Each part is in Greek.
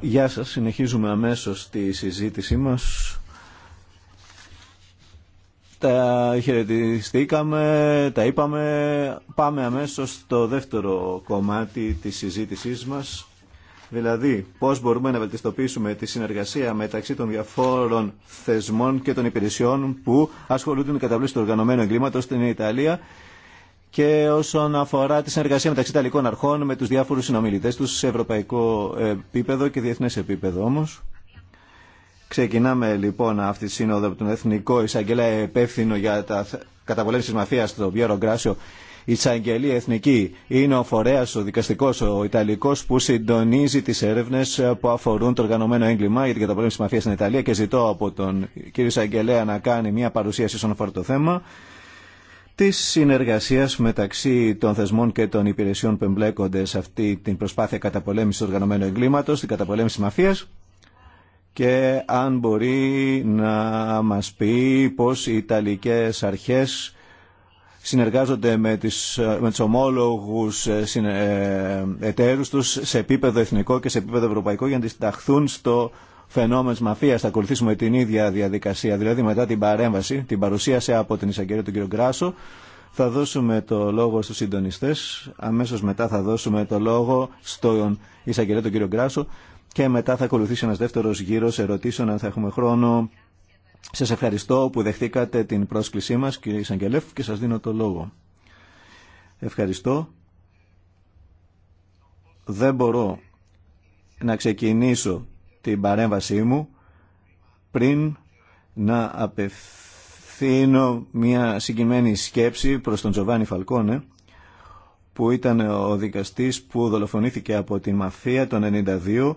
Γεια σας, συνεχίζουμε αμέσως τη συζήτησή μας. Τα χαιρετιστήκαμε, τα είπαμε. Πάμε αμέσως στο δεύτερο κομμάτι της συζήτησής μας. Δηλαδή, πώ μπορούμε να βελτιστοποιήσουμε τη συνεργασία μεταξύ των διαφόρων θεσμών και των υπηρεσιών που ασχολούνται με την καταβλήση του οργανωμένου εγκλήματο στην Ιταλία και όσον αφορά τη συνεργασία μεταξύ Ιταλικών αρχών με του διάφορου συνομιλητέ του σε ευρωπαϊκό επίπεδο και διεθνέ επίπεδο όμω Ξεκινάμε λοιπόν αυτή τη σύνοδο από τον Εθνικό Εισαγγελέα Επεύθυνο για τα καταπολέμηση τη μαφίας, τον Πιέρο Γκράσιο, η εισαγγελία εθνική είναι ο φορέα, ο δικαστικό, ο Ιταλικό που συντονίζει τι έρευνε που αφορούν το οργανωμένο έγκλημα για την καταπολέμηση τη μαφία στην Ιταλία και ζητώ από τον κύριο Εισαγγελέα να κάνει μια παρουσίαση όσον αφορά το θέμα τη συνεργασία μεταξύ των θεσμών και των υπηρεσιών που εμπλέκονται σε αυτή την προσπάθεια καταπολέμηση του οργανωμένου εγκλήματο, την καταπολέμηση τη μαφία και αν μπορεί να μας πει πως οι Ιταλικές αρχές συνεργάζονται με, τις, με τους ομόλογους ε, ε, εταίρους τους σε επίπεδο εθνικό και σε επίπεδο ευρωπαϊκό για να αντισταχθούν στο φαινόμενο της μαφίας. Θα ακολουθήσουμε την ίδια διαδικασία, δηλαδή μετά την παρέμβαση, την παρουσίαση από την εισαγγελία του κ. Γκράσο, θα δώσουμε το λόγο στους συντονιστές, αμέσως μετά θα δώσουμε το λόγο στον εισαγγελέα τον κύριο Γκράσο και μετά θα ακολουθήσει ένας δεύτερος γύρος ερωτήσεων αν θα έχουμε χρόνο σας ευχαριστώ που δεχτήκατε την πρόσκλησή μας κύριε Ισαγγελέφ και σας δίνω το λόγο. Ευχαριστώ. Δεν μπορώ να ξεκινήσω την παρέμβασή μου πριν να απευθύνω μια συγκεκριμένη σκέψη προς τον Τζοβάνι Φαλκόνε που ήταν ο δικαστής που δολοφονήθηκε από τη μαφία το 92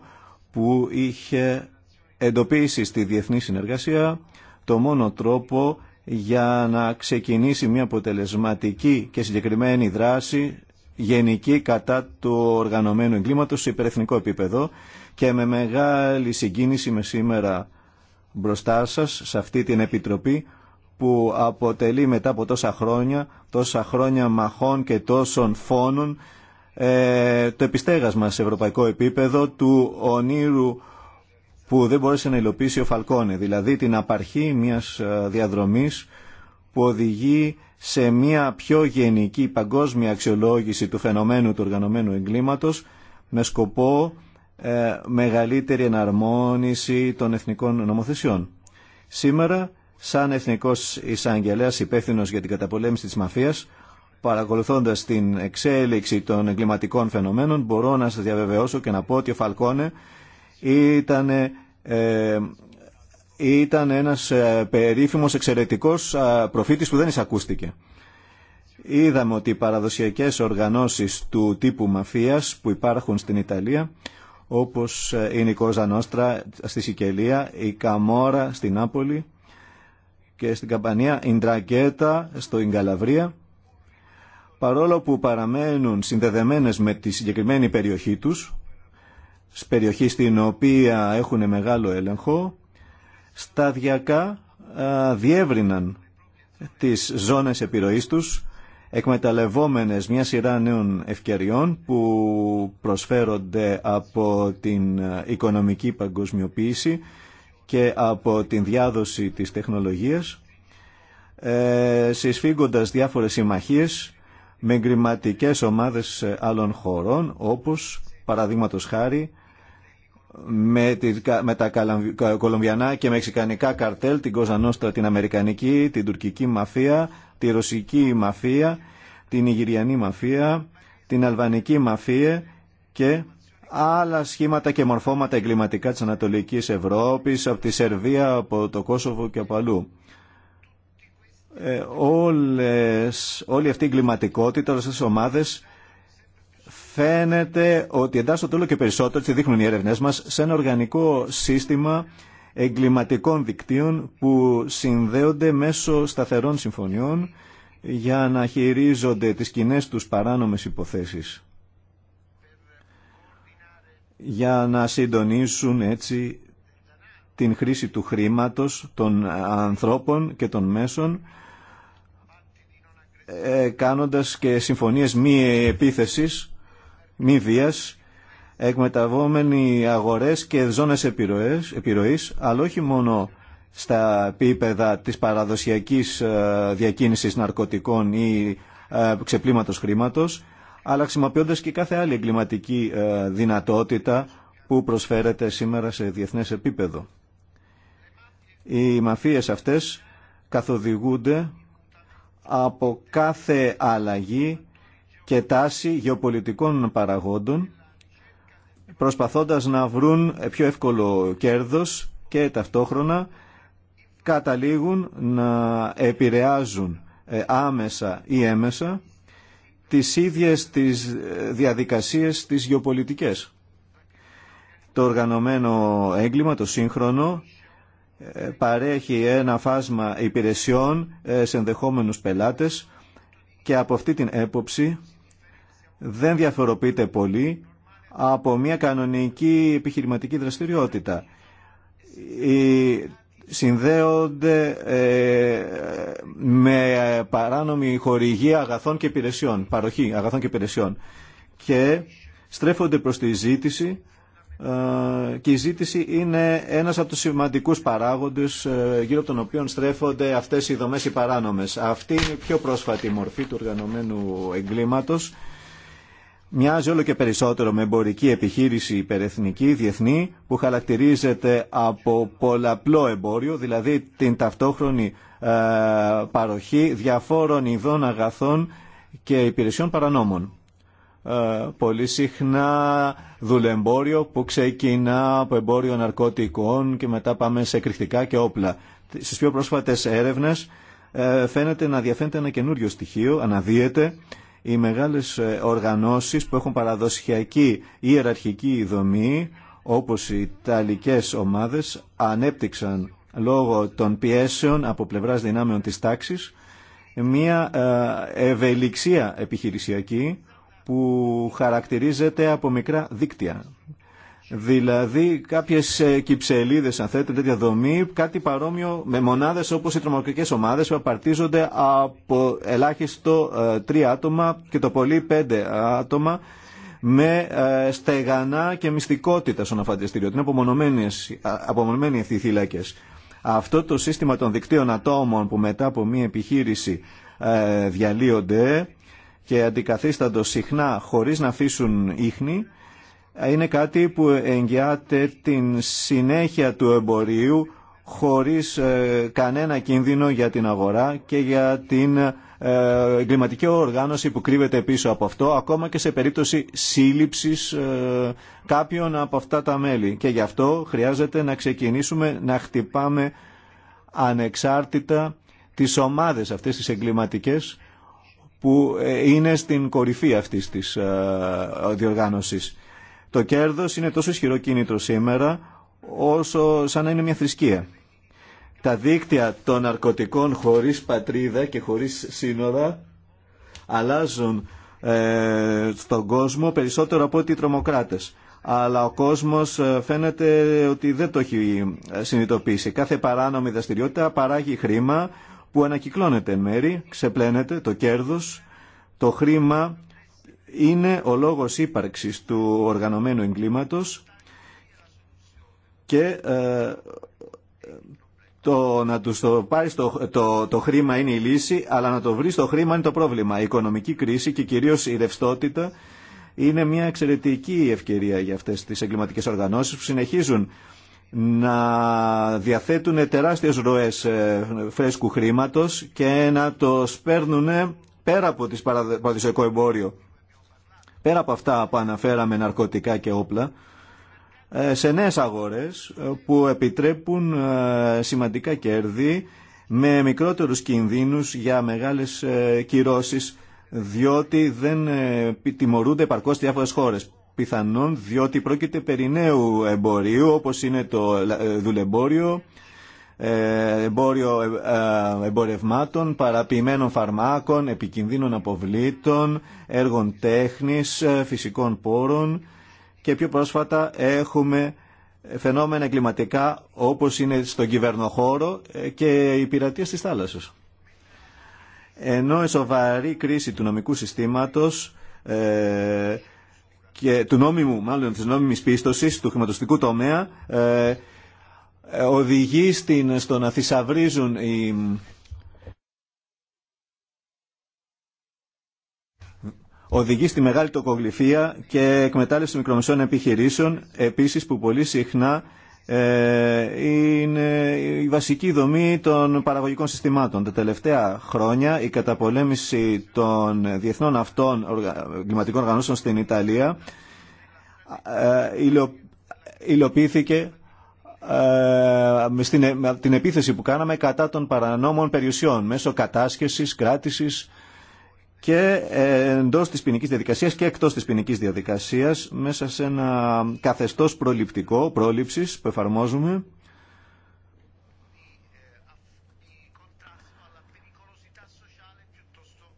που είχε εντοπίσει στη διεθνή συνεργασία το μόνο τρόπο για να ξεκινήσει μια αποτελεσματική και συγκεκριμένη δράση γενική κατά του οργανωμένου εγκλήματος σε υπερεθνικό επίπεδο και με μεγάλη συγκίνηση με σήμερα μπροστά σας σε αυτή την Επιτροπή που αποτελεί μετά από τόσα χρόνια, τόσα χρόνια μαχών και τόσων φόνων ε, το επιστέγασμα σε ευρωπαϊκό επίπεδο του ονείρου που δεν μπόρεσε να υλοποιήσει ο Φαλκόνε, δηλαδή την απαρχή μιας ε, διαδρομής που οδηγεί σε μια πιο γενική παγκόσμια αξιολόγηση του φαινομένου του οργανωμένου εγκλήματος με σκοπό ε, μεγαλύτερη εναρμόνιση των εθνικών νομοθεσιών. Σήμερα, σαν Εθνικός Εισαγγελέας υπεύθυνο για την καταπολέμηση της μαφίας, παρακολουθώντας την εξέλιξη των εγκληματικών φαινομένων, μπορώ να σας διαβεβαιώσω και να πω ότι ο Φαλκόνε ήταν ε, ήταν ένας ε, περίφημος εξαιρετικός ε, προφήτης που δεν εισακούστηκε. Είδαμε ότι οι παραδοσιακές οργανώσεις του τύπου μαφίας που υπάρχουν στην Ιταλία, όπως είναι η Κόζα Νόστρα στη Σικελία, η Καμόρα στην Νάπολη και στην Καμπανία, η στο Ιγκαλαβρία, παρόλο που παραμένουν συνδεδεμένες με τη συγκεκριμένη περιοχή τους, περιοχή στην οποία έχουν μεγάλο έλεγχο, σταδιακά διεύρυναν τις ζώνες επιρροής τους, εκμεταλλευόμενες μια σειρά νέων ευκαιριών που προσφέρονται από την οικονομική παγκοσμιοποίηση και από την διάδοση της τεχνολογίας, ε, συσφίγγοντας διάφορες συμμαχίες με εγκριματικές ομάδες άλλων χωρών, όπως παραδείγματος χάρη με, τη, με τα κολομβιανά και μεξικανικά καρτέλ, την Κοζανόστρα, την Αμερικανική, την τουρκική μαφία, τη ρωσική μαφία, την Ιγυριανή μαφία, την αλβανική μαφία και άλλα σχήματα και μορφώματα εγκληματικά της Ανατολικής Ευρώπης, από τη Σερβία, από το Κόσοβο και από αλλού. Ε, όλες, όλη αυτή η εγκληματικότητα, όλες τις ομάδες φαίνεται ότι εντάσσονται όλο και περισσότερο, έτσι δείχνουν οι έρευνές μας σε ένα οργανικό σύστημα εγκληματικών δικτύων που συνδέονται μέσω σταθερών συμφωνιών για να χειρίζονται τις κοινέ τους παράνομες υποθέσεις για να συντονίσουν έτσι την χρήση του χρήματος των ανθρώπων και των μέσων ε, κάνοντας και συμφωνίες μη επίθεσης μη βίας, εκμεταβόμενοι αγορές και ζώνες επιρροή, αλλά όχι μόνο στα επίπεδα της παραδοσιακής ε, διακίνησης ναρκωτικών ή ε, ξεπλήματος χρήματος, αλλά χρησιμοποιώντα και κάθε άλλη εγκληματική ε, δυνατότητα που προσφέρεται σήμερα σε διεθνές επίπεδο. Οι μαφίες αυτές καθοδηγούνται από κάθε αλλαγή και τάση γεωπολιτικών παραγόντων προσπαθώντας να βρουν πιο εύκολο κέρδος και ταυτόχρονα καταλήγουν να επηρεάζουν ε, άμεσα ή έμεσα τις ίδιες τις ε, διαδικασίες τις γεωπολιτικές. Το οργανωμένο έγκλημα, το σύγχρονο, ε, παρέχει ένα φάσμα υπηρεσιών σε ενδεχόμενους πελάτες και από αυτή την έποψη δεν διαφοροποιείται πολύ από μια κανονική επιχειρηματική δραστηριότητα. Συνδέονται ε, με παράνομη χορηγία αγαθών και υπηρεσιών, παροχή αγαθών και υπηρεσιών και στρέφονται προς τη ζήτηση ε, και η ζήτηση είναι ένας από τους σημαντικούς παράγοντες ε, γύρω από τον οποίο στρέφονται αυτές οι δομές οι παράνομες. Αυτή είναι η πιο πρόσφατη μορφή του οργανωμένου εγκλήματος μοιάζει όλο και περισσότερο με εμπορική επιχείρηση υπερεθνική, διεθνή, που χαρακτηρίζεται από πολλαπλό εμπόριο, δηλαδή την ταυτόχρονη ε, παροχή διαφόρων ειδών αγαθών και υπηρεσιών παρανόμων. Ε, πολύ συχνά δουλεμπόριο που ξεκινά από εμπόριο ναρκωτικών και μετά πάμε σε εκρηκτικά και όπλα. Στις πιο πρόσφατες έρευνες ε, φαίνεται να διαφαίνεται ένα καινούριο στοιχείο, αναδύεται, οι μεγάλες ε, οργανώσεις που έχουν παραδοσιακή ιεραρχική δομή, όπως οι Ιταλικές ομάδες, ανέπτυξαν λόγω των πιέσεων από πλευράς δυνάμεων της τάξης μια ε, ευελιξία επιχειρησιακή που χαρακτηρίζεται από μικρά δίκτυα Δηλαδή κάποιε κυψελίδε αν θέλετε τέτοια δομή, κάτι παρόμοιο με μονάδε όπω οι τρομοκρατικές ομάδε που απαρτίζονται από ελάχιστο ε, τρία άτομα και το πολύ πέντε άτομα με ε, στεγανά και μυστικότητα στον αφαντιστήριο. Είναι απομονωμένοι αυτοί οι θύλακε. Αυτό το σύστημα των δικτύων ατόμων που μετά από μία επιχείρηση ε, διαλύονται και αντικαθίσταντο συχνά χωρίς να αφήσουν ίχνη είναι κάτι που εγγυάται την συνέχεια του εμπορίου χωρίς ε, κανένα κίνδυνο για την αγορά και για την ε, εγκληματική οργάνωση που κρύβεται πίσω από αυτό, ακόμα και σε περίπτωση σύλληψης ε, κάποιων από αυτά τα μέλη. Και γι' αυτό χρειάζεται να ξεκινήσουμε να χτυπάμε ανεξάρτητα τις ομάδες αυτές τις εγκληματικές που είναι στην κορυφή αυτής της διοργάνωσης. Το κέρδος είναι τόσο ισχυρό κίνητρο σήμερα όσο σαν να είναι μια θρησκεία. Τα δίκτυα των ναρκωτικών χωρίς πατρίδα και χωρίς σύνορα αλλάζουν ε, στον κόσμο περισσότερο από ότι οι τρομοκράτες. Αλλά ο κόσμος ε, φαίνεται ότι δεν το έχει ε, συνειδητοποιήσει. Κάθε παράνομη δραστηριότητα παράγει χρήμα που ανακυκλώνεται μέρη, ξεπλένεται το κέρδος, το χρήμα είναι ο λόγος ύπαρξης του οργανωμένου εγκλήματος και ε, το να τους το πάρει το, το, το χρήμα είναι η λύση, αλλά να το βρει το χρήμα είναι το πρόβλημα. Η οικονομική κρίση και κυρίως η ρευστότητα είναι μια εξαιρετική ευκαιρία για αυτές τις εγκληματικές οργανώσεις που συνεχίζουν να διαθέτουν τεράστιες ροές ε, φρέσκου χρήματος και να το σπέρνουν πέρα από το παραδοσιακό εμπόριο πέρα από αυτά που αναφέραμε ναρκωτικά και όπλα, ε, σε νέες αγορές ε, που επιτρέπουν ε, σημαντικά κέρδη με μικρότερους κινδύνους για μεγάλες κυρώσεις διότι δεν τιμωρούνται επαρκώς διάφορες χώρες. Πιθανόν διότι πρόκειται περί νέου εμπορίου όπως είναι το δουλεμπόριο ε, εμπόριο ε, ε, εμπορευμάτων, παραποιημένων φαρμάκων, επικινδύνων αποβλήτων, έργων τέχνης, φυσικών πόρων και πιο πρόσφατα έχουμε φαινόμενα κλιματικά όπως είναι στον κυβερνοχώρο και η πειρατεία στις θάλασσες. Ενώ η σοβαρή κρίση του νομικού συστήματος και του νόμιμου, μάλλον της νόμιμης πίστοσης του χρηματοστικού τομέα ε, οδηγεί στην, στο να θησαυρίζουν οδηγεί στη μεγάλη τοκογλυφία και εκμετάλλευση μικρομεσών επιχειρήσεων, επίσης που πολύ συχνά ε, είναι η βασική δομή των παραγωγικών συστημάτων. Τα τελευταία χρόνια η καταπολέμηση των διεθνών αυτών κλιματικών οργανώσεων στην Ιταλία ε, υλοποιήθηκε ε, με την επίθεση που κάναμε κατά των παρανόμων περιουσιών μέσω κατάσχεσης, κράτησης και ε, εντός της ποινική διαδικασίας και εκτός της ποινική διαδικασίας μέσα σε ένα καθεστώς προληπτικό πρόληψης που εφαρμόζουμε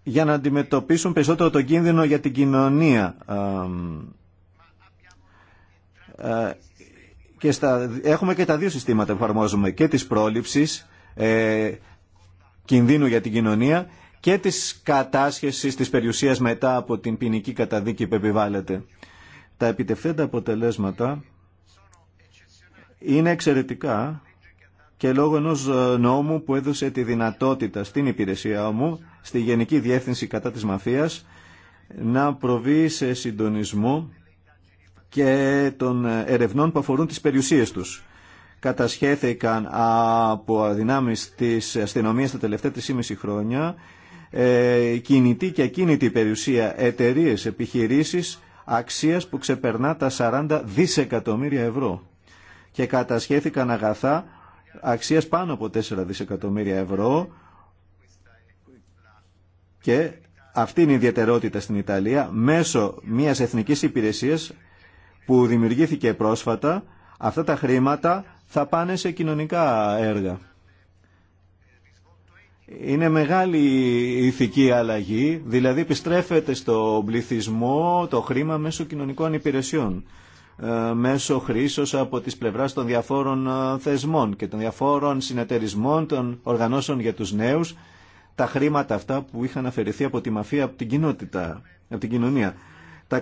για να αντιμετωπίσουν περισσότερο τον κίνδυνο για την κοινωνία ε, και έχουμε και τα δύο συστήματα που εφαρμόζουμε και της πρόληψης ε, κινδύνου για την κοινωνία και της κατάσχεσης της περιουσίας μετά από την ποινική καταδίκη που επιβάλλεται. Τα επιτευθέντα αποτελέσματα είναι εξαιρετικά και λόγω ενός ε, νόμου που έδωσε τη δυνατότητα στην υπηρεσία μου, στη Γενική Διεύθυνση κατά της Μαφίας, να προβεί σε συντονισμό και των ερευνών που αφορούν τις περιουσίες τους. Κατασχέθηκαν από αδυνάμεις της αστυνομίας τα τελευταία 3,5 χρόνια ε, κινητή και ακίνητη περιουσία εταιρείε επιχειρήσεις αξίας που ξεπερνά τα 40 δισεκατομμύρια ευρώ και κατασχέθηκαν αγαθά αξίας πάνω από 4 δισεκατομμύρια ευρώ και αυτή είναι η ιδιαιτερότητα στην Ιταλία μέσω μιας εθνικής υπηρεσίας που δημιουργήθηκε πρόσφατα, αυτά τα χρήματα θα πάνε σε κοινωνικά έργα. Είναι μεγάλη ηθική αλλαγή, δηλαδή επιστρέφεται στον πληθυσμό το χρήμα μέσω κοινωνικών υπηρεσιών, ε, μέσω χρήσεως από τις πλευράς των διαφόρων ε, θεσμών και των διαφόρων συνεταιρισμών των οργανώσεων για τους νέους, τα χρήματα αυτά που είχαν αφαιρεθεί από τη μαφία, από την κοινότητα, από την κοινωνία τα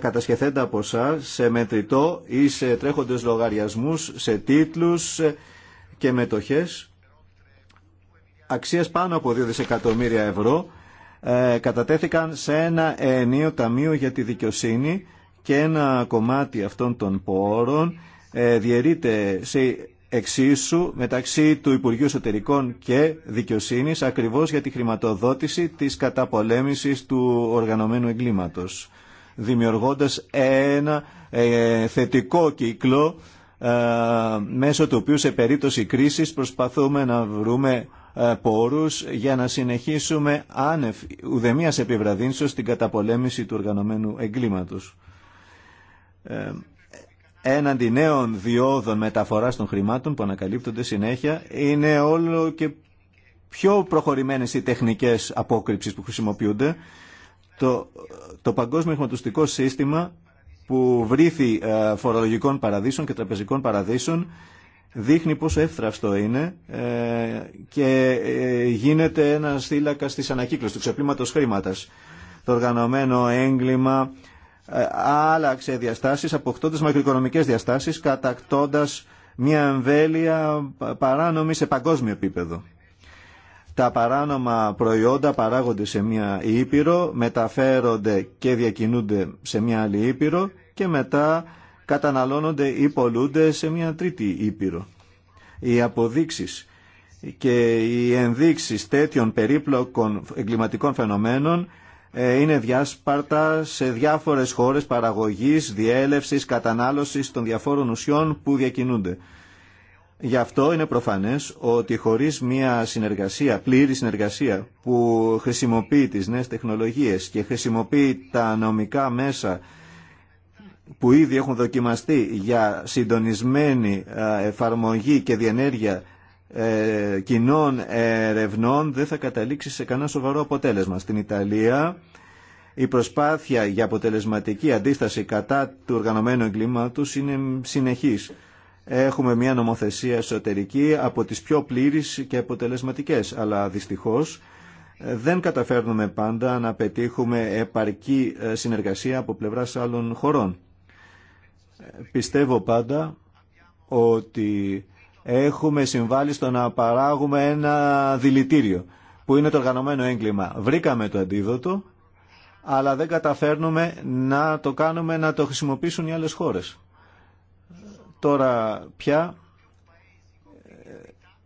από ποσά σε μετρητό ή σε τρέχοντες λογαριασμούς, σε τίτλους και μετοχές αξίας πάνω από 2 δισεκατομμύρια ευρώ ε, κατατέθηκαν σε ένα ενίο ταμείο για τη δικαιοσύνη και ένα κομμάτι αυτών των πόρων ε, διαιρείται σε εξίσου μεταξύ του Υπουργείου Εσωτερικών και Δικαιοσύνης ακριβώς για τη χρηματοδότηση της καταπολέμησης του οργανωμένου εγκλήματος δημιουργώντας ένα ε, θετικό κύκλο ε, μέσω του οποίου σε περίπτωση κρίσης προσπαθούμε να βρούμε ε, πόρους για να συνεχίσουμε άνευ ουδεμίας επιβραδύνσεως στην καταπολέμηση του οργανωμένου εγκλήματος. Έναντι νέων διόδων μεταφοράς των χρημάτων που ανακαλύπτονται συνέχεια είναι όλο και πιο προχωρημένες οι τεχνικές απόκρυψεις που χρησιμοποιούνται το, το παγκόσμιο χρηματοστικό σύστημα που βρήθη ε, φορολογικών παραδείσων και τραπεζικών παραδείσων δείχνει πόσο εύθραυστο είναι ε, και ε, γίνεται ένα θύλακα της ανακύκλωσης, του ξεπλήματος χρήματος. Το οργανωμένο έγκλημα άλλαξε διαστάσεις, αποκτώντας μακροοικονομικές διαστάσεις, κατακτώντας μια εμβέλεια παράνομη σε παγκόσμιο επίπεδο. Τα παράνομα προϊόντα παράγονται σε μια ήπειρο, μεταφέρονται και διακινούνται σε μια άλλη ήπειρο και μετά καταναλώνονται ή πολλούνται σε μια τρίτη ήπειρο. Οι αποδείξεις και οι ενδείξεις τέτοιων περίπλοκων εγκληματικών φαινομένων ε, είναι διάσπαρτα σε διάφορες χώρες παραγωγής, διέλευσης, κατανάλωσης των διαφόρων ουσιών που διακινούνται. Γι' αυτό είναι προφανές ότι χωρίς μια συνεργασία, πλήρη συνεργασία που χρησιμοποιεί τις νέες τεχνολογίες και χρησιμοποιεί τα νομικά μέσα που ήδη έχουν δοκιμαστεί για συντονισμένη εφαρμογή και διενέργεια ε, κοινών ερευνών δεν θα καταλήξει σε κανένα σοβαρό αποτέλεσμα. Στην Ιταλία η προσπάθεια για αποτελεσματική αντίσταση κατά του οργανωμένου εγκλήματος είναι συνεχής έχουμε μια νομοθεσία εσωτερική από τις πιο πλήρεις και αποτελεσματικές, αλλά δυστυχώς ε, δεν καταφέρνουμε πάντα να πετύχουμε επαρκή ε, συνεργασία από πλευράς άλλων χωρών. Ε, πιστεύω πάντα ότι έχουμε συμβάλει στο να παράγουμε ένα δηλητήριο που είναι το οργανωμένο έγκλημα. Βρήκαμε το αντίδοτο, αλλά δεν καταφέρνουμε να το κάνουμε να το χρησιμοποιήσουν οι άλλες χώρες. Τώρα πια ε,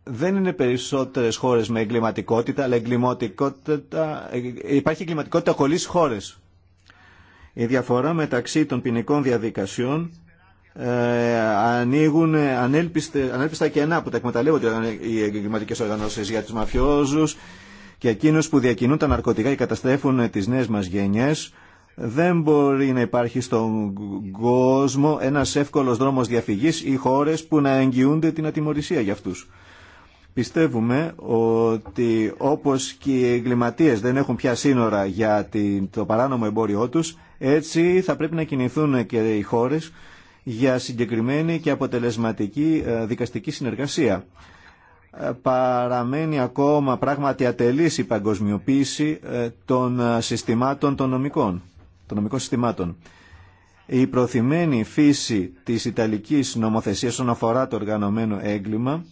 δεν είναι περισσότερες χώρες με εγκληματικότητα, αλλά εγκληματικότητα, ε, υπάρχει εγκληματικότητα κολλής χώρες. Η διαφορά μεταξύ των ποινικών διαδικασιών ε, ανοίγουν ανέλπιστα κενά που τα εκμεταλλεύονται οι εγκληματικέ οργανώσει για τους μαφιόζου και εκείνου που διακινούν τα ναρκωτικά και καταστρέφουν τι νέε μα γενιές δεν μπορεί να υπάρχει στον κόσμο ένας εύκολος δρόμος διαφυγής ή χώρες που να εγγυούνται την ατιμορρησία για αυτούς. Πιστεύουμε ότι όπως και οι εγκληματίες δεν έχουν πια σύνορα για το παράνομο εμπόριό τους, έτσι θα πρέπει να κινηθούν και οι χώρες για συγκεκριμένη και αποτελεσματική ε, δικαστική συνεργασία. Ε, παραμένει ακόμα πράγματι ατελής η παγκοσμιοποίηση ε, των συστημάτων των νομικών των νομικών συστημάτων. Η προθυμένη φύση της Ιταλικής νομοθεσίας όσον αφορά το οργανωμένο έγκλημα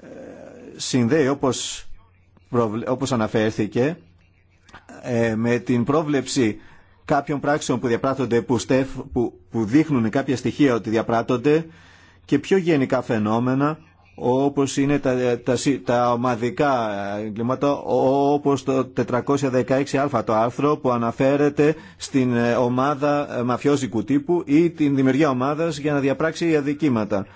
ε, συνδέει όπως, όπως αναφέρθηκε ε, με την πρόβλεψη κάποιων πράξεων που διαπράττονται που, που, που δείχνουν κάποια στοιχεία ότι διαπράττονται και πιο γενικά φαινόμενα όπως είναι τα, τα, τα ομαδικά εγκλήματα, όπως το 416α το άρθρο που αναφέρεται στην ε, ομάδα ε, μαφιόζικου τύπου ή την δημιουργία ομάδας για να διαπράξει αδικήματα.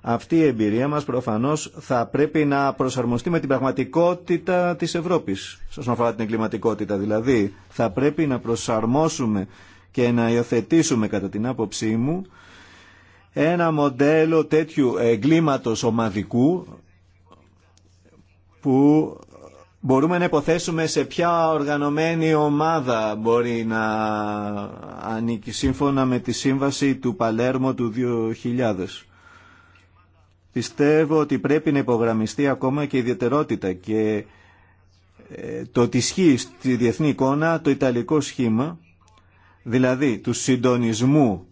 Αυτή η εμπειρία μας προφανώς θα πρέπει να προσαρμοστεί με την πραγματικότητα της Ευρώπης, όσον αφορά την εγκληματικότητα. Δηλαδή, θα πρέπει να προσαρμόσουμε και να υιοθετήσουμε κατά την άποψή μου ένα μοντέλο τέτοιου εγκλήματος ομαδικού που μπορούμε να υποθέσουμε σε ποια οργανωμένη ομάδα μπορεί να ανήκει σύμφωνα με τη σύμβαση του Παλέρμο του 2000. Πιστεύω ότι πρέπει να υπογραμμιστεί ακόμα και η ιδιαιτερότητα και ε, το ότι ισχύει στη διεθνή εικόνα το ιταλικό σχήμα, δηλαδή του συντονισμού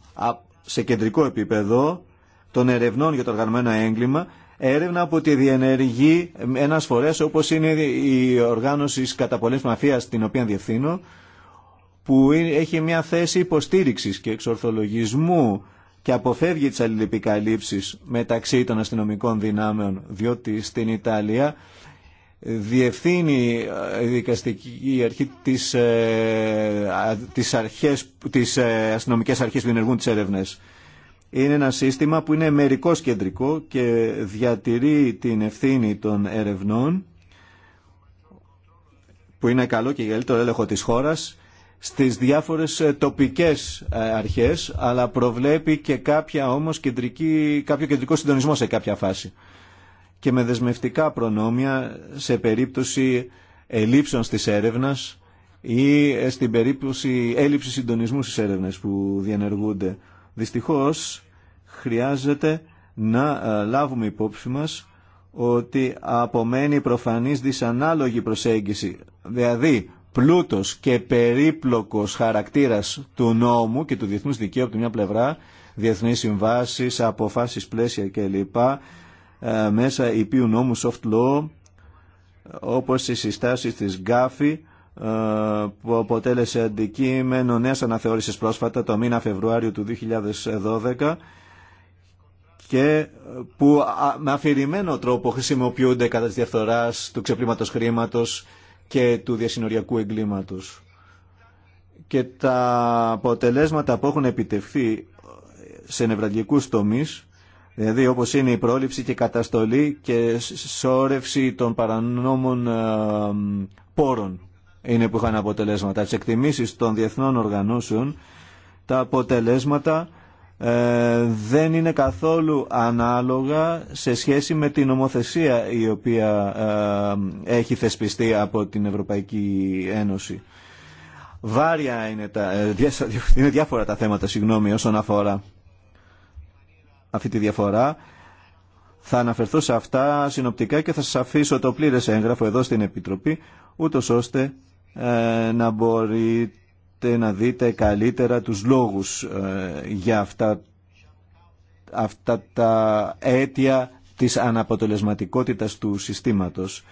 σε κεντρικό επίπεδο των ερευνών για το οργανωμένο έγκλημα, έρευνα από τη διενεργεί ένας φορέας όπως είναι η οργάνωση καταπολέμησης μαφίας την οποία διευθύνω, που έχει μια θέση υποστήριξης και εξορθολογισμού και αποφεύγει τις αλληλεπικαλύψεις μεταξύ των αστυνομικών δυνάμεων, διότι στην Ιταλία διευθύνει η δικαστική αρχή τις, ε, τις, αρχές, τις ε, αστυνομικές αρχές που ενεργούν τις έρευνες. Είναι ένα σύστημα που είναι μερικός κεντρικό και διατηρεί την ευθύνη των ερευνών που είναι καλό και για το έλεγχο της χώρας στις διάφορες ε, τοπικές ε, αρχές αλλά προβλέπει και κάποια όμως κεντρική, κάποιο κεντρικό συντονισμό σε κάποια φάση και με δεσμευτικά προνόμια σε περίπτωση ελλείψεων στις έρευνας ή ε, στην περίπτωση έλλειψης συντονισμού στις έρευνες που διενεργούνται. Δυστυχώς χρειάζεται να ε, λάβουμε υπόψη μας ότι απομένει προφανής δυσανάλογη προσέγγιση. Δηλαδή, πλούτος και περίπλοκος χαρακτήρας του νόμου και του διεθνούς δικαίου από τη μια πλευρά, διεθνείς συμβάσεις, αποφάσεις πλαίσια κλπ ε, μέσα υπείου νόμου soft law όπως οι συστάσεις της ΓΚΑΦΗ ε, που αποτέλεσε αντικείμενο νέας αναθεώρησης πρόσφατα το μήνα Φεβρουάριο του 2012 και που με αφηρημένο τρόπο χρησιμοποιούνται κατά της διαφθοράς του ξεπλήματος χρήματος και του διασυνοριακού εγκλήματος. Και τα αποτελέσματα που έχουν επιτευχθεί σε νευραλγικούς τομείς δηλαδή όπως είναι η πρόληψη και η καταστολή και σώρευση των παρανόμων ε, πόρων είναι που είχαν αποτελέσματα. Τι εκτιμήσεις των διεθνών οργανώσεων τα αποτελέσματα ε, δεν είναι καθόλου ανάλογα σε σχέση με την νομοθεσία η οποία ε, έχει θεσπιστεί από την Ευρωπαϊκή Ένωση. Βάρια είναι, τα, είναι διάφορα τα θέματα, συγγνώμη, όσον αφορά αυτή τη διαφορά. Θα αναφερθώ σε αυτά συνοπτικά και θα σας αφήσω το πλήρες έγγραφο εδώ στην Επιτροπή, ούτω ώστε ε, να μπορείτε να δείτε καλύτερα τους λόγους ε, για αυτά, αυτά τα αίτια της αναποτελεσματικότητας του συστήματος.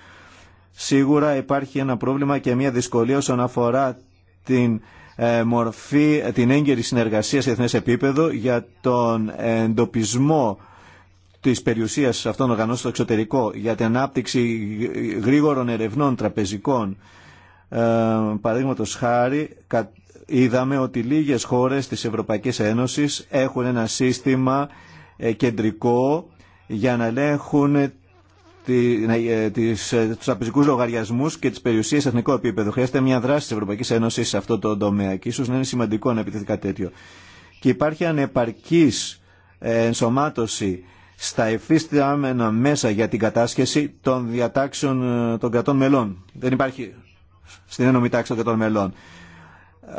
Σίγουρα υπάρχει ένα πρόβλημα και μια δυσκολία όσον αφορά την ε, μορφή την έγκαιρη συνεργασία σε εθνές επίπεδο για τον εντοπισμό της περιουσίας αυτών οργανώσεων στο εξωτερικό για την ανάπτυξη γρήγορων ερευνών τραπεζικών. Ε, παραδείγματος χάρη, είδαμε ότι λίγες χώρες της Ευρωπαϊκής Ένωσης έχουν ένα σύστημα ε, κεντρικό για να ελέγχουν ε, ε, του τραπεζικού λογαριασμού και τι περιουσίε σε εθνικό επίπεδο. Χρειάζεται μια δράση τη Ευρωπαϊκή Ένωση σε αυτό το τομέα και ίσω να είναι σημαντικό να επιτεθεί κάτι τέτοιο. Και υπάρχει ανεπαρκή ε, ενσωμάτωση στα εφίσταμενα μέσα για την κατάσχεση των διατάξεων των κρατών μελών. Δεν υπάρχει στην ένωμη τάξη των κρατών μελών. 19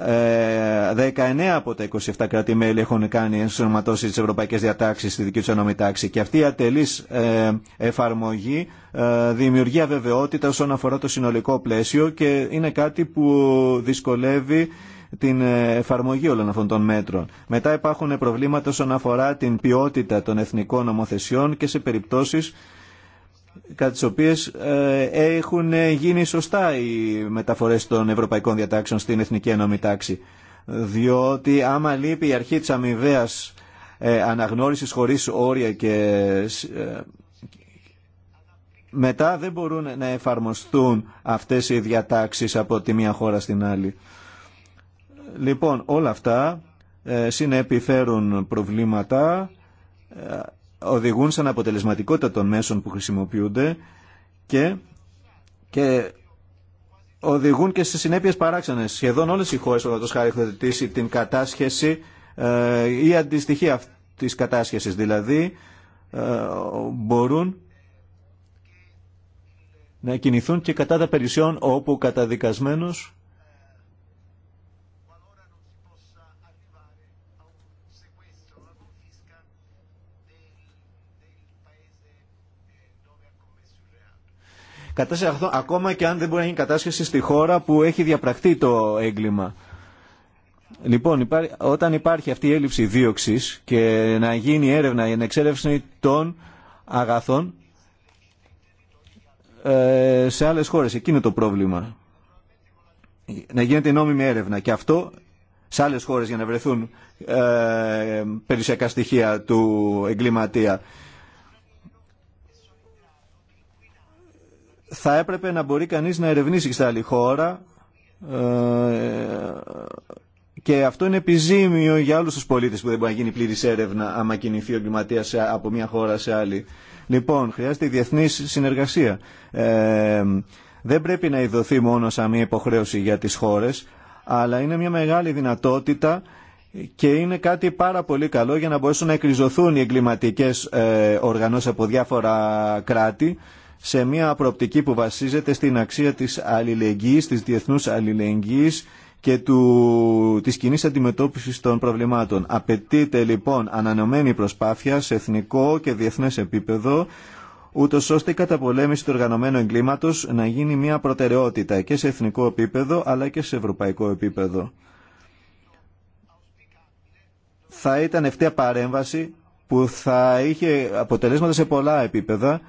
ε, από τα 27 κράτη-μέλη έχουν κάνει ενσωματώσει τι ευρωπαϊκέ διατάξει στη δική του ενόμη τάξη. Και αυτή η ατελή ε, εφαρμογή ε, δημιουργεί αβεβαιότητα όσον αφορά το συνολικό πλαίσιο και είναι κάτι που δυσκολεύει την εφαρμογή όλων αυτών των μέτρων. Μετά υπάρχουν προβλήματα όσον αφορά την ποιότητα των εθνικών νομοθεσιών και σε περιπτώσει κατά τις οποίες ε, έχουν ε, γίνει σωστά οι μεταφορές των ευρωπαϊκών διατάξεων στην Εθνική Ενόμη Τάξη. Διότι άμα λείπει η αρχή της αμοιβαία ε, αναγνώρισης χωρίς όρια και μετά δεν μπορούν να εφαρμοστούν αυτές οι διατάξεις από τη μία χώρα στην άλλη. Λοιπόν, όλα αυτά συνεπιφέρουν προβλήματα οδηγούν σαν αποτελεσματικότητα των μέσων που χρησιμοποιούνται και, και οδηγούν και σε συνέπειες παράξενες. Σχεδόν όλες οι χώρες που θα χάρη την κατάσχεση ε, ή αντιστοιχεία αυτή της κατάσχεσης. Δηλαδή ε, μπορούν να κινηθούν και κατά τα περιουσιών όπου καταδικασμένος Κατάσταση αυτό ακόμα και αν δεν μπορεί να γίνει κατάσχεση στη χώρα που έχει διαπραχτεί το έγκλημα. Λοιπόν, όταν υπάρχει αυτή η έλλειψη δίωξη και να γίνει έρευνα για εξέρευση των αγαθών ε, σε άλλες χώρες, εκεί είναι το πρόβλημα. Να γίνεται νόμιμη έρευνα και αυτό σε άλλε χώρες για να βρεθούν ε, περιουσιακά στοιχεία του εγκληματία. θα έπρεπε να μπορεί κανείς να ερευνήσει και στα άλλη χώρα ε, και αυτό είναι επιζήμιο για όλους τους πολίτες που δεν μπορεί να γίνει πλήρης έρευνα άμα κινηθεί ο εγκληματίας από μια χώρα σε άλλη. Λοιπόν, χρειάζεται διεθνή συνεργασία. Ε, δεν πρέπει να ειδωθεί μόνο σαν μια υποχρέωση για τις χώρες, αλλά είναι μια μεγάλη δυνατότητα και είναι κάτι πάρα πολύ καλό για να μπορέσουν να εκριζωθούν οι εγκληματικές ε, οργανώσεις από διάφορα κράτη σε μια προοπτική που βασίζεται στην αξία της αλληλεγγύης, της διεθνούς αλληλεγγύης και του, της κοινή αντιμετώπισης των προβλημάτων. Απαιτείται λοιπόν ανανεωμένη προσπάθεια σε εθνικό και διεθνές επίπεδο ούτω ώστε η καταπολέμηση του οργανωμένου εγκλήματο να γίνει μια προτεραιότητα και σε εθνικό επίπεδο αλλά και σε ευρωπαϊκό επίπεδο. Θα ήταν ευθεία παρέμβαση που θα είχε αποτελέσματα σε πολλά επίπεδα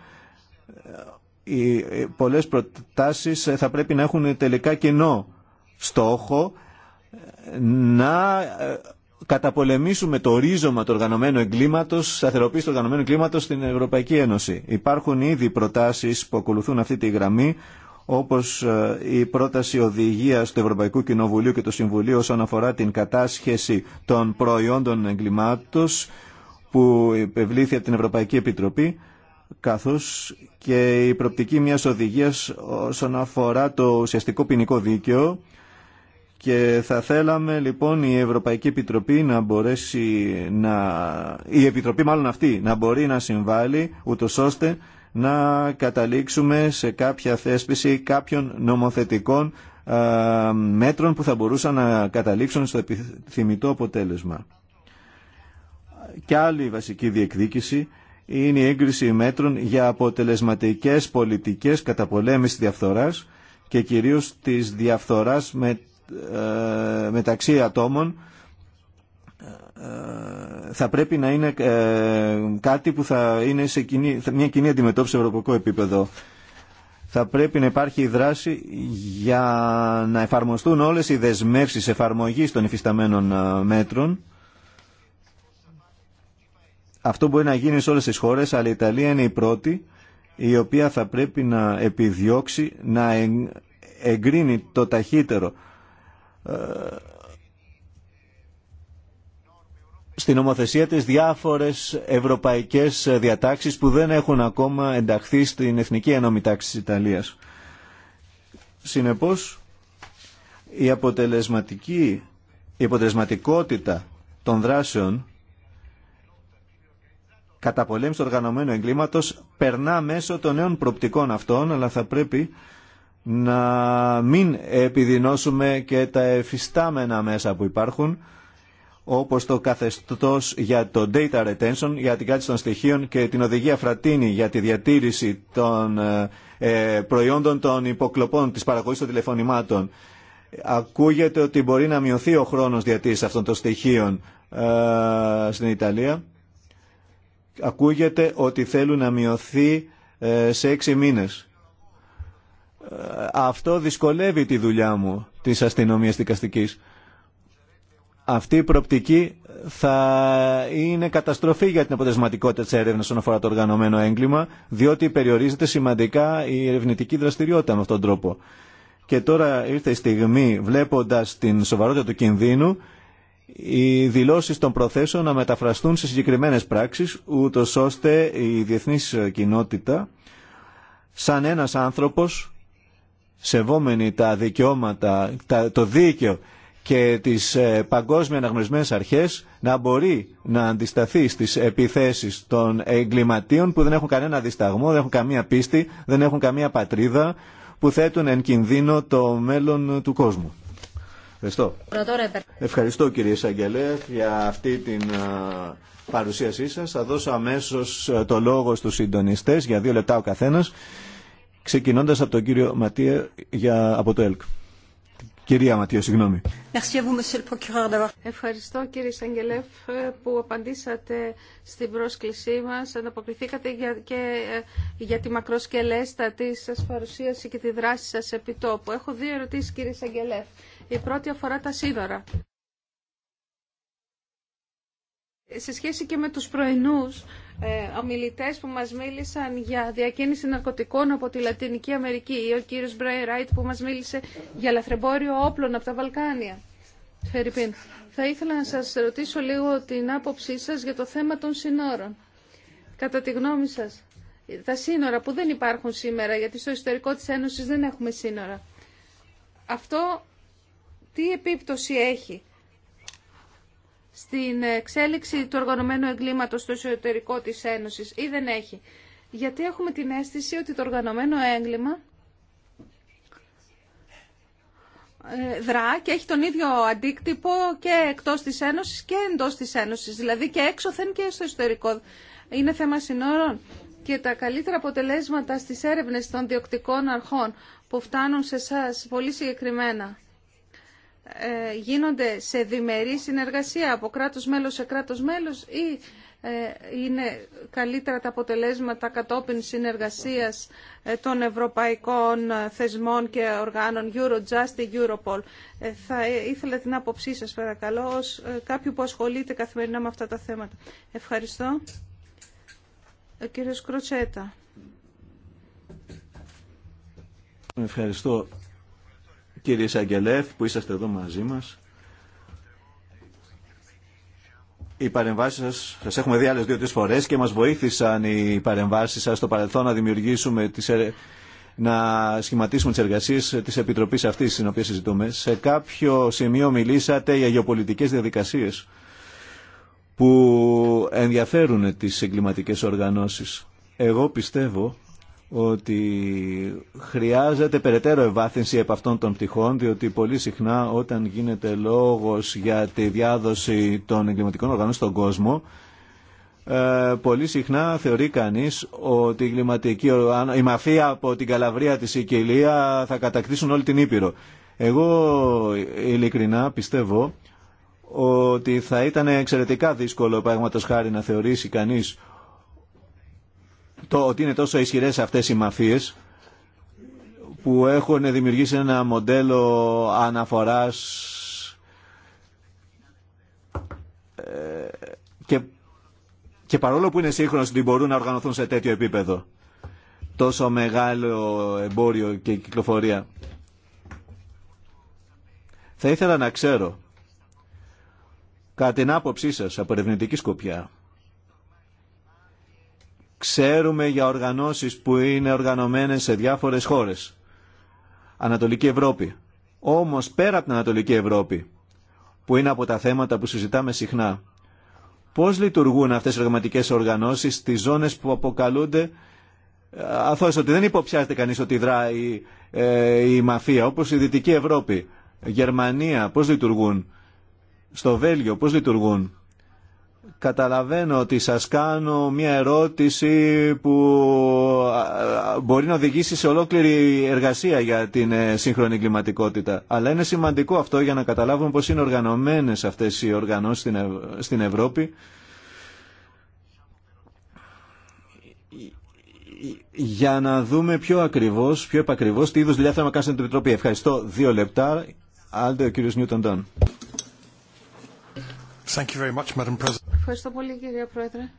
οι πολλές προτάσεις ε, θα πρέπει να έχουν τελικά κοινό στόχο να ε, καταπολεμήσουμε το ρίζωμα του οργανωμένου εγκλήματος, σταθεροποίηση του οργανωμένου εγκλήματος στην Ευρωπαϊκή Ένωση. Υπάρχουν ήδη προτάσεις που ακολουθούν αυτή τη γραμμή, όπως ε, η πρόταση οδηγίας του Ευρωπαϊκού Κοινοβουλίου και του Συμβουλίου όσον αφορά την κατάσχεση των προϊόντων εγκλημάτων που υπευλήθη από την Ευρωπαϊκή Επιτροπή καθώς και η προπτική μιας οδηγίας όσον αφορά το ουσιαστικό ποινικό δίκαιο και θα θέλαμε λοιπόν η Ευρωπαϊκή Επιτροπή να μπορέσει να... η Επιτροπή μάλλον αυτή να μπορεί να συμβάλλει ούτω ώστε να καταλήξουμε σε κάποια θέσπιση κάποιων νομοθετικών μέτρων που θα μπορούσαν να καταλήξουν στο επιθυμητό αποτέλεσμα. Και άλλη βασική διεκδίκηση είναι η έγκριση μέτρων για αποτελεσματικές πολιτικές καταπολέμησης διαφθοράς και κυρίως της διαφθοράς με, ε, μεταξύ ατόμων ε, θα πρέπει να είναι ε, κάτι που θα είναι σε κοινή, μια κοινή αντιμετώπιση σε ευρωπαϊκό επίπεδο. Θα πρέπει να υπάρχει δράση για να εφαρμοστούν όλες οι δεσμεύσεις εφαρμογής των υφισταμένων μέτρων αυτό μπορεί να γίνει σε όλες τις χώρες, αλλά η Ιταλία είναι η πρώτη η οποία θα πρέπει να επιδιώξει να εγκρίνει το ταχύτερο ε, στην ομοθεσία της διάφορες ευρωπαϊκές διατάξεις που δεν έχουν ακόμα ενταχθεί στην Εθνική Ενόμη Τάξη της Ιταλίας. Συνεπώς, η αποτελεσματική η αποτελεσματικότητα των δράσεων καταπολέμηση του οργανωμένου εγκλήματος περνά μέσω των νέων προπτικών αυτών, αλλά θα πρέπει να μην επιδεινώσουμε και τα εφιστάμενα μέσα που υπάρχουν, όπως το καθεστώς για το data retention, για την κάτση των στοιχείων και την οδηγία Φρατίνη για τη διατήρηση των ε, ε, προϊόντων των υποκλοπών της παραγωγής των τηλεφωνημάτων. Ακούγεται ότι μπορεί να μειωθεί ο χρόνος διατήρησης αυτών των στοιχείων ε, στην Ιταλία ακούγεται ότι θέλουν να μειωθεί ε, σε έξι μήνες. Ε, αυτό δυσκολεύει τη δουλειά μου της αστυνομίας δικαστικής. Αυτή η προπτική θα είναι καταστροφή για την αποτελεσματικότητα της έρευνας όσον αφορά το οργανωμένο έγκλημα, διότι περιορίζεται σημαντικά η ερευνητική δραστηριότητα με αυτόν τον τρόπο. Και τώρα ήρθε η στιγμή, βλέποντας την σοβαρότητα του κινδύνου, οι δηλώσει των προθέσεων να μεταφραστούν σε συγκεκριμένες πράξεις, ούτω ώστε η διεθνής κοινότητα, σαν ένας άνθρωπος, σεβόμενη τα δικαιώματα, το δίκαιο και τις ε, παγκόσμια αναγνωρισμένες αρχές, να μπορεί να αντισταθεί στις επιθέσεις των εγκληματίων που δεν έχουν κανένα δισταγμό, δεν έχουν καμία πίστη, δεν έχουν καμία πατρίδα, που θέτουν εν κινδύνο το μέλλον του κόσμου. Ευχαριστώ. Ευχαριστώ κύριε Σαγγελέφ για αυτή την παρουσίασή σας. Θα δώσω αμέσως το λόγο στους συντονιστές για δύο λεπτά ο καθένας, ξεκινώντας από τον κύριο Ματία για, από το ΕΛΚ. Κυρία Ματία, συγγνώμη. Ευχαριστώ κύριε Σαγγελέφ που απαντήσατε στην πρόσκλησή μας. Ανταποκριθήκατε και ε, για τη μακροσκελέστατη σας παρουσίαση και τη δράση σας επί τόπου. Έχω δύο ερωτήσεις κύριε Σαγγελέφ. Η πρώτη αφορά τα σίδαρα. Σε σχέση και με τους πρωινούς ε, ομιλητές που μας μίλησαν για διακίνηση ναρκωτικών από τη Λατινική Αμερική ή ο κύριος Μπρέιρ Ράιτ που μας μίλησε για λαθρεμπόριο όπλων από τα Βαλκάνια. Θα ήθελα να σας ρωτήσω λίγο την άποψή σας για το θέμα των συνόρων. Κατά τη γνώμη σας, τα σύνορα που δεν υπάρχουν σήμερα, γιατί στο ιστορικό της Ένωσης δεν έχουμε σύνορα. Αυτό τι επίπτωση έχει στην εξέλιξη του οργανωμένου εγκλήματος στο εσωτερικό της Ένωσης ή δεν έχει. Γιατί έχουμε την αίσθηση ότι το οργανωμένο έγκλημα ε, δρά και έχει τον ίδιο αντίκτυπο και εκτός της Ένωσης και εντός της Ένωσης, δηλαδή και έξω θέν και στο εσωτερικό. Είναι θέμα συνόρων και τα καλύτερα αποτελέσματα στις έρευνες των διοκτικών αρχών που φτάνουν σε εσά πολύ συγκεκριμένα. Ε, γίνονται σε διμερή συνεργασία από κράτος μέλος σε κράτος μέλος ή ε, είναι καλύτερα τα αποτελέσματα κατόπιν συνεργασίας ε, των ευρωπαϊκών θεσμών και οργάνων Eurojust ή Europol. Θα ήθελα την άποψή σας παρακαλώ ως κάποιου που ασχολείται καθημερινά με αυτά τα θέματα. Ευχαριστώ. Ο κύριος Κροτσέτα. Ευχαριστώ κύριε Σαγγελέφ που είσαστε εδώ μαζί μας. Οι παρεμβάσεις σας σας έχουμε δει αλλες δυο δύο-τρεις φορές και μας βοήθησαν οι παρεμβάσεις σας στο παρελθόν να δημιουργήσουμε τις, να σχηματίσουμε τις εργασίες τη Επιτροπή αυτή, στην οποία συζητούμε. Σε κάποιο σημείο μιλήσατε για γεωπολιτικές διαδικασίες που ενδιαφέρουν τις εγκληματικέ οργανώσεις. Εγώ πιστεύω ότι χρειάζεται περαιτέρω ευάθυνση από αυτών των πτυχών, διότι πολύ συχνά όταν γίνεται λόγος για τη διάδοση των εγκληματικών οργανών στον κόσμο, ε, πολύ συχνά θεωρεί κανείς ότι η, εγκληματική, η μαφία από την Καλαβρία της Σικελία θα κατακτήσουν όλη την Ήπειρο. Εγώ ειλικρινά πιστεύω ότι θα ήταν εξαιρετικά δύσκολο, πράγματος χάρη, να θεωρήσει κανείς το ότι είναι τόσο ισχυρέ αυτέ οι μαφίε που έχουν δημιουργήσει ένα μοντέλο αναφοράς ε, και, και παρόλο που είναι σύγχρονος ότι μπορούν να οργανωθούν σε τέτοιο επίπεδο τόσο μεγάλο εμπόριο και κυκλοφορία. Θα ήθελα να ξέρω, κατά την άποψή σας από ερευνητική σκοπιά, Ξέρουμε για οργανώσεις που είναι οργανωμένες σε διάφορες χώρες. Ανατολική Ευρώπη. Όμως πέρα από την Ανατολική Ευρώπη, που είναι από τα θέματα που συζητάμε συχνά, πώς λειτουργούν αυτές οι εργαματικές οργανώσεις στις ζώνες που αποκαλούνται ε, αθώς, ότι δεν υποψιάζεται κανείς ότι δράει η, ε, η μαφία, όπως η Δυτική Ευρώπη, Γερμανία, πώς λειτουργούν, στο Βέλγιο, πώς λειτουργούν. Καταλαβαίνω ότι σας κάνω μια ερώτηση που μπορεί να οδηγήσει σε ολόκληρη εργασία για την ε, σύγχρονη κλιματικότητα. Αλλά είναι σημαντικό αυτό για να καταλάβουμε πώς είναι οργανωμένες αυτές οι οργανώσεις στην Ευρώπη. Για να δούμε πιο ακριβώς, πιο επακριβώς τι είδους δουλειά θέλουμε να κάνουμε στην Επιτροπή. Ευχαριστώ. Δύο λεπτά. Άντε ο κύριος Νιούτον Τόν. Thank you very much, Madam Ευχαριστώ πολύ κύριε Πρόεδρε.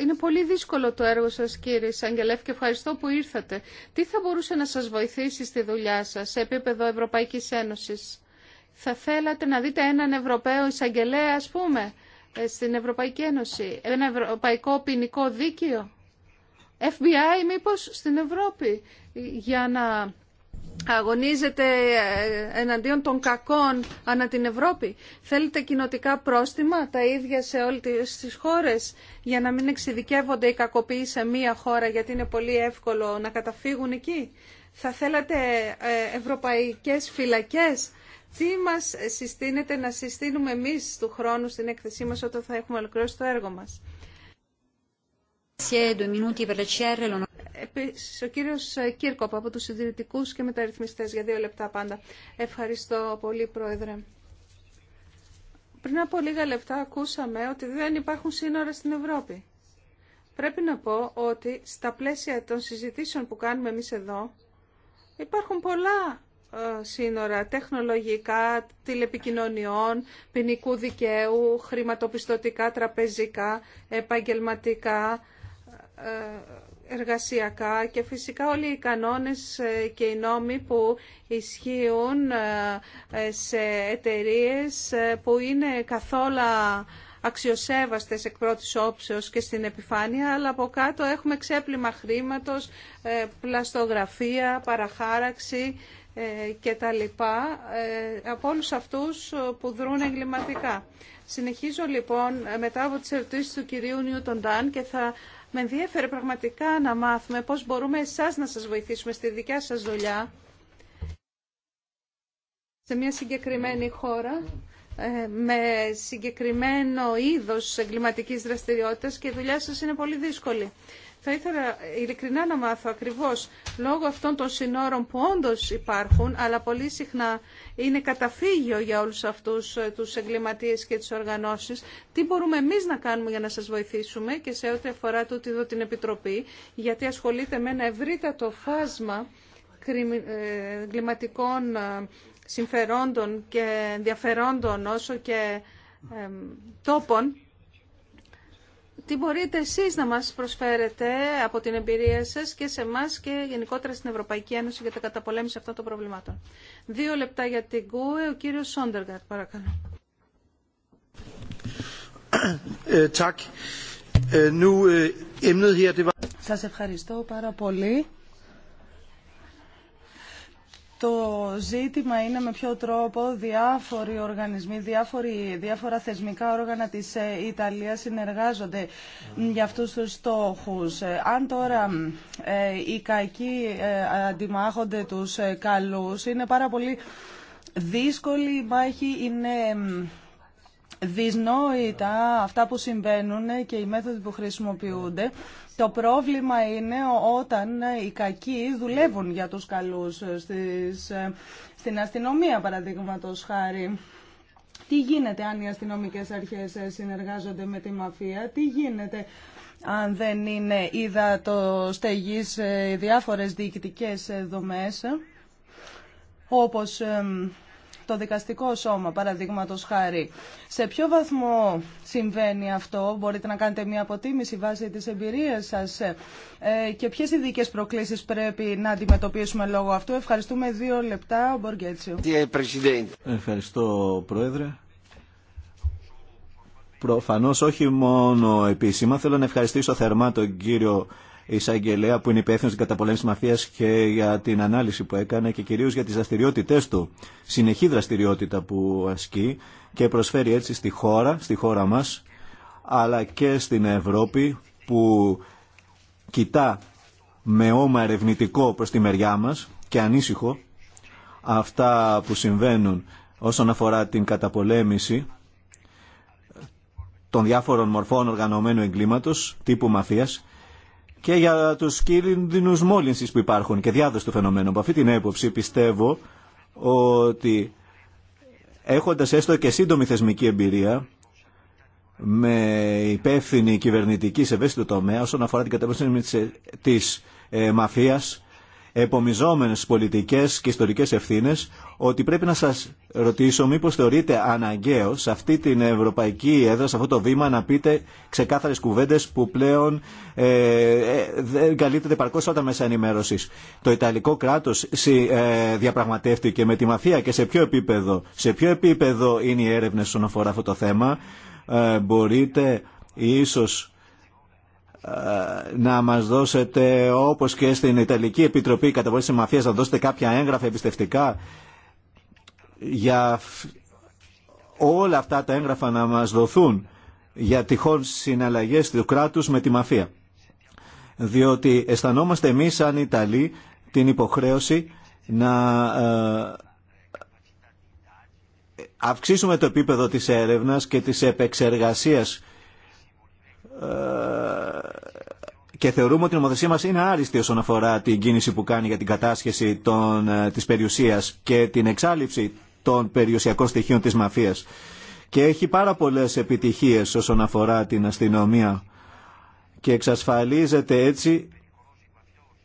Είναι πολύ δύσκολο το έργο σας κύριε Σαγγελέφ και ευχαριστώ που ήρθατε. Τι θα μπορούσε να σας βοηθήσει στη δουλειά σας σε επίπεδο Ευρωπαϊκής Ένωσης. Θα θέλατε να δείτε έναν Ευρωπαίο εισαγγελέα ας πούμε ε, στην Ευρωπαϊκή Ένωση. Ένα ευρωπαϊκό ποινικό δίκαιο. FBI μήπως στην Ευρώπη για να αγωνίζεται ε, εναντίον των κακών ανά την Ευρώπη. Θέλετε κοινοτικά πρόστιμα, τα ίδια σε όλες τις χώρες, για να μην εξειδικεύονται οι κακοποιοί σε μία χώρα, γιατί είναι πολύ εύκολο να καταφύγουν εκεί. Θα θέλατε ε, ευρωπαϊκές φυλακές. Τι μας συστήνεται να συστήνουμε εμείς του χρόνου στην έκθεσή μας όταν θα έχουμε ολοκληρώσει το έργο μας. Επίσης, ο κύριο Κύρκοπ από τους συντηρητικού και μεταρρυθμιστές για δύο λεπτά πάντα. Ευχαριστώ πολύ, Πρόεδρε. Πριν από λίγα λεπτά ακούσαμε ότι δεν υπάρχουν σύνορα στην Ευρώπη. Πρέπει να πω ότι στα πλαίσια των συζητήσεων που κάνουμε εμείς εδώ υπάρχουν πολλά ε, σύνορα τεχνολογικά, τηλεπικοινωνιών, ποινικού δικαίου, χρηματοπιστωτικά, τραπεζικά, επαγγελματικά, ε, εργασιακά και φυσικά όλοι οι κανόνες ε, και οι νόμοι που ισχύουν ε, ε, σε εταιρείες που είναι καθόλου αξιοσέβαστες εκ πρώτης όψεως και στην επιφάνεια, αλλά από κάτω έχουμε ξέπλυμα χρήματος, πλαστογραφία, παραχάραξη και τα λοιπά, από όλους αυτούς που δρούν εγκληματικά. Συνεχίζω λοιπόν μετά από τις ερωτήσεις του κυρίου Νιούτον Ντάν και θα με ενδιαφέρει πραγματικά να μάθουμε πώς μπορούμε εσάς να σας βοηθήσουμε στη δικιά σας δουλειά σε μια συγκεκριμένη χώρα ε, με συγκεκριμένο είδος εγκληματικής δραστηριότητας και η δουλειά σας είναι πολύ δύσκολη. Θα ήθελα ειλικρινά να μάθω ακριβώς λόγω αυτών των συνόρων που όντως υπάρχουν, αλλά πολύ συχνά είναι καταφύγιο για όλους αυτούς ε, τους εγκληματίες και τις οργανώσεις, τι μπορούμε εμείς να κάνουμε για να σας βοηθήσουμε και σε ό,τι αφορά τούτη εδώ την Επιτροπή, γιατί ασχολείται με ένα ευρύτατο φάσμα ε, εγκληματικών ε, συμφερόντων και ενδιαφερόντων όσο και τόπων τι μπορείτε εσείς να μας προσφέρετε από την εμπειρία σας και σε εμά και γενικότερα στην Ευρωπαϊκή Ένωση για τα καταπολέμηση αυτών των προβλημάτων. Δύο λεπτά για την ΚΟΕ, ο κύριος Σόντεργαρτ, παρακαλώ. Ε, ε, ε, σας ευχαριστώ πάρα πολύ. Το ζήτημα είναι με ποιο τρόπο διάφοροι οργανισμοί, διάφοροι, διάφορα θεσμικά όργανα της ε, Ιταλίας συνεργάζονται για αυτούς τους στόχους. Ε, αν τώρα ε, οι κακοί αντιμάχονται τους καλούς, είναι πάρα πολύ δύσκολη η μάχη, είναι δυσνόητα αυτά που συμβαίνουν και οι μέθοδοι που χρησιμοποιούνται. Το πρόβλημα είναι όταν οι κακοί δουλεύουν για τους καλούς ε, ε, στην αστυνομία παραδείγματος χάρη. Τι γίνεται αν οι αστυνομικές αρχές ε, συνεργάζονται με τη μαφία, τι γίνεται αν δεν είναι είδα το στεγής διάφορες διοικητικές δομές όπως το δικαστικό σώμα, παραδείγματο χάρη. Σε ποιο βαθμό συμβαίνει αυτό, μπορείτε να κάνετε μια αποτίμηση βάσει τη εμπειρία σα ε, και ποιε ειδικέ προκλήσει πρέπει να αντιμετωπίσουμε λόγω αυτού. Ευχαριστούμε δύο λεπτά, ο Μποργέτσιο. Ευχαριστώ, Πρόεδρε. Προφανώς όχι μόνο επίσημα. Θέλω να ευχαριστήσω θερμά τον κύριο εισαγγελέα που είναι υπεύθυνο για την καταπολέμηση μαφία και για την ανάλυση που έκανε και κυρίω για τι δραστηριότητέ του. Συνεχή δραστηριότητα που ασκεί και προσφέρει έτσι στη χώρα, στη χώρα μα, αλλά και στην Ευρώπη που κοιτά με όμα ερευνητικό προς τη μεριά μας και ανήσυχο αυτά που συμβαίνουν όσον αφορά την καταπολέμηση των διάφορων μορφών οργανωμένου εγκλήματος τύπου μαφίας και για τους κίνδυνου μόλυνση που υπάρχουν και διάδοση του φαινομένου. Από αυτή την έποψη πιστεύω ότι έχοντας έστω και σύντομη θεσμική εμπειρία με υπεύθυνη κυβερνητική σε ευαίσθητο τομέα όσον αφορά την κατεύθυνση της ε, μαφίας, επομιζόμενες πολιτικές και ιστορικές ευθύνες ότι πρέπει να σας ρωτήσω μήπως θεωρείτε αναγκαίο σε αυτή την ευρωπαϊκή έδρα, σε αυτό το βήμα να πείτε ξεκάθαρες κουβέντες που πλέον ε, ε, δεν καλύπτεται παρκώς όταν μέσα ενημέρωση. Το Ιταλικό κράτος ε, διαπραγματεύτηκε με τη μαφία και σε ποιο επίπεδο, σε ποιο επίπεδο είναι οι έρευνες όσον αφορά αυτό το θέμα. Ε, μπορείτε ίσως να μας δώσετε όπως και στην Ιταλική Επιτροπή της Μαφίας να δώσετε κάποια έγγραφα εμπιστευτικά για όλα αυτά τα έγγραφα να μας δοθούν για τυχόν συναλλαγές του κράτους με τη μαφία. Διότι αισθανόμαστε εμείς σαν Ιταλοί την υποχρέωση να ε, αυξήσουμε το επίπεδο της έρευνας και της επεξεργασίας ε, και θεωρούμε ότι η νομοθεσία μας είναι άριστη όσον αφορά την κίνηση που κάνει για την κατάσχεση των, ε, της περιουσίας και την εξάλληψη των περιουσιακών στοιχείων της μαφίας. Και έχει πάρα πολλές επιτυχίες όσον αφορά την αστυνομία και εξασφαλίζεται έτσι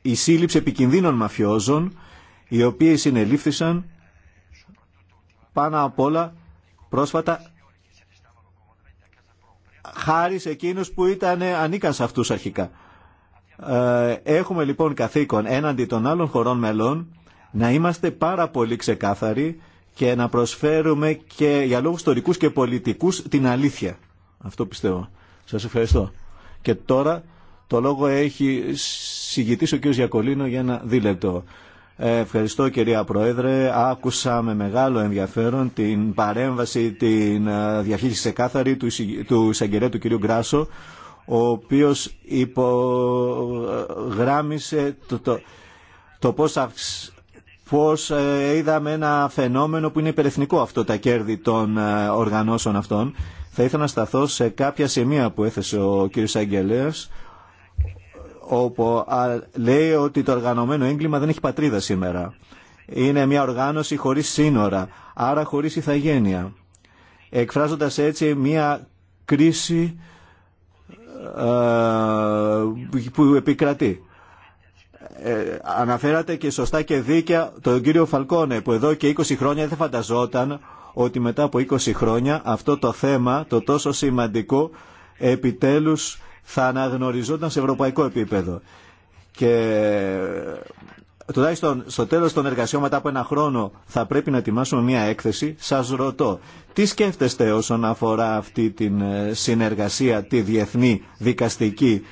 η σύλληψη επικινδύνων μαφιόζων οι οποίοι συνελήφθησαν πάνω απ' όλα πρόσφατα χάρη σε εκείνους που ήταν, ανήκαν σε αυτούς αρχικά. Ε, έχουμε λοιπόν καθήκον έναντι των άλλων χωρών μελών να είμαστε πάρα πολύ ξεκάθαροι και να προσφέρουμε και για λόγους ιστορικούς και πολιτικούς την αλήθεια. Αυτό πιστεύω. Σας ευχαριστώ. Και τώρα το λόγο έχει συγητήσει ο κ. Γιακολίνο για ένα δίλεπτο. Ε, ευχαριστώ κυρία Πρόεδρε. Άκουσα με μεγάλο ενδιαφέρον την παρέμβαση, την ε, διαχείριση κάθαρη... του εισαγγελέα του κ. Γκράσο, ο οποίος υπογράμμισε ε, το, το, το πώς πως ε, είδαμε ένα φαινόμενο που είναι υπερεθνικό αυτό τα κέρδη των ε, οργανώσεων αυτών. Θα ήθελα να σταθώ σε κάποια σημεία που έθεσε ο κ. Αγγελέας, όπου λέει ότι το οργανωμένο έγκλημα δεν έχει πατρίδα σήμερα. Είναι μια οργάνωση χωρίς σύνορα, άρα χωρίς ηθαγένεια. Εκφράζοντας έτσι μια κρίση ε, που επικρατεί. Ε, αναφέρατε και σωστά και δίκαια τον κύριο Φαλκόνε που εδώ και 20 χρόνια δεν φανταζόταν ότι μετά από 20 χρόνια αυτό το θέμα, το τόσο σημαντικό, επιτέλους θα αναγνωριζόταν σε ευρωπαϊκό επίπεδο. Και ε, τουλάχιστον στο τέλος των εργασιών μετά από ένα χρόνο θα πρέπει να ετοιμάσουμε μια έκθεση. Σας ρωτώ, τι σκέφτεστε όσον αφορά αυτή την ε, συνεργασία, τη διεθνή, δικαστική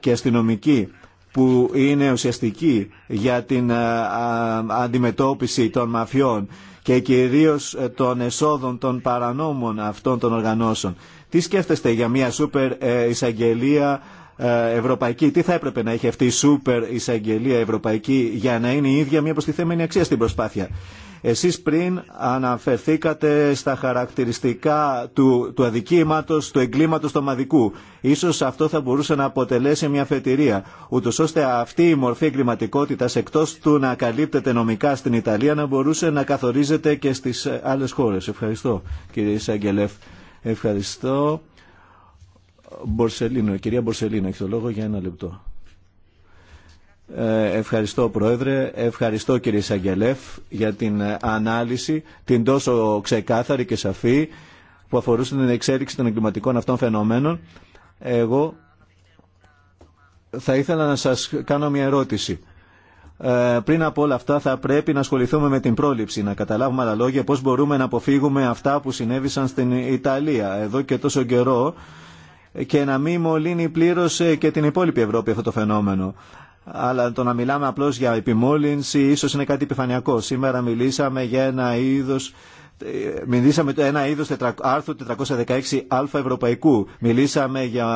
και αστυνομική που είναι ουσιαστική για την ε, αντιμετώπιση των μαφιών και κυρίως ε, των εσόδων των παρανόμων αυτών των οργανώσεων. Τι σκέφτεστε για μια σούπερ ε, εισαγγελία ευρωπαϊκή, τι θα έπρεπε να έχει αυτή η σούπερ εισαγγελία ευρωπαϊκή για να είναι η ίδια μια προστιθέμενη αξία στην προσπάθεια. Εσείς πριν αναφερθήκατε στα χαρακτηριστικά του, του αδικήματος, του εγκλήματος του ομαδικού. Ίσως αυτό θα μπορούσε να αποτελέσει μια φετηρία, ούτω ώστε αυτή η μορφή εγκληματικότητας εκτός του να καλύπτεται νομικά στην Ιταλία να μπορούσε να καθορίζεται και στις άλλες χώρες. Ευχαριστώ κύριε Σαγγελέφ. Ευχαριστώ. Μπορσελίνο. Κυρία Μπορσελίνο, έχει το λόγο για ένα λεπτό. Ε, ευχαριστώ Πρόεδρε, ευχαριστώ κύριε Σαγγελέφ για την ε, ανάλυση, την τόσο ξεκάθαρη και σαφή που αφορούσε την εξέλιξη των εγκληματικών αυτών φαινομένων. Εγώ θα ήθελα να σας κάνω μια ερώτηση. Ε, πριν από όλα αυτά θα πρέπει να ασχοληθούμε με την πρόληψη, να καταλάβουμε άλλα λόγια πώς μπορούμε να αποφύγουμε αυτά που συνέβησαν στην Ιταλία εδώ και τόσο καιρό και να μην μολύνει πλήρως ε, και την υπόλοιπη Ευρώπη αυτό το φαινόμενο αλλά το να μιλάμε απλώς για επιμόλυνση ίσως είναι κάτι επιφανειακό. Σήμερα μιλήσαμε για ένα είδος ε, Μιλήσαμε το ένα είδος άρθρου 416α ευρωπαϊκού. Μιλήσαμε για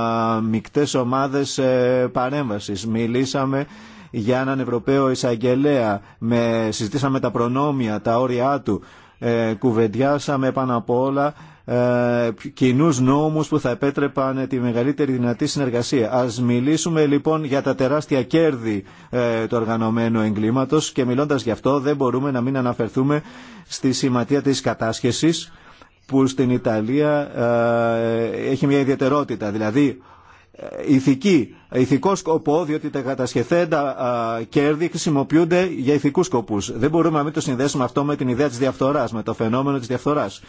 μικτές ομάδες ε, παρέμβασης. Μιλήσαμε για έναν Ευρωπαίο εισαγγελέα. Με, συζητήσαμε τα προνόμια, τα όρια του. Ε, κουβεντιάσαμε πάνω απ' όλα ε, κοινού νόμους που θα επέτρεπαν τη μεγαλύτερη δυνατή συνεργασία. Ας μιλήσουμε λοιπόν για τα τεράστια κέρδη ε, του οργανωμένου εγκλήματος και μιλώντας γι' αυτό δεν μπορούμε να μην αναφερθούμε στη σηματεία της κατάσχεσης που στην Ιταλία ε, έχει μια ιδιαιτερότητα. Δηλαδή ε, ηθική, ηθικό σκοπό, διότι τα κατασχεθέντα κέρδη χρησιμοποιούνται για ηθικούς σκοπούς. Δεν μπορούμε να μην το συνδέσουμε αυτό με την ιδέα της διαφθοράς, με το φαινόμενο της διαφθοράς.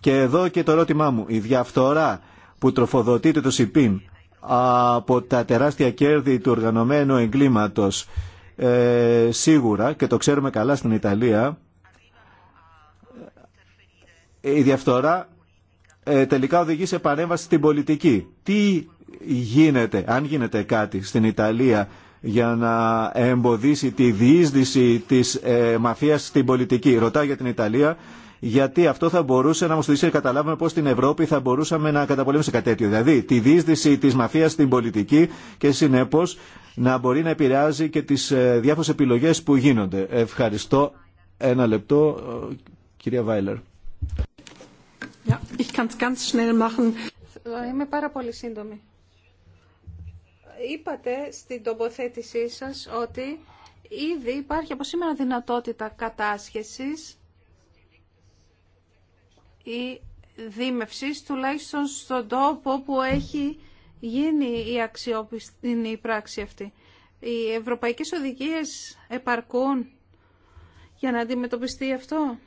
Και εδώ και το ερώτημά μου. Η διαφθορά που τροφοδοτείται το ΣΥΠΗΝ από τα τεράστια κέρδη του οργανωμένου εγκλήματος ε, σίγουρα και το ξέρουμε καλά στην Ιταλία ε, η διαφθορά ε, τελικά οδηγεί σε παρέμβαση στην πολιτική. Τι γίνεται, αν γίνεται κάτι στην Ιταλία για να εμποδίσει τη διείσδυση της ε, μαφίας στην πολιτική. Ρωτάω για την Ιταλία, γιατί αυτό θα μπορούσε να μας το δείξει να καταλάβουμε πώς στην Ευρώπη θα μπορούσαμε να καταπολέμησουμε κάτι τέτοιο. Δηλαδή, τη διείσδυση της μαφίας στην πολιτική και συνεπώς να μπορεί να επηρεάζει και τις ε, διάφορες επιλογές που γίνονται. Ευχαριστώ. Ένα λεπτό, κυρία Βάιλερ. ich kann's ganz schnell machen. Είμαι πάρα πολύ σύντομη είπατε στην τοποθέτησή σας ότι ήδη υπάρχει από σήμερα δυνατότητα κατάσχεσης ή δίμευσης, τουλάχιστον στον τόπο που έχει γίνει η αξιόπιστη πράξη αυτή. Οι ευρωπαϊκές οδηγίες επαρκούν για να αντιμετωπιστεί αυτό.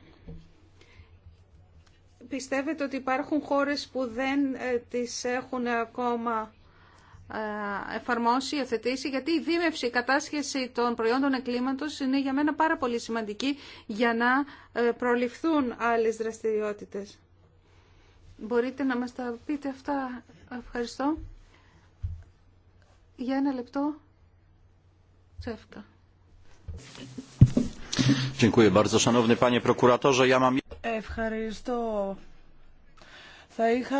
Πιστεύετε ότι υπάρχουν χώρες που δεν ε, τις έχουν ακόμα ε, εφαρμόσει, υιοθετήσει, γιατί η δίμευση, η κατάσχεση των προϊόντων εκκλήματος είναι για μένα πάρα πολύ σημαντική για να ε, προληφθούν άλλες δραστηριότητες. Μπορείτε να μας τα πείτε αυτά. Ευχαριστώ. Για ένα λεπτό. mam... Ευχαριστώ. Θα είχα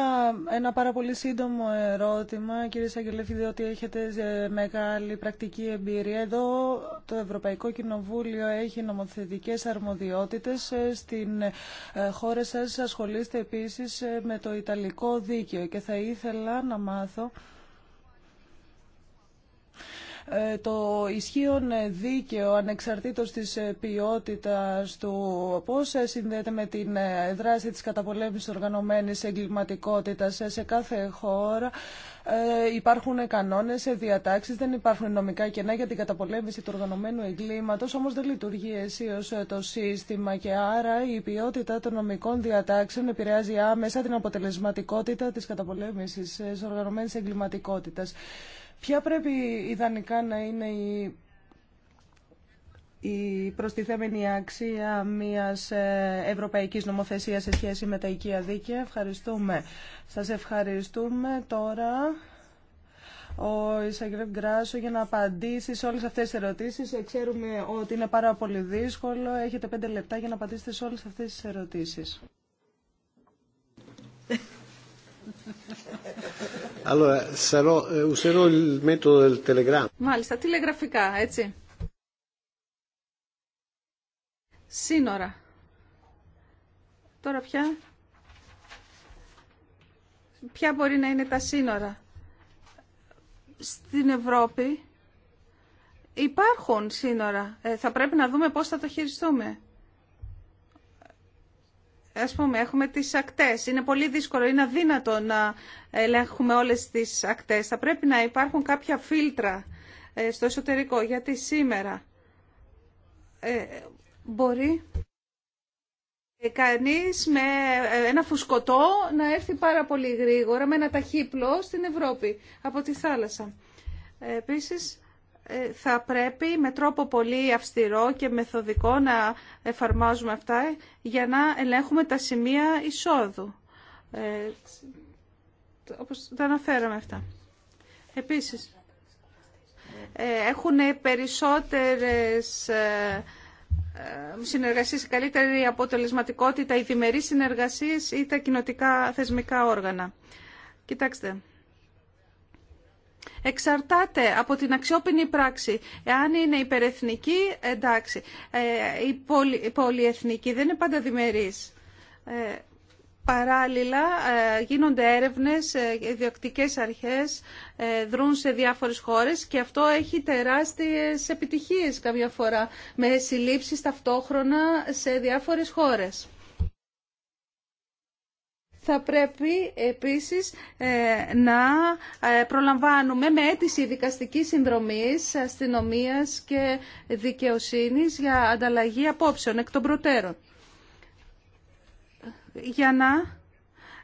ένα πάρα πολύ σύντομο ερώτημα, κύριε Σαγγελέφη, διότι έχετε μεγάλη πρακτική εμπειρία. Εδώ το Ευρωπαϊκό Κοινοβούλιο έχει νομοθετικές αρμοδιότητες. Στην ε, χώρα σας ασχολείστε επίσης με το Ιταλικό Δίκαιο και θα ήθελα να μάθω ε, το ισχύον δίκαιο ανεξαρτήτως της ε, ποιότητας του πώς ε, συνδέεται με την δράση της καταπολέμησης οργανωμένης εγκληματικότητας σε κάθε χώρα. υπάρχουν κανόνες, διατάξεις, δεν υπάρχουν νομικά κενά για την καταπολέμηση του οργανωμένου εγκλήματος, όμως δεν λειτουργεί αισίως το σύστημα και άρα η ποιότητα των νομικών διατάξεων επηρεάζει άμεσα την αποτελεσματικότητα της καταπολέμησης της οργανωμένης εγκληματικότητας. Ποια πρέπει ιδανικά να είναι η η προστιθέμενη αξία μιας ε, ευρωπαϊκής νομοθεσίας σε σχέση με τα οικία δίκαια. Ευχαριστούμε. Σας ευχαριστούμε τώρα ο Ισαγγελέμ Γκράσο για να απαντήσει σε όλες αυτές τις ερωτήσεις. Ε, ξέρουμε ότι είναι πάρα πολύ δύσκολο. Έχετε πέντε λεπτά για να απαντήσετε σε όλες αυτές τις ερωτήσεις. Eh, Μάλιστα, τηλεγραφικά, έτσι. Σύνορα. Τώρα πια. Ποια μπορεί να είναι τα σύνορα. Στην Ευρώπη υπάρχουν σύνορα. Ε, θα πρέπει να δούμε πώς θα το χειριστούμε ας πούμε, έχουμε τις ακτές. Είναι πολύ δύσκολο, είναι αδύνατο να ελέγχουμε όλες τις ακτές. Θα πρέπει να υπάρχουν κάποια φίλτρα ε, στο εσωτερικό, γιατί σήμερα ε, μπορεί κανείς με ένα φουσκωτό να έρθει πάρα πολύ γρήγορα με ένα ταχύπλο στην Ευρώπη από τη θάλασσα. Ε, επίσης, ε, θα πρέπει με τρόπο πολύ αυστηρό και μεθοδικό να εφαρμόζουμε αυτά για να ελέγχουμε τα σημεία εισόδου. Ε, όπως τα αναφέραμε αυτά. Επίσης, ε, έχουν περισσότερες ε, συνεργασίες, καλύτερη αποτελεσματικότητα, οι διμερείς συνεργασίες ή τα κοινοτικά θεσμικά όργανα. Κοιτάξτε, εξαρτάται από την αξιόπινη πράξη. Εάν είναι υπερεθνική, εντάξει. Η, ε, πολυ, πολυεθνική δεν είναι πάντα διμερής. Ε, παράλληλα ε, γίνονται έρευνες, ιδιοκτικές αρχές δρούν σε διάφορες χώρες και αυτό έχει τεράστιες επιτυχίες καμιά φορά με συλλήψεις ταυτόχρονα σε διάφορες χώρες θα πρέπει επίσης ε, να ε, προλαμβάνουμε με αίτηση δικαστική συνδρομής, αστυνομίας και δικαιοσύνης για ανταλλαγή απόψεων εκ των προτέρων. Για να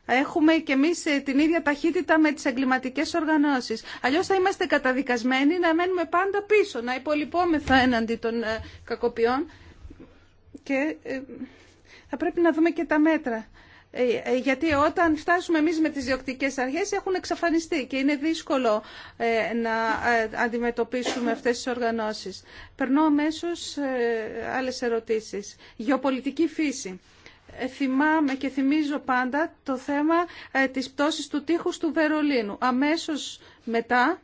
έχουμε και εμεί ε, την ίδια ταχύτητα με τις εγκληματικέ οργανώσεις. Αλλιώ θα είμαστε καταδικασμένοι να μένουμε πάντα πίσω, να υπολοιπόμεθα έναντι των κακοποιών και θα πρέπει να δούμε και τα μέτρα. Ε, ε, γιατί όταν φτάσουμε εμείς με τις διοκτικές αρχές έχουν εξαφανιστεί και είναι δύσκολο ε, να αντιμετωπίσουμε αυτές τις οργανώσεις. Περνώ αμέσω άλλες ερωτήσεις. Γεωπολιτική φύση. Θυμάμαι και θυμίζω πάντα το θέμα της πτώσης του τείχους του Βερολίνου. Αμέσως μετά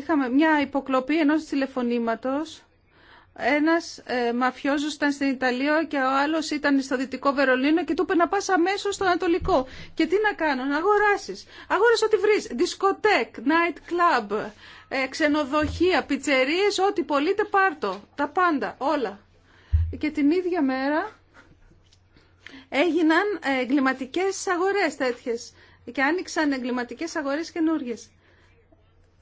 είχαμε μια υποκλοπή ενός τηλεφωνήματος ένας ε, μαφιόζος ήταν στην Ιταλία και ο άλλος ήταν στο Δυτικό Βερολίνο και του είπε να πας αμέσως στο Ανατολικό. Και τι να κάνω, να αγοράσεις. Αγόρασε ό,τι βρεις. Δισκοτέκ, night club, ε, ξενοδοχεία, πιτσερίες, ό,τι πωλείται πάρτο. Τα πάντα, όλα. Και την ίδια μέρα έγιναν εγκληματικές αγορές τέτοιες. Και άνοιξαν εγκληματικές αγορές καινούργιες.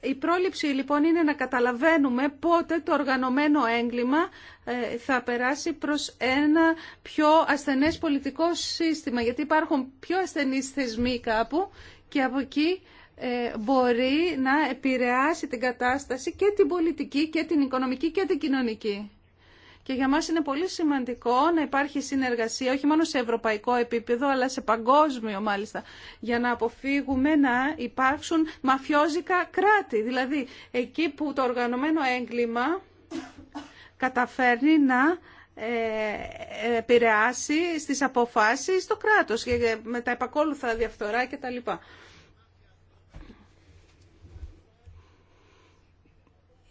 Η πρόληψη λοιπόν είναι να καταλαβαίνουμε πότε το οργανωμένο έγκλημα ε, θα περάσει προς ένα πιο ασθενές πολιτικό σύστημα, γιατί υπάρχουν πιο ασθενείς θεσμοί κάπου και από εκεί ε, μπορεί να επηρεάσει την κατάσταση και την πολιτική και την οικονομική και την κοινωνική. Και για μας είναι πολύ σημαντικό να υπάρχει συνεργασία, όχι μόνο σε ευρωπαϊκό επίπεδο, αλλά σε παγκόσμιο μάλιστα, για να αποφύγουμε να υπάρξουν μαφιόζικα κράτη. Δηλαδή, εκεί που το οργανωμένο έγκλημα καταφέρνει να ε, επηρεάσει στις αποφάσεις το κράτος με τα επακόλουθα διαφθορά κτλ.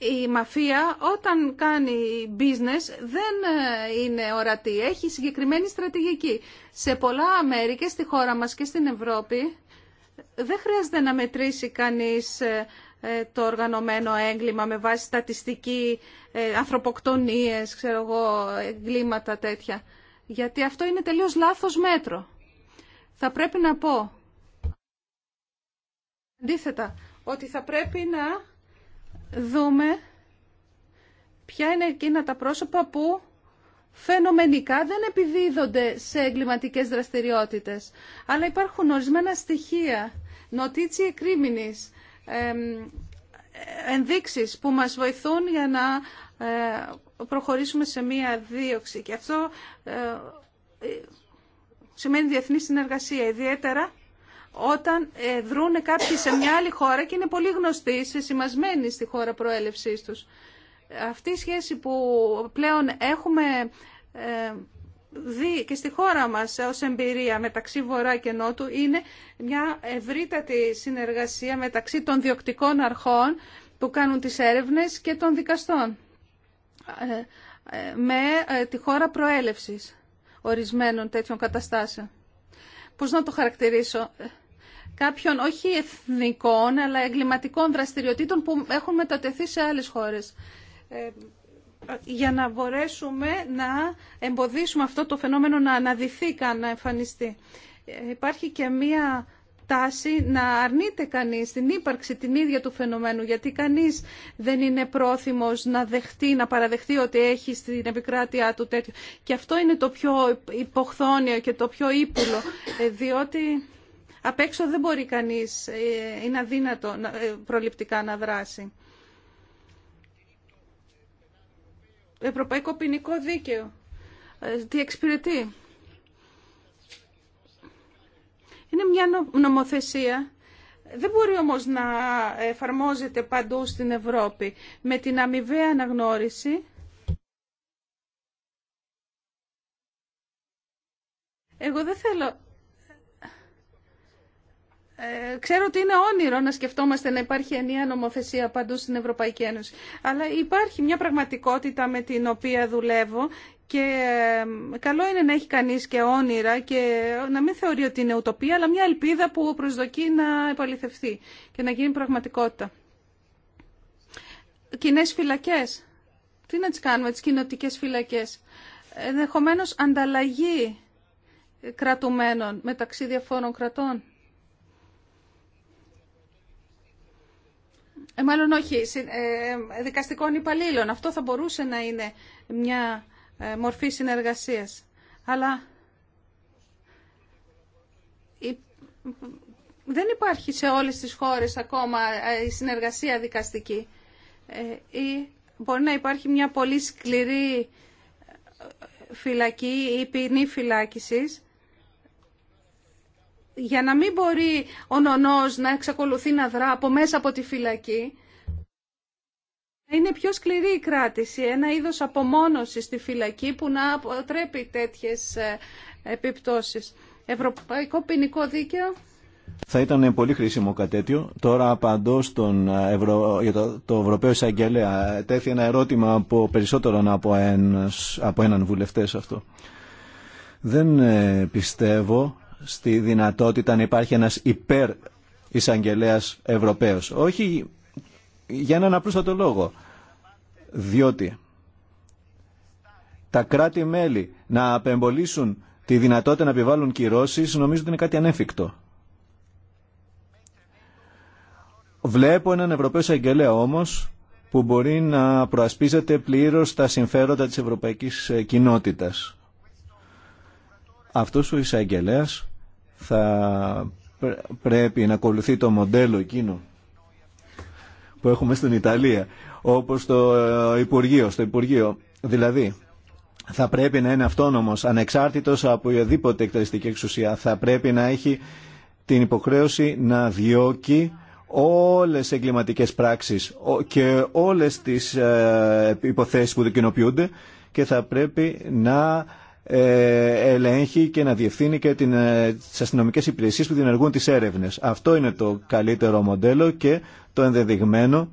η μαφία όταν κάνει business δεν ε, είναι ορατή. Έχει συγκεκριμένη στρατηγική. Σε πολλά μέρη και στη χώρα μας και στην Ευρώπη δεν χρειάζεται να μετρήσει κανείς ε, ε, το οργανωμένο έγκλημα με βάση στατιστική, ανθρωποκτονίες, ξέρω εγώ, εγκλήματα τέτοια. Γιατί αυτό είναι τελείως λάθος μέτρο. Θα πρέπει να πω, αντίθετα, ότι θα πρέπει να δούμε ποια είναι εκείνα τα πρόσωπα που φαινομενικά δεν επιδίδονται σε εγκληματικές δραστηριότητες. Αλλά υπάρχουν ορισμένα στοιχεία, νοτίτσι εκρήμινης, ενδείξεις που μας βοηθούν για να ε, προχωρήσουμε σε μία δίωξη. Και αυτό ε, σημαίνει διεθνή συνεργασία, ιδιαίτερα όταν δρούνε ε, κάποιοι σε μια άλλη χώρα και είναι πολύ γνωστοί, συσημασμένοι στη χώρα προέλευσής τους. Αυτή η σχέση που πλέον έχουμε ε, δει και στη χώρα μας ως εμπειρία μεταξύ Βορρά και Νότου είναι μια ευρύτατη συνεργασία μεταξύ των διοκτικών αρχών που κάνουν τις έρευνες και των δικαστών ε, με τη χώρα προέλευσης ορισμένων τέτοιων καταστάσεων. Πώς να το χαρακτηρίσω κάποιων όχι εθνικών αλλά εγκληματικών δραστηριοτήτων που έχουν μετατεθεί σε άλλες χώρες. Ε, για να μπορέσουμε να εμποδίσουμε αυτό το φαινόμενο να αναδυθεί καν να εμφανιστεί. Ε, υπάρχει και μία τάση να αρνείται κανείς την ύπαρξη την ίδια του φαινομένου, γιατί κανείς δεν είναι πρόθυμος να δεχτεί, να παραδεχτεί ότι έχει στην επικράτειά του τέτοιο. Και αυτό είναι το πιο υποχθόνιο και το πιο ύπουλο, ε, διότι Απ' έξω δεν μπορεί κανείς, ε, είναι αδύνατο ε, προληπτικά να δράσει. Ευρωπαϊκό ποινικό δίκαιο. Ε, τι εξυπηρετεί. Είναι μια νομοθεσία. Δεν μπορεί όμως να εφαρμόζεται παντού στην Ευρώπη με την αμοιβαία αναγνώριση. Εγώ δεν θέλω ε, ξέρω ότι είναι όνειρο να σκεφτόμαστε να υπάρχει ενιαία νομοθεσία παντού στην Ευρωπαϊκή Ένωση. Αλλά υπάρχει μια πραγματικότητα με την οποία δουλεύω και ε, καλό είναι να έχει κανείς και όνειρα και να μην θεωρεί ότι είναι ουτοπία, αλλά μια ελπίδα που προσδοκεί να επαληθευτεί και να γίνει πραγματικότητα. Κοινέ φυλακές. Τι να τις κάνουμε, τις κοινοτικέ φυλακές. Ενδεχομένω ανταλλαγή κρατουμένων μεταξύ διαφόρων κρατών. Ε, μάλλον όχι, ε, ε, δικαστικών υπαλλήλων. Αυτό θα μπορούσε να είναι μια μορφή συνεργασίας. Αλλά δεν υπάρχει σε όλες τις χώρες ακόμα η συνεργασία δικαστική. Ή μπορεί να υπάρχει μια πολύ σκληρή φυλακή ή ποινή φυλάκισης για να μην μπορεί ο νονός να εξακολουθεί να δρά από μέσα από τη φυλακή, είναι πιο σκληρή η κράτηση, ένα είδος απομόνωση στη φυλακή που να αποτρέπει τέτοιες ε, επιπτώσεις. Ευρωπαϊκό ποινικό δίκαιο. Θα ήταν πολύ χρήσιμο κάτι Τώρα απαντώ στον ε, Ευρω... για το, το Ευρωπαίο Εισαγγελέα. Τέθη ένα ερώτημα από περισσότερον από, από έναν βουλευτές. αυτό. Δεν ε, πιστεύω στη δυνατότητα να υπάρχει ένας υπέρ εισαγγελέας Ευρωπαίος. Όχι για έναν απλούστατο λόγο. Διότι τα κράτη-μέλη να απεμπολίσουν τη δυνατότητα να επιβάλλουν κυρώσεις νομίζω ότι είναι κάτι ανέφικτο. Βλέπω έναν Ευρωπαίο εισαγγελέα όμως που μπορεί να προασπίζεται πλήρως τα συμφέροντα της ευρωπαϊκής κοινότητας. Αυτός ο εισαγγελέας θα πρέπει να ακολουθεί το μοντέλο εκείνο που έχουμε στην Ιταλία, όπως το ε, Υπουργείο, στο Υπουργείο. Δηλαδή, θα πρέπει να είναι αυτόνομος, ανεξάρτητος από οποιαδήποτε εκτελεστική εξουσία. Θα πρέπει να έχει την υποχρέωση να διώκει όλες τις εγκληματικές πράξεις και όλες τις ε, υποθέσεις που δικοινοποιούνται και θα πρέπει να ε, ελέγχει και να διευθύνει και την, ε, τις αστυνομικές υπηρεσίες που διενεργούν τις έρευνες. Αυτό είναι το καλύτερο μοντέλο και το ενδεδειγμένο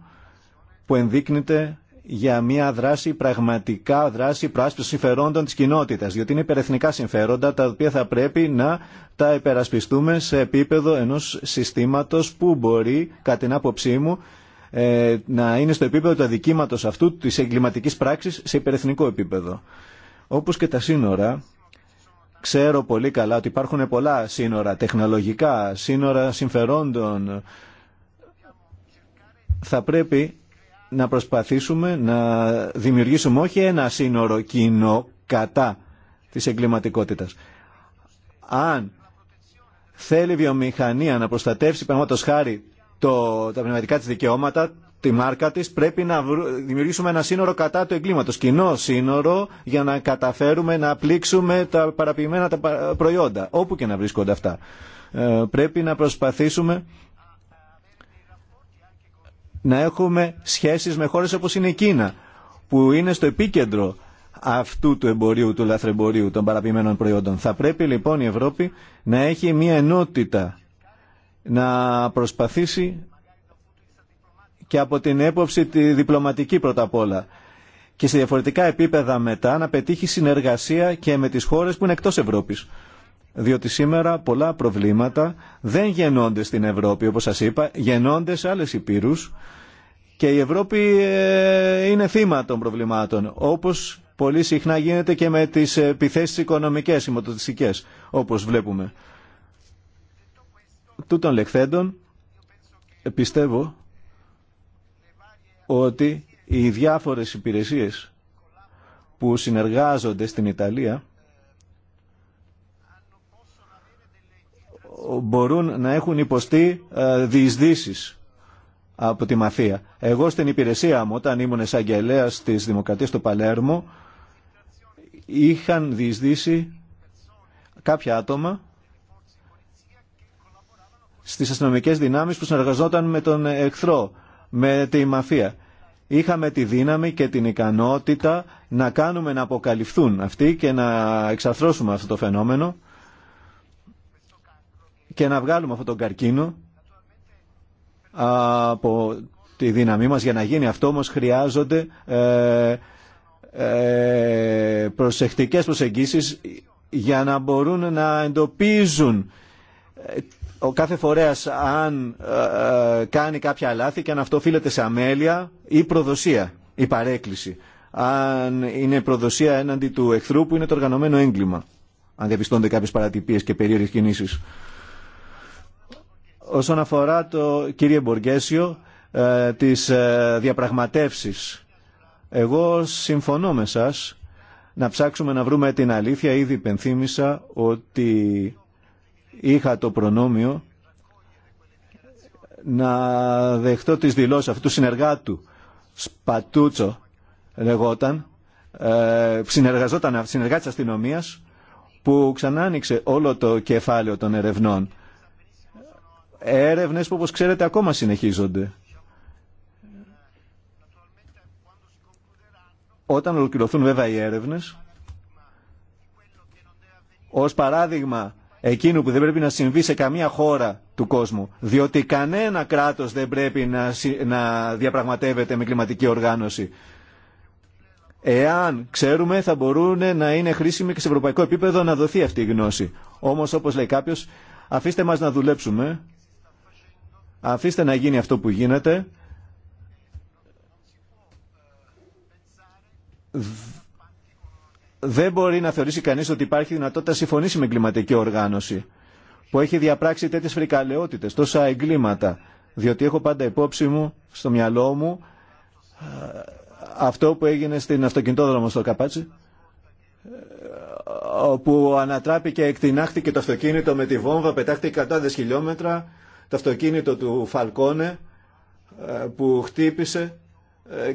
που ενδείκνεται για μια δράση, πραγματικά δράση πράσπισης συμφερόντων της κοινότητας, διότι είναι υπερεθνικά συμφέροντα τα οποία θα πρέπει να τα υπερασπιστούμε σε επίπεδο ενός συστήματος που μπορεί, κατά την άποψή μου, ε, να είναι στο επίπεδο του αδικήματος αυτού της εγκληματικής πράξης σε υπερεθνικό επίπεδο. Όπως και τα σύνορα, ξέρω πολύ καλά ότι υπάρχουν πολλά σύνορα τεχνολογικά, σύνορα συμφερόντων. Θα πρέπει να προσπαθήσουμε να δημιουργήσουμε όχι ένα σύνορο κοινό κατά της εγκληματικότητας. Αν θέλει η βιομηχανία να προστατεύσει πραγματος χάρη το, τα πνευματικά της δικαιώματα, τη μάρκα της πρέπει να δημιουργήσουμε ένα σύνορο κατά του εγκλήματος, κοινό σύνορο για να καταφέρουμε να πλήξουμε τα παραποιημένα τα προϊόντα, όπου και να βρίσκονται αυτά. Ε, πρέπει να προσπαθήσουμε να έχουμε σχέσεις με χώρες όπως είναι η Κίνα, που είναι στο επίκεντρο αυτού του εμπορίου, του λαθρεμπορίου των παραποιημένων προϊόντων. Θα πρέπει λοιπόν η Ευρώπη να έχει μια ενότητα να προσπαθήσει και από την έποψη τη διπλωματική πρώτα απ' όλα και σε διαφορετικά επίπεδα μετά να πετύχει συνεργασία και με τις χώρες που είναι εκτός Ευρώπης. Διότι σήμερα πολλά προβλήματα δεν γεννώνται στην Ευρώπη, όπως σας είπα, γεννώνται σε άλλες υπήρους και η Ευρώπη ε, είναι θύμα των προβλημάτων, όπως πολύ συχνά γίνεται και με τις επιθέσεις οικονομικές, σηματοτιστικές, όπως βλέπουμε. Τούτων λεχθέντων, πιστεύω ότι οι διάφορες υπηρεσίες που συνεργάζονται στην Ιταλία μπορούν να έχουν υποστεί ε, διεισδύσεις από τη Μαφία. Εγώ στην υπηρεσία μου, όταν ήμουν εισαγγελέας της Δημοκρατίας του Παλέρμο, είχαν διεισδύσει κάποια άτομα στις αστυνομικές δυνάμεις που συνεργαζόταν με τον εχθρό με τη μαφία. Είχαμε τη δύναμη και την ικανότητα να κάνουμε να αποκαλυφθούν αυτοί και να εξαθρώσουμε αυτό το φαινόμενο και να βγάλουμε αυτόν τον καρκίνο από τη δύναμή μας. Για να γίνει αυτό όμως χρειάζονται ε, ε, προσεκτικές προσεγγίσεις για να μπορούν να εντοπίζουν ο κάθε φορέας αν ε, ε, κάνει κάποια λάθη και αν αυτό οφείλεται σε αμέλεια ή προδοσία, η παρέκκληση. Αν είναι προδοσία έναντι του εχθρού που είναι το οργανωμένο έγκλημα. Αν διαπιστώνται κάποιε παρατυπίες και περίεργες κινήσει. Όσον αφορά το κύριε Μποργέσιο, ε, τις ε, Εγώ συμφωνώ με σας να ψάξουμε να βρούμε την αλήθεια. Ήδη υπενθύμησα ότι είχα το προνόμιο να δεχτώ τις δηλώσεις αυτού του συνεργάτου, Σπατούτσο λεγόταν, ε, συνεργαζόταν, συνεργάτης αστυνομίας, που ξανά άνοιξε όλο το κεφάλαιο των ερευνών. Έρευνες που όπως ξέρετε ακόμα συνεχίζονται. Όταν ολοκληρωθούν βέβαια οι έρευνες, ως παράδειγμα εκείνου που δεν πρέπει να συμβεί σε καμία χώρα του κόσμου. Διότι κανένα κράτος δεν πρέπει να, να διαπραγματεύεται με κλιματική οργάνωση. Εάν ξέρουμε θα μπορούν να είναι χρήσιμοι και σε ευρωπαϊκό επίπεδο να δοθεί αυτή η γνώση. Όμω, όπως λέει κάποιο, αφήστε μας να δουλέψουμε, αφήστε να γίνει αυτό που γίνεται δεν μπορεί να θεωρήσει κανείς ότι υπάρχει δυνατότητα να συμφωνήσει με εγκληματική οργάνωση που έχει διαπράξει τέτοιε φρικαλαιότητε, τόσα εγκλήματα. Διότι έχω πάντα υπόψη μου, στο μυαλό μου, ε, αυτό που έγινε στην αυτοκινητόδρομο στο Καπάτσι, ε, όπου ανατράπηκε, εκτινάχτηκε το αυτοκίνητο με τη βόμβα, πετάχτηκε εκατάδε χιλιόμετρα, το αυτοκίνητο του Φαλκόνε ε, που χτύπησε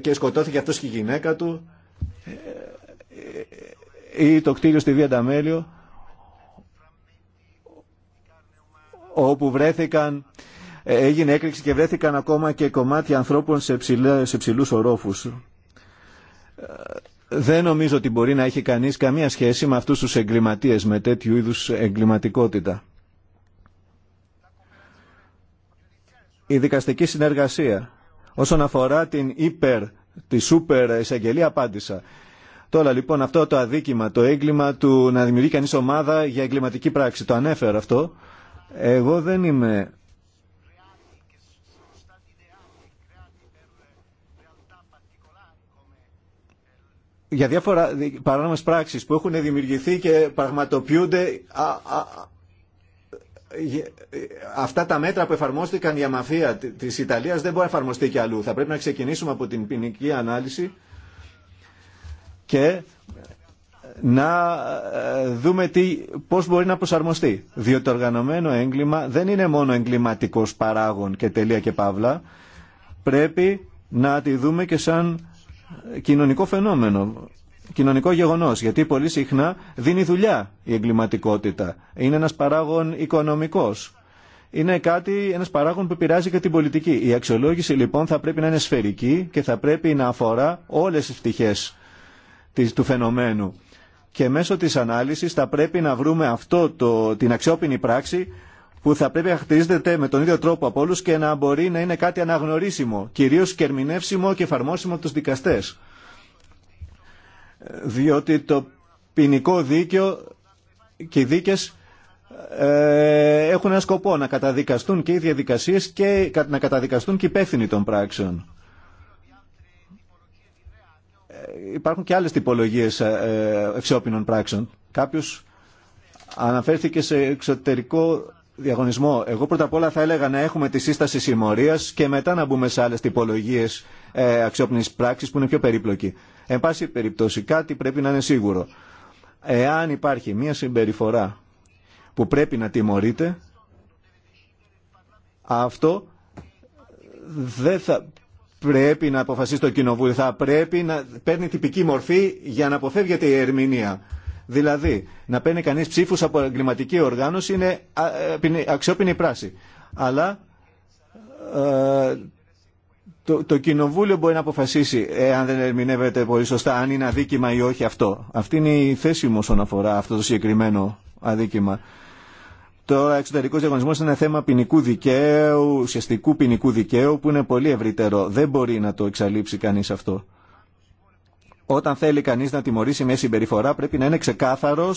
και σκοτώθηκε αυτός και η γυναίκα του ή το κτίριο στη Βία Νταμέλιο όπου βρέθηκαν ε, έγινε έκρηξη και βρέθηκαν ακόμα και κομμάτια ανθρώπων σε, ψηλά, σε ψηλούς ορόφους. Ε, δεν νομίζω ότι μπορεί να έχει κανείς καμία σχέση με αυτούς τους εγκληματίες, με τέτοιου είδους εγκληματικότητα. Η δικαστική συνεργασία. Όσον αφορά την υπερ, τη σούπερ εισαγγελία απάντησα. Τώρα λοιπόν αυτό το αδίκημα, το έγκλημα του να δημιουργεί κανείς ομάδα για εγκληματική πράξη, το ανέφερα αυτό. Εγώ δεν είμαι για διάφορα παράνομες πράξεις που έχουν δημιουργηθεί και πραγματοποιούνται αυτά τα μέτρα που εφαρμόστηκαν για μαφία της Ιταλίας δεν μπορεί να εφαρμοστεί και αλλού. Θα πρέπει να ξεκινήσουμε από την ποινική ανάλυση και να ε, δούμε τι, πώς μπορεί να προσαρμοστεί. Διότι το οργανωμένο έγκλημα δεν είναι μόνο εγκληματικός παράγων και τελεία και παύλα. Πρέπει να τη δούμε και σαν κοινωνικό φαινόμενο, κοινωνικό γεγονός. Γιατί πολύ συχνά δίνει δουλειά η εγκληματικότητα. Είναι ένας παράγων οικονομικός. Είναι κάτι, ένας παράγων που πειράζει και την πολιτική. Η αξιολόγηση λοιπόν θα πρέπει να είναι σφαιρική και θα πρέπει να αφορά όλες τις πτυχές του φαινομένου. Και μέσω της ανάλυσης θα πρέπει να βρούμε αυτό το, την αξιόπινη πράξη που θα πρέπει να χτίζεται με τον ίδιο τρόπο από όλους και να μπορεί να είναι κάτι αναγνωρίσιμο, κυρίως κερμινεύσιμο και εφαρμόσιμο από τους δικαστές. Διότι το ποινικό δίκαιο και οι δίκες ε, έχουν ένα σκοπό να καταδικαστούν και οι διαδικασίες και να καταδικαστούν και οι υπεύθυνοι των πράξεων υπάρχουν και άλλες τυπολογίες αξιόπινων ε, ε, πράξεων. Κάποιος αναφέρθηκε σε εξωτερικό διαγωνισμό. Εγώ πρώτα απ' όλα θα έλεγα να έχουμε τη σύσταση συμμορίας και μετά να μπούμε σε άλλες τυπολογίες ε, αξιόπινη που είναι πιο περίπλοκη. Εν πάση περιπτώσει, κάτι πρέπει να είναι σίγουρο. Εάν υπάρχει μία συμπεριφορά που πρέπει να τιμωρείται, αυτό δεν θα πρέπει να αποφασίσει το κοινοβούλιο, θα πρέπει να παίρνει τυπική μορφή για να αποφεύγεται η ερμηνεία. Δηλαδή, να παίρνει κανείς ψήφους από εγκληματική οργάνωση είναι ε, αξιόπινη πράση. Αλλά ε, το, το κοινοβούλιο μπορεί να αποφασίσει εάν δεν ερμηνεύεται πολύ σωστά, αν είναι αδίκημα ή όχι αυτό. Αυτή είναι η θέση μου όσον αφορά αυτό το συγκεκριμένο αδίκημα. Τώρα, εξωτερικό διαγωνισμό είναι θέμα ποινικού δικαίου, ουσιαστικού ποινικού δικαίου, που είναι πολύ ευρύτερο. Δεν μπορεί να το εξαλείψει κανεί αυτό. Όταν θέλει κανεί να τιμωρήσει μια συμπεριφορά, πρέπει να είναι ξεκάθαρο,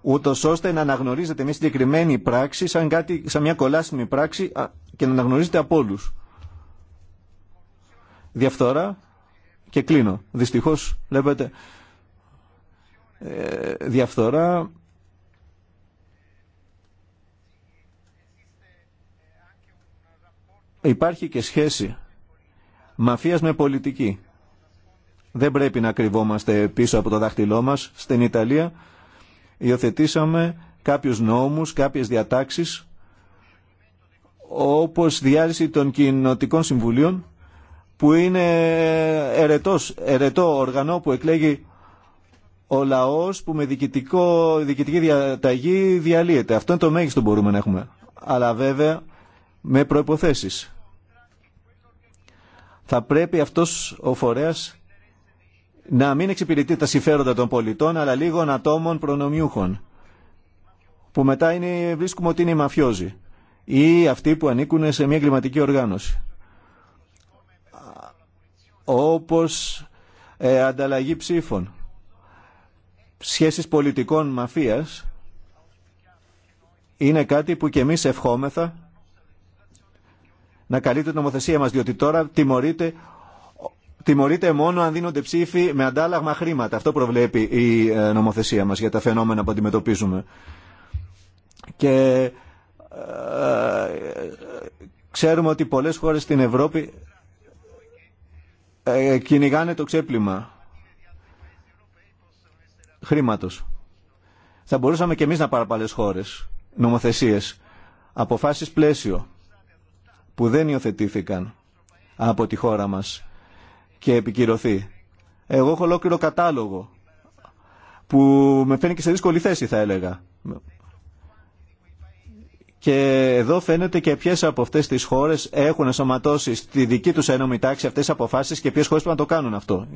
ούτω ώστε να αναγνωρίζεται μια συγκεκριμένη πράξη σαν, κάτι, σαν μια κολάσιμη πράξη και να αναγνωρίζεται από όλου. Διαφθορά και κλείνω. Δυστυχώ, βλέπετε, ε, διαφθορά υπάρχει και σχέση μαφίας με πολιτική. Δεν πρέπει να κρυβόμαστε πίσω από το δάχτυλό μας. Στην Ιταλία υιοθετήσαμε κάποιους νόμους, κάποιες διατάξεις όπως διάλυση των κοινοτικών συμβουλίων που είναι ερετός, ερετό οργανό που εκλέγει ο λαός που με διοικητική διαταγή διαλύεται. Αυτό είναι το μέγιστο που μπορούμε να έχουμε. Αλλά βέβαια με προϋποθέσεις. Θα πρέπει αυτός ο φορέας να μην εξυπηρετεί τα συμφέροντα των πολιτών, αλλά λίγων ατόμων προνομιούχων, που μετά είναι, βρίσκουμε ότι είναι οι μαφιόζοι ή αυτοί που ανήκουν σε μια εγκληματική οργάνωση. Όπως ε, ανταλλαγή ψήφων, σχέσεις πολιτικών μαφίας, είναι κάτι που και εμείς ευχόμεθα να καλείται η νομοθεσία μας, διότι τώρα τιμωρείται τιμωρείται μόνο αν δίνονται ψήφοι με αντάλλαγμα χρήματα. Αυτό προβλέπει η ε, νομοθεσία μας για τα φαινόμενα που αντιμετωπίζουμε. Και ε, ξέρουμε ότι πολλές χώρες στην Ευρώπη ε, ε, κυνηγάνε το ξέπλυμα χρήματος. Θα μπορούσαμε και εμείς να πάρουμε πολλές χώρες, νομοθεσίες, αποφάσεις πλαίσιο που δεν υιοθετήθηκαν από τη χώρα μας και επικυρωθεί. Εγώ έχω ολόκληρο κατάλογο που με φαίνει και σε δύσκολη θέση θα έλεγα. Και εδώ φαίνεται και ποιε από αυτέ τι χώρε έχουν ενσωματώσει στη δική του ένωμη τάξη αυτέ τι αποφάσει και ποιε χώρε πρέπει να το κάνουν αυτό.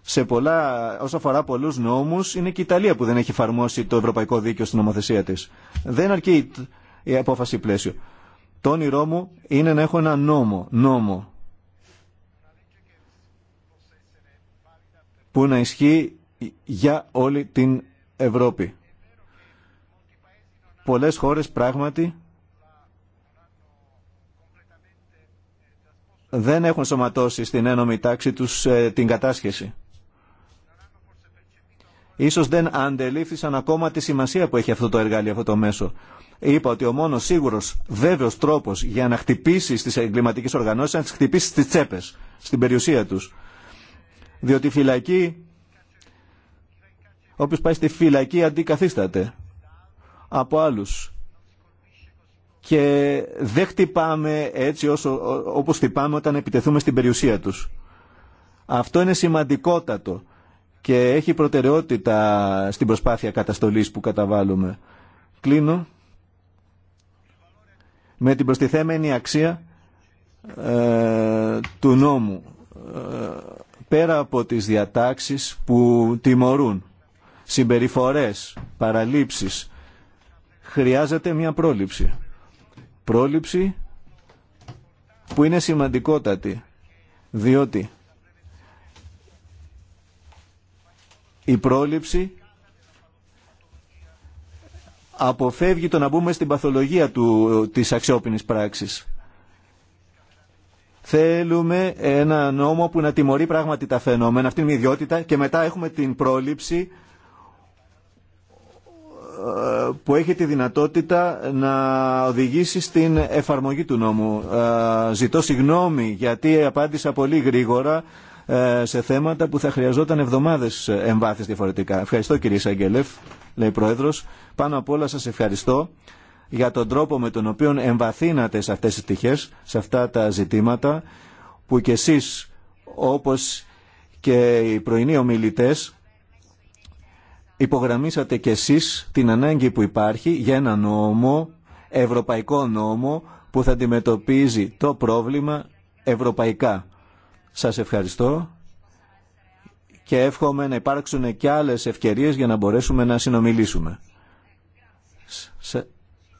Σε πολλά, όσο αφορά πολλού νόμου, είναι και η Ιταλία που δεν έχει εφαρμόσει το ευρωπαϊκό δίκαιο στην νομοθεσία τη. Δεν αρκεί η απόφαση πλαίσιο. Το όνειρό μου είναι να έχω ένα νόμο, νόμο που να ισχύει για όλη την Ευρώπη. Πολλές χώρες πράγματι δεν έχουν σωματώσει στην ένωμη τάξη τους ε, την κατάσχεση. Ίσως δεν αντελήφθησαν ακόμα τη σημασία που έχει αυτό το εργαλείο, αυτό το μέσο. Είπα ότι ο μόνο σίγουρο, βέβαιο τρόπο για να χτυπήσει τι εγκληματικέ οργανώσει είναι να τι χτυπήσει στι τσέπε, στην περιουσία του. Διότι φυλακή, όποιο πάει στη φυλακή αντικαθίσταται από άλλου. Και δεν χτυπάμε έτσι όσο, όπως χτυπάμε όταν επιτεθούμε στην περιουσία τους. Αυτό είναι σημαντικότατο και έχει προτεραιότητα στην προσπάθεια καταστολής που καταβάλουμε. Κλείνω με την προστιθέμενη αξία ε, του νόμου ε, πέρα από τις διατάξεις που τιμωρούν συμπεριφορές, παραλήψεις χρειάζεται μια πρόληψη πρόληψη που είναι σημαντικότατη διότι η πρόληψη αποφεύγει το να μπούμε στην παθολογία του, της αξιόπινης πράξης. Θέλουμε ένα νόμο που να τιμωρεί πράγματι τα φαινόμενα, αυτή είναι η ιδιότητα και μετά έχουμε την πρόληψη ε, που έχει τη δυνατότητα να οδηγήσει στην εφαρμογή του νόμου. Ε, ζητώ συγγνώμη γιατί απάντησα πολύ γρήγορα ε, σε θέματα που θα χρειαζόταν εβδομάδες εμβάθυνση διαφορετικά. Ευχαριστώ κύριε Σαγγελεφ, λέει Πρόεδρος. Πάνω απ' όλα σας ευχαριστώ για τον τρόπο με τον οποίο εμβαθύνατε σε αυτές τις τυχές, σε αυτά τα ζητήματα που κι εσείς όπως και οι πρωινοί ομιλητές υπογραμμίσατε κι εσείς την ανάγκη που υπάρχει για ένα νόμο, ευρωπαϊκό νόμο που θα αντιμετωπίζει το πρόβλημα ευρωπαϊκά. Σας ευχαριστώ και εύχομαι να υπάρξουν και άλλες ευκαιρίες για να μπορέσουμε να συνομιλήσουμε.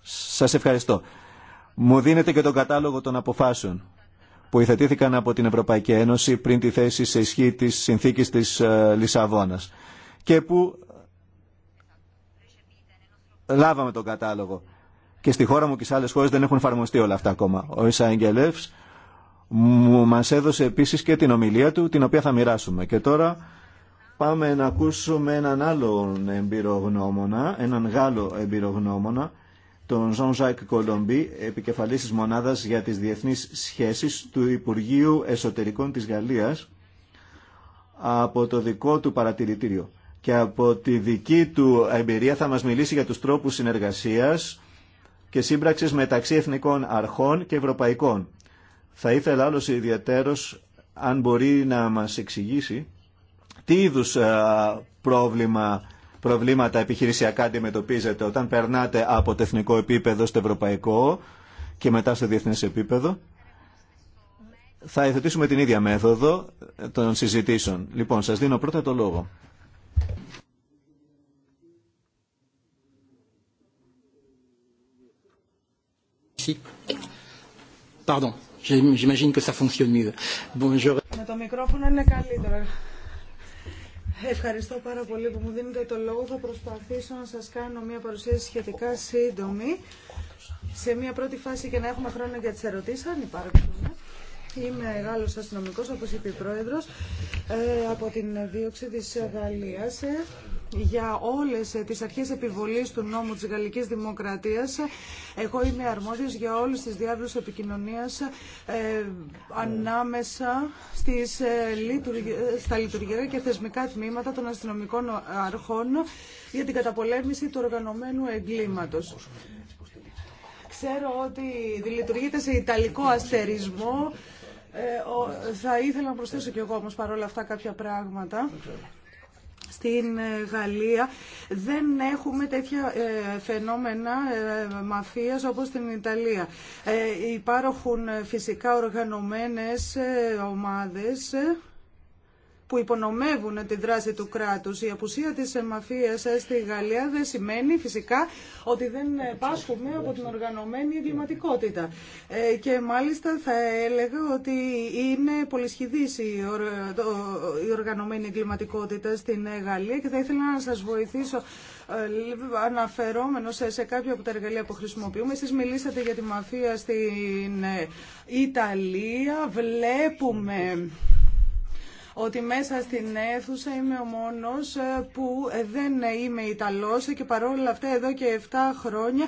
Σας ευχαριστώ. Μου δίνετε και τον κατάλογο των αποφάσεων που υθετήθηκαν από την Ευρωπαϊκή Ένωση πριν τη θέση σε ισχύ της συνθήκης της ε, Λισαβόνας και που λάβαμε τον κατάλογο. Και στη χώρα μου και σε άλλες χώρες δεν έχουν εφαρμοστεί όλα αυτά ακόμα. Ο Ισαγγελεύς μου μας έδωσε επίσης και την ομιλία του, την οποία θα μοιράσουμε. Και τώρα πάμε να ακούσουμε έναν άλλον εμπειρογνώμονα, έναν Γάλλο εμπειρογνώμονα, τον Ζων Ζάκ Κολομπή, επικεφαλής της Μονάδας για τις Διεθνείς Σχέσεις του Υπουργείου Εσωτερικών της Γαλλίας, από το δικό του παρατηρητήριο. Και από τη δική του εμπειρία θα μας μιλήσει για τους τρόπους συνεργασίας και σύμπραξης μεταξύ εθνικών αρχών και ευρωπαϊκών θα ήθελα άλλος ιδιαίτερος αν μπορεί να μας εξηγήσει τι είδους πρόβλημα, προβλήματα επιχειρησιακά αντιμετωπίζετε όταν περνάτε από το εθνικό επίπεδο στο ευρωπαϊκό και μετά στο διεθνές επίπεδο. Θα υιοθετήσουμε την ίδια μέθοδο των συζητήσεων. Λοιπόν, σας δίνω πρώτα το λόγο. Pardon. J'imagine que ça fonctionne mieux. Με το μικρόφωνο είναι καλύτερο. Ευχαριστώ πάρα πολύ που μου δίνετε το λόγο. Θα προσπαθήσω να σας κάνω μια παρουσίαση σχετικά σύντομη. Σε μια πρώτη φάση και να έχουμε χρόνο για τις ερωτήσεις, αν υπάρχουν. Είμαι Γάλλος αστυνομικός, όπως είπε η Πρόεδρος, ε, από την δίωξη της Γαλλίας. Ε, για όλες τις αρχές επιβολής του νόμου της Γαλλικής Δημοκρατίας. Εγώ είμαι αρμόδιος για όλες τις διάβλους επικοινωνίας ε, ανάμεσα στις, ε, στα λειτουργικά και θεσμικά τμήματα των αστυνομικών αρχών για την καταπολέμηση του οργανωμένου εγκλήματος. Ξέρω ότι λειτουργείται σε ιταλικό αστερισμό. Ε, θα ήθελα να προσθέσω κι εγώ όμως παρόλα αυτά κάποια πράγματα στην ε, Γαλλία δεν έχουμε τέτοια ε, φαινόμενα ε, μαφίας όπως στην Ιταλία. Υπάρχουν φυσικά οργανωμένες ομάδες που υπονομεύουν τη δράση του κράτους. Η απουσία της μαφίας στη Γαλλία δεν σημαίνει φυσικά ότι δεν πάσχουμε από την οργανωμένη εγκληματικότητα. Ε, και μάλιστα θα έλεγα ότι είναι πολυσχηδής η οργανωμένη εγκληματικότητα στην Γαλλία και θα ήθελα να σας βοηθήσω ε, αναφερόμενο σε, σε κάποια από τα εργαλεία που χρησιμοποιούμε. Εσείς μιλήσατε για τη μαφία στην ε, Ιταλία. Βλέπουμε ότι μέσα στην αίθουσα είμαι ο μόνος ε, που ε, δεν είμαι Ιταλός και παρόλα αυτά εδώ και 7 χρόνια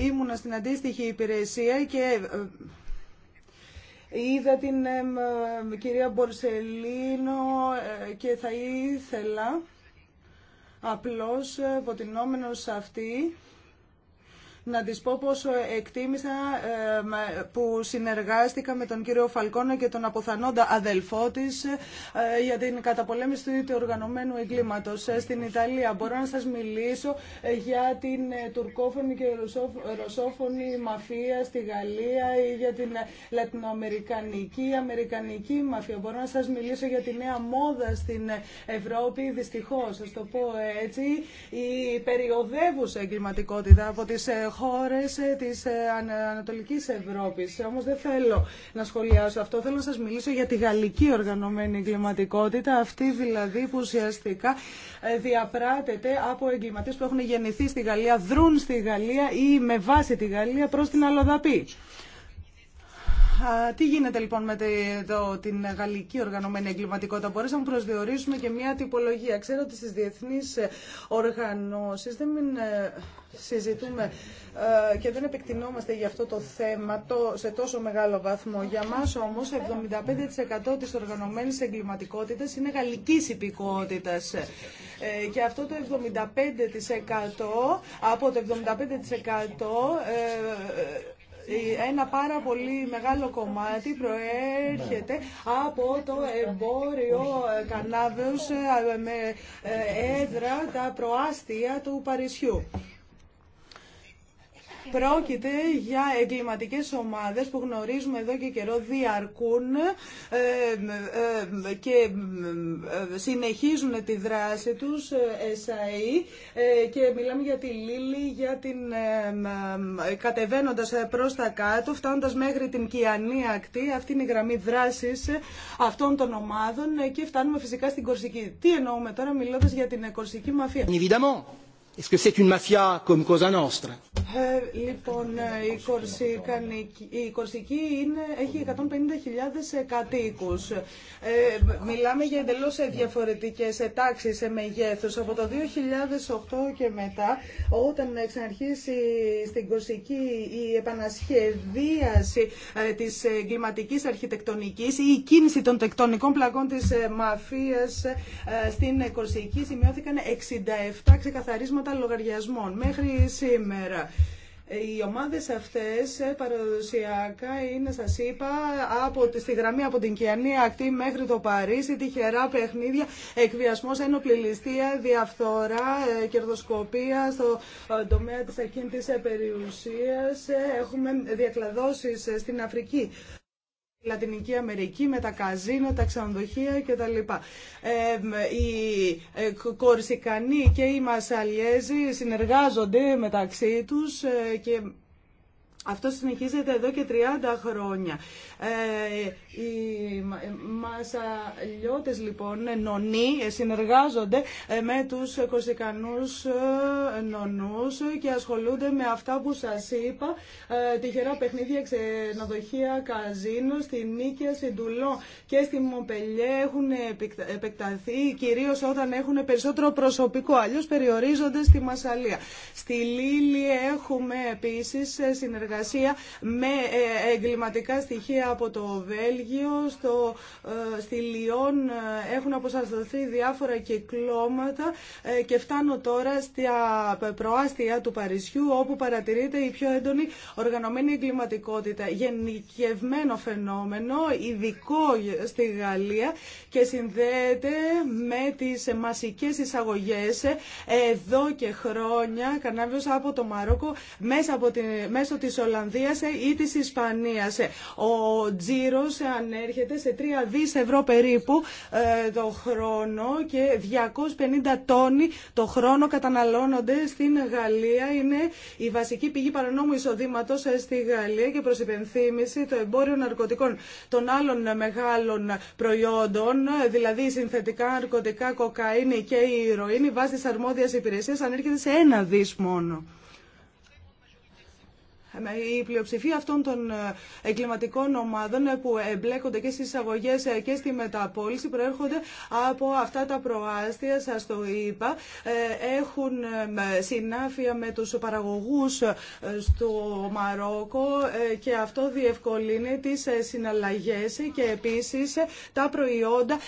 ε, ήμουνα στην αντίστοιχη υπηρεσία και είδα την κυρία Μπορσελίνο και θα ήθελα απλώς ποτινόμενος αυτή να της πω πόσο εκτίμησα που συνεργάστηκα με τον κύριο Φαλκόνο και τον αποθανόντα αδελφό της ε, για την καταπολέμηση του οργανωμένου εγκλήματος ε, στην Ιταλία. Μπορώ να σας μιλήσω ε, για την τουρκόφωνη και ρωσόφωνη μαφία στη Γαλλία ή για την λατινοαμερικανική, αμερικανική μαφία. Μπορώ να σας μιλήσω για τη νέα μόδα στην Ευρώπη, δυστυχώς, σας το πω έτσι, η περιοδεύουσα εγκληματικότητα από τις Χώρε ε, τη ε, Ανατολικής Ευρώπης. Όμω δεν θέλω να σχολιάσω αυτό. Θέλω να σας μιλήσω για τη γαλλική οργανωμένη εγκληματικότητα, αυτή δηλαδή που ουσιαστικά ε, διαπράτεται από εγκληματίες που έχουν γεννηθεί στη Γαλλία, δρούν στη Γαλλία ή με βάση τη Γαλλία προς την Αλοδαπή τι γίνεται λοιπόν με το, την γαλλική οργανωμένη εγκληματικότητα. Μπορέσαμε να προσδιορίσουμε και μια τυπολογία. Ξέρω ότι στις διεθνείς ε, οργανώσεις δεν μην ε, συζητούμε ε, και δεν επεκτηνόμαστε για αυτό το θέμα το, σε τόσο μεγάλο βαθμό. Για μας όμως 75% της οργανωμένης εγκληματικότητας είναι γαλλικής υπηκότητας. και αυτό το 75% από το 75% ένα πάρα πολύ μεγάλο κομμάτι προέρχεται από το εμπόριο κανάβεως ε, με ε, έδρα τα προάστια του Παρισιού. Πρόκειται για εγκληματικές ομάδες που γνωρίζουμε εδώ και καιρό διαρκούν ε, ε, και ε, συνεχίζουν τη δράση τους ΕΣΑΗ e, και μιλάμε για τη Λίλη, για την κατεβαίνοντας προς τα κάτω, φτάνοντας μέχρι την Κιανή ακτή, αυτή είναι η γραμμή δράσης αυτών των ομάδων και φτάνουμε φυσικά στην Κορσική. Τι εννοούμε τώρα μιλώντας για την Κορσική μαφία. Est-ce que c'est une mafia comme Cosa ε, λοιπόν, ε, η, Κορσική είναι, έχει 150.000 ε, κατοίκου. μιλάμε για εντελώ διαφορετικέ τάξει σε μεγέθους. Από το 2008 και μετά, όταν ξαναρχίσει στην Κορσική η επανασχεδίαση της εγκληματικής αρχιτεκτονικής ή η κίνηση των τεκτονικών πλακών της Μαφία στην Κορσική, σημειώθηκαν 67 ξεκαθαρίσματα λογαριασμών μέχρι σήμερα. Οι ομάδες αυτές ε, παραδοσιακά είναι, σας είπα, από, στη γραμμή από την Κιανή Ακτή μέχρι το Παρίσι, τυχερά παιχνίδια, εκβιασμός, ένοπλη ληστεία, διαφθορά, ε, κερδοσκοπία στο ε, τομέα της ακίνητης περιουσίας. Έχουμε διακλαδώσεις στην Αφρική Λατινική Αμερική με τα καζίνο, τα ξενοδοχεία κτλ. Ε, οι ε, Κορσικανοί και οι Μασαλιέζοι συνεργάζονται μεταξύ τους ε, και αυτό συνεχίζεται εδώ και 30 χρόνια. Ε, οι ε, μασαλιώτες λοιπόν, ε, νονοί, συνεργάζονται με τους κοσικανούς νονούς και ασχολούνται με αυτά που σας είπα, τυχερά παιχνίδια, ξενοδοχεία, καζίνο, στη Νίκη στην Τουλό και στη Μοπελιέ έχουν επεκταθεί, κυρίως όταν έχουν περισσότερο προσωπικό, αλλιώς περιορίζονται στη Μασαλία. Στη Λίλη έχουμε επίσης συνεργασία με εγκληματικά στοιχεία από το Βέλγιο, στο, ε, στη Λιόν ε, έχουν αποσαρθωθεί διάφορα κυκλώματα ε, και φτάνω τώρα στα προάστια του Παρισιού όπου παρατηρείται η πιο έντονη οργανωμένη εγκληματικότητα. Γενικευμένο φαινόμενο, ειδικό στη Γαλλία και συνδέεται με τις μασικές εισαγωγές εδώ και χρόνια κανάβιος από το Μαρόκο μέσα από τη, μέσω της Ολλανδίας ή της Ισπανίας. Ο ο τζίρο ανέρχεται σε 3 δις ευρώ περίπου ε, το χρόνο και 250 τόνοι το χρόνο καταναλώνονται στην Γαλλία. Είναι η βασική πηγή παρανόμου εισοδήματο ε, στη Γαλλία και προ υπενθύμηση το εμπόριο ναρκωτικών των άλλων μεγάλων προϊόντων, ε, δηλαδή συνθετικά ναρκωτικά, κοκαίνη και η ηρωίνη, βάσει τη αρμόδια υπηρεσία ανέρχεται σε ένα δις μόνο η πλειοψηφία αυτών των ε, εγκληματικών ομάδων ε, που εμπλέκονται και στι εισαγωγέ ε, και στη μεταπόληση προέρχονται από αυτά τα προάστια, σα το είπα. Έχουν συνάφεια με του παραγωγού στο Μαρόκο και αυτό διευκολύνει τι συναλλαγέ και επίση τα προϊόντα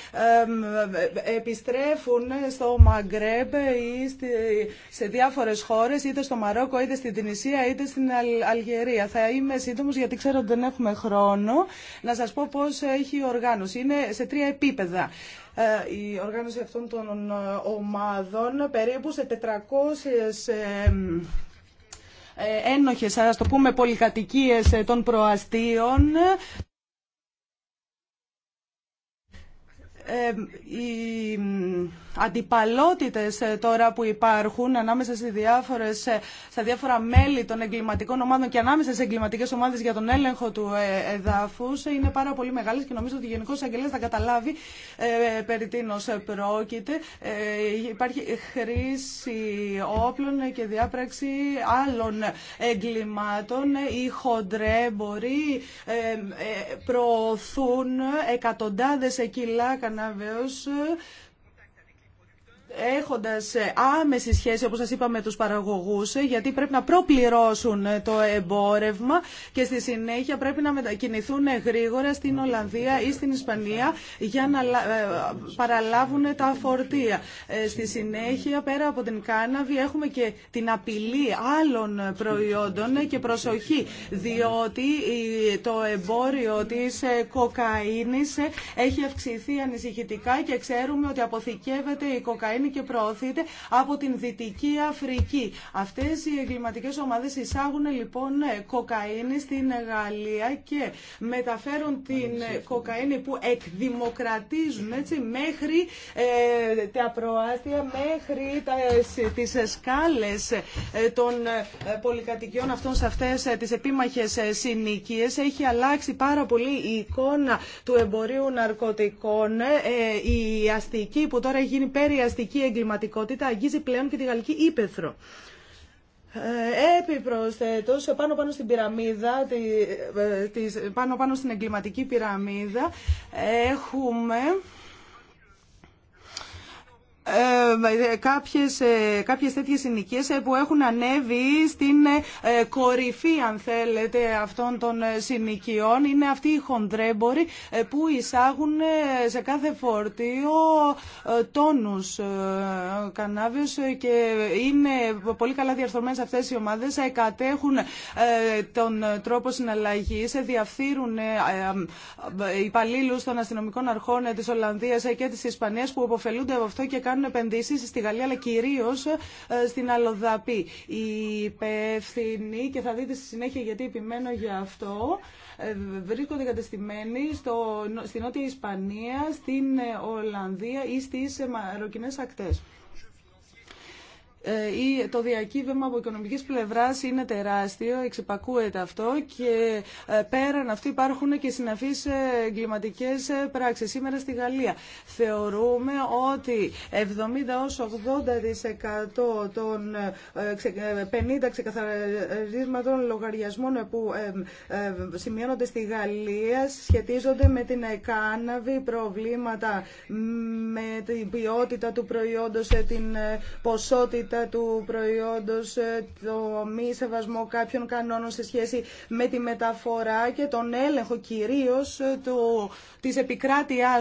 επιστρέφουν στο Μαγκρέμπ ή σε διάφορε χώρε, είτε στο Μαρόκο, είτε στην Τινησία, είτε στην θα είμαι σύντομο γιατί ξέρω ότι δεν έχουμε χρόνο. Να σας πω πώ έχει η οργάνωση. Είναι σε τρία επίπεδα ε, η οργάνωση αυτών των ε, ομάδων περίπου σε 400 ε, ένοχες, ας το πούμε, πολυκατοικίες των προαστίων αντιπαλότητες ε, τώρα που υπάρχουν ανάμεσα σε διάφορες, ε, στα διάφορα μέλη των εγκληματικών ομάδων και ανάμεσα σε εγκληματικές ομάδες για τον έλεγχο του ε, εδάφους είναι πάρα πολύ μεγάλες και νομίζω ότι ο Γενικός Αγγελέας θα καταλάβει ε, περί τίνος πρόκειται. υπάρχει χρήση όπλων και διάπραξη άλλων εγκλημάτων. Οι χοντρέμποροι ε, προωθούν εκατοντάδες κιλά καναβέως έχοντας άμεση σχέση, όπως σα είπα, με τους παραγωγούς, γιατί πρέπει να προπληρώσουν το εμπόρευμα και στη συνέχεια πρέπει να μετακινηθούν γρήγορα στην Ολλανδία ή στην Ισπανία για να ε, παραλάβουν τα φορτία. Ε, στη συνέχεια, πέρα από την κάναβη, έχουμε και την απειλή άλλων προϊόντων και προσοχή, διότι το εμπόριο τη ε, κοκαίνη έχει αυξηθεί ανησυχητικά και ξέρουμε ότι αποθηκεύεται η κοκαίνη και προωθείται από την Δυτική Αφρική. Αυτές οι εγκληματικές ομάδες εισάγουν λοιπόν ε, κοκαίνη στην Γαλλία και μεταφέρουν την ε, κοκαίνη που εκδημοκρατίζουν έτσι, μέχρι ε, τα προάστια, μέχρι τα, τις σκάλες των πολυκατοικιών αυτών σε αυτές τις επίμαχες συνοικίες. Έχει αλλάξει πάρα πολύ η εικόνα του εμπορίου ναρκωτικών. η αστική που τώρα έχει γίνει περιαστική η εγκληματικότητα αγγίζει πλέον και τη Γαλλική ύπεθρο. Ε, πάνω πάνω στην πυραμίδα, τη, ε, της, πάνω πάνω στην εγκληματική πυραμίδα, έχουμε ε, κάποιες, ε, κάποιες τέτοιες συνοικίες ε, που έχουν ανέβει στην κορυφή αν θέλετε αυτών των συνοικιών. Είναι αυτοί οι χοντρέμποροι που εισάγουν σε κάθε φορτίο τόνους κανάβιους και είναι πολύ καλά διαρθρωμένες αυτές οι ομάδες, κατέχουν τον τρόπο συναλλαγής, διαφθείρουν υπαλλήλους των αστυνομικών αρχών της Ολλανδίας και της Ισπανίας που αποφελούνται από αυτό και κάνουν κάνουν επενδύσεις στη Γαλλία αλλά κυρίω ε, στην Αλοδαπή. Οι υπεύθυνοι, και θα δείτε στη συνέχεια γιατί επιμένω για αυτό, ε, βρίσκονται κατεστημένοι στο, στη Νότια Ισπανία, στην ε, Ολλανδία ή στι Μαροκινέ ακτές. Ε, το διακύβευμα από οικονομική πλευρά είναι τεράστιο, εξυπακούεται αυτό και ε, πέραν αυτού υπάρχουν και συναφεί ε, εγκληματικέ πράξει. Σήμερα στη Γαλλία θεωρούμε ότι 70 80% των 50 ξεκαθαρίσματων λογαριασμών που σημειώνονται στη Γαλλία σχετίζονται με την εκαναβή προβλήματα με την ποιότητα του προϊόντος, την ποσότητα ποιότητα του προϊόντος, ε, το μη σεβασμό κάποιων κανόνων σε σχέση με τη μεταφορά και τον έλεγχο κυρίως ε, του, της του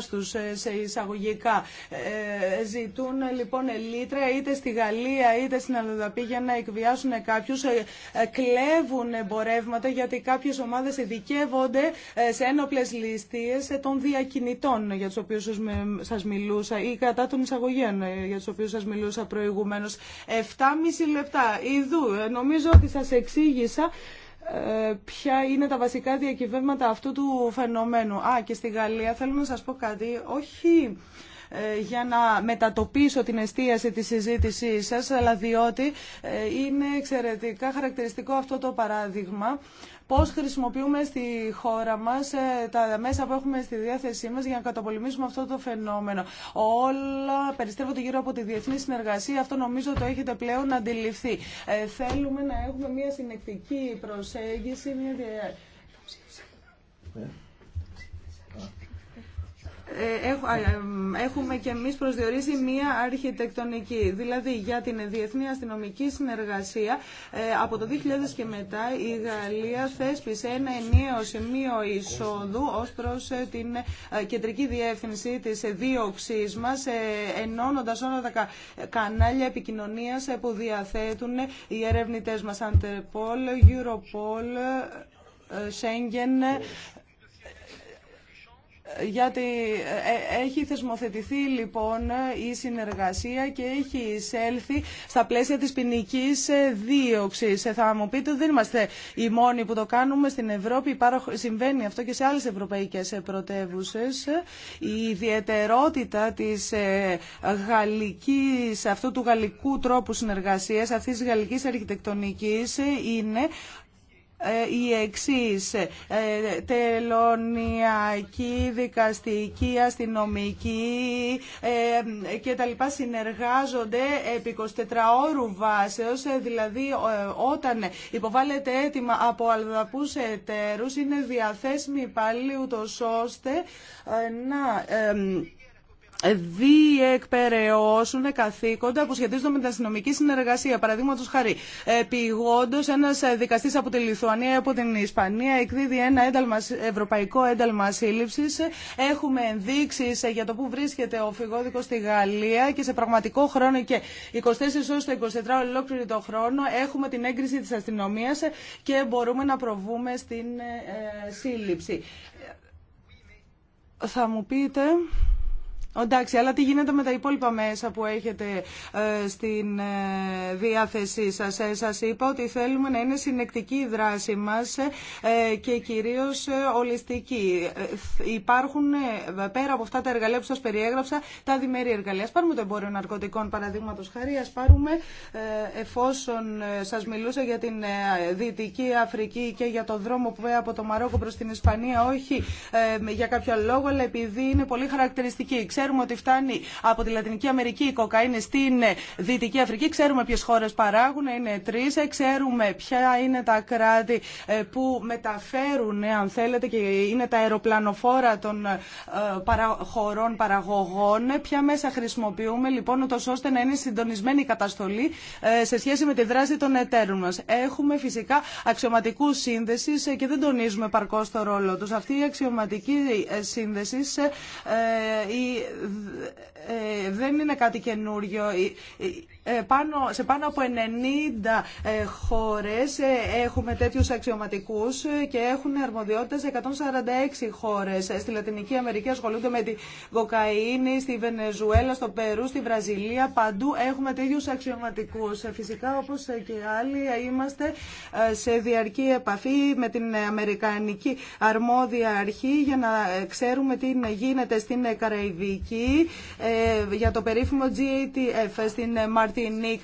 τους ε, σε εισαγωγικά. ζητούν λοιπόν λίτρα είτε στη Γαλλία είτε στην Αλλοδαπή για να εκβιάσουν κάποιου, κλέβουν εμπορεύματα γιατί κάποιε ομάδες ειδικεύονται σε ένοπλες ληστείες των διακινητών για τους οποίους σας μιλούσα ή κατά των εισαγωγέων για τους οποίους σας μιλούσα προηγουμένω. 7,5 λεπτά. Ιδού, ε, νομίζω ότι σας εξήγησα ε, ποια είναι τα βασικά διακυβεύματα αυτού του φαινομένου. Α, και στη Γαλλία θέλω να σας πω κάτι. Όχι ε, για να μετατοπίσω την εστίαση της συζήτησή σας, αλλά διότι είναι εξαιρετικά χαρακτηριστικό αυτό το παράδειγμα πώς χρησιμοποιούμε στη χώρα μας ε, τα μέσα που έχουμε στη διάθεσή μας για να καταπολεμήσουμε αυτό το φαινόμενο. Όλα περιστρέφονται γύρω από τη διεθνή συνεργασία. Αυτό νομίζω το έχετε πλέον αντιληφθεί. Ε, θέλουμε να έχουμε μια συνεκτική προσέγγιση, μια ε, ε, έχουμε και εμείς προσδιορίσει μία αρχιτεκτονική. Δηλαδή για την διεθνή αστυνομική συνεργασία ε, από το 2000 και μετά η Γαλλία θέσπισε ένα ενιαίο σημείο εισόδου ως προς την κεντρική διεύθυνση της δίωξής μας ενώνοντας όλα τα κανάλια επικοινωνίας που διαθέτουν οι ερευνητές μας Αντερπόλ, Europol, Schengen, γιατί ε, έχει θεσμοθετηθεί λοιπόν η συνεργασία και έχει εισέλθει στα πλαίσια της ποινική ε, δίωξης. Ε, θα μου πείτε ότι δεν είμαστε οι μόνοι που το κάνουμε στην Ευρώπη. Συμβαίνει αυτό και σε άλλες ευρωπαϊκές πρωτεύουσε. Η ιδιαιτερότητα της γαλλικής, αυτού του γαλλικού τρόπου συνεργασίας, αυτής της γαλλικής αρχιτεκτονικής είναι ε, η εξή ε, τελωνιακή, δικαστική, αστυνομική ε, και τα λοιπά συνεργάζονται επί 24 ώρου βάσεως, δηλαδή όταν υποβάλλεται αίτημα από αλλοδαπούς εταίρους είναι διαθέσιμοι πάλι ούτως ώστε να διεκπαιρεώσουν καθήκοντα που σχετίζονται με την αστυνομική συνεργασία. Παραδείγματο χάρη, επιγόντω ένα ε, δικαστή από τη Λιθουανία ή από την Ισπανία εκδίδει ένα ευρωπαϊκό ένταλμα σύλληψη. Έχουμε ενδείξει ε, για το που βρίσκεται ο φυγόδικο στη Γαλλία και σε πραγματικό χρόνο και 24 ώρε το 24 ολόκληρο το χρόνο έχουμε την έγκριση τη αστυνομία και μπορούμε να προβούμε στην ε, σύλληψη. Θα μου πείτε... Εντάξει, αλλά τι γίνεται με τα υπόλοιπα μέσα που έχετε ε, στην ε, διάθεσή σας. Ε? Σας είπα ότι θέλουμε να είναι συνεκτική η δράση μας και κυρίως ολιστική. Υπάρχουν, πέρα από αυτά τα εργαλεία που σας περιέγραψα, τα διμερή εργαλεία. Ας πάρουμε το εμπόριο ναρκωτικών, παραδείγματο χάρη. Ας πάρουμε, εφόσον σας μιλούσα για την Δυτική Αφρική και για το δρόμο που από το Μαρόκο προς την Ισπανία, όχι για κάποιο λόγο, αλλά επειδή είναι πολύ χαρακτηριστική Ξέρουμε ότι φτάνει από τη Λατινική Αμερική η κοκαίνη στην ε, Δυτική Αφρική. Ξέρουμε ποιε χώρε παράγουν, είναι τρει. Ε, ξέρουμε ποια είναι τα κράτη ε, που μεταφέρουν, αν θέλετε, και είναι τα αεροπλανοφόρα των χωρών παραγωγών. Ποια μέσα χρησιμοποιούμε, λοιπόν, ούτω ώστε να είναι συντονισμένη η καταστολή σε σχέση με τη δράση των εταίρων μα. Έχουμε φυσικά αξιωματικού σύνδεση και δεν τονίζουμε παρκώ το ρόλο του. Αυτή η αξιωματική σύνδεση ε, ε, δεν είναι κάτι καινούριο. Ε, ε, σε πάνω από 90 ε, χώρες ε, έχουμε τέτοιους αξιωματικούς και έχουν αρμοδιότητες 146 χώρες. Στη Λατινική Αμερική ασχολούνται με τη κοκαίνη, στη Βενεζουέλα, στο Περού, στη Βραζιλία. Παντού έχουμε τέτοιους αξιωματικούς. Φυσικά όπως και άλλοι είμαστε σε διαρκή επαφή με την Αμερικανική αρμόδια αρχή για να ξέρουμε τι γίνεται στην Καραϊβική για το περίφημο GATF στην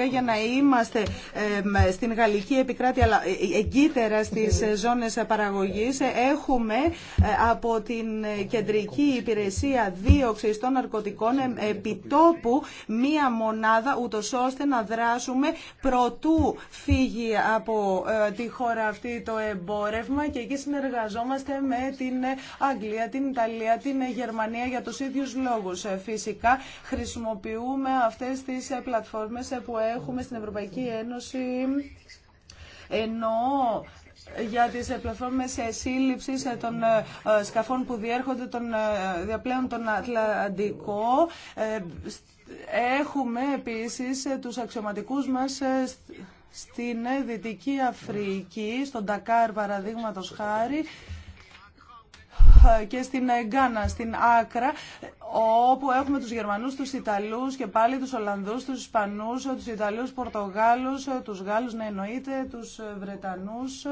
για να είμαστε στην γαλλική επικράτεια αλλά ε, ε, εγκύτερα στις ε, ζώνες παραγωγής. Έχουμε από την Κεντρική Υπηρεσία Δίωξη των Ναρκωτικών επιτόπου μία μονάδα ούτως ώστε να δράσουμε προτού φύγει από τη χώρα αυτή το εμπόρευμα και εκεί συνεργαζόμαστε με την Αγγλία, την Ιταλία, την Γερμανία για τους ίδιους λόγους. Φυσικά χρησιμοποιούμε αυτές τις πλατφόρμες μέσα που έχουμε στην Ευρωπαϊκή Ένωση ενώ για τις πλατφόρμες σύλληψη των ε, σκαφών που διέρχονται τον ε, διαπλέον τον Ατλαντικό. Ε, έχουμε επίσης τους αξιωματικούς μας στην Δυτική Αφρική, στον Τακάρ παραδείγματος χάρη, και στην Γκάνα, στην Άκρα, όπου έχουμε τους Γερμανούς, τους Ιταλούς και πάλι τους Ολλανδούς, τους Ισπανούς, τους Ιταλούς, Πορτογάλους, τους Γάλλους, να εννοείται, τους Βρετανούς.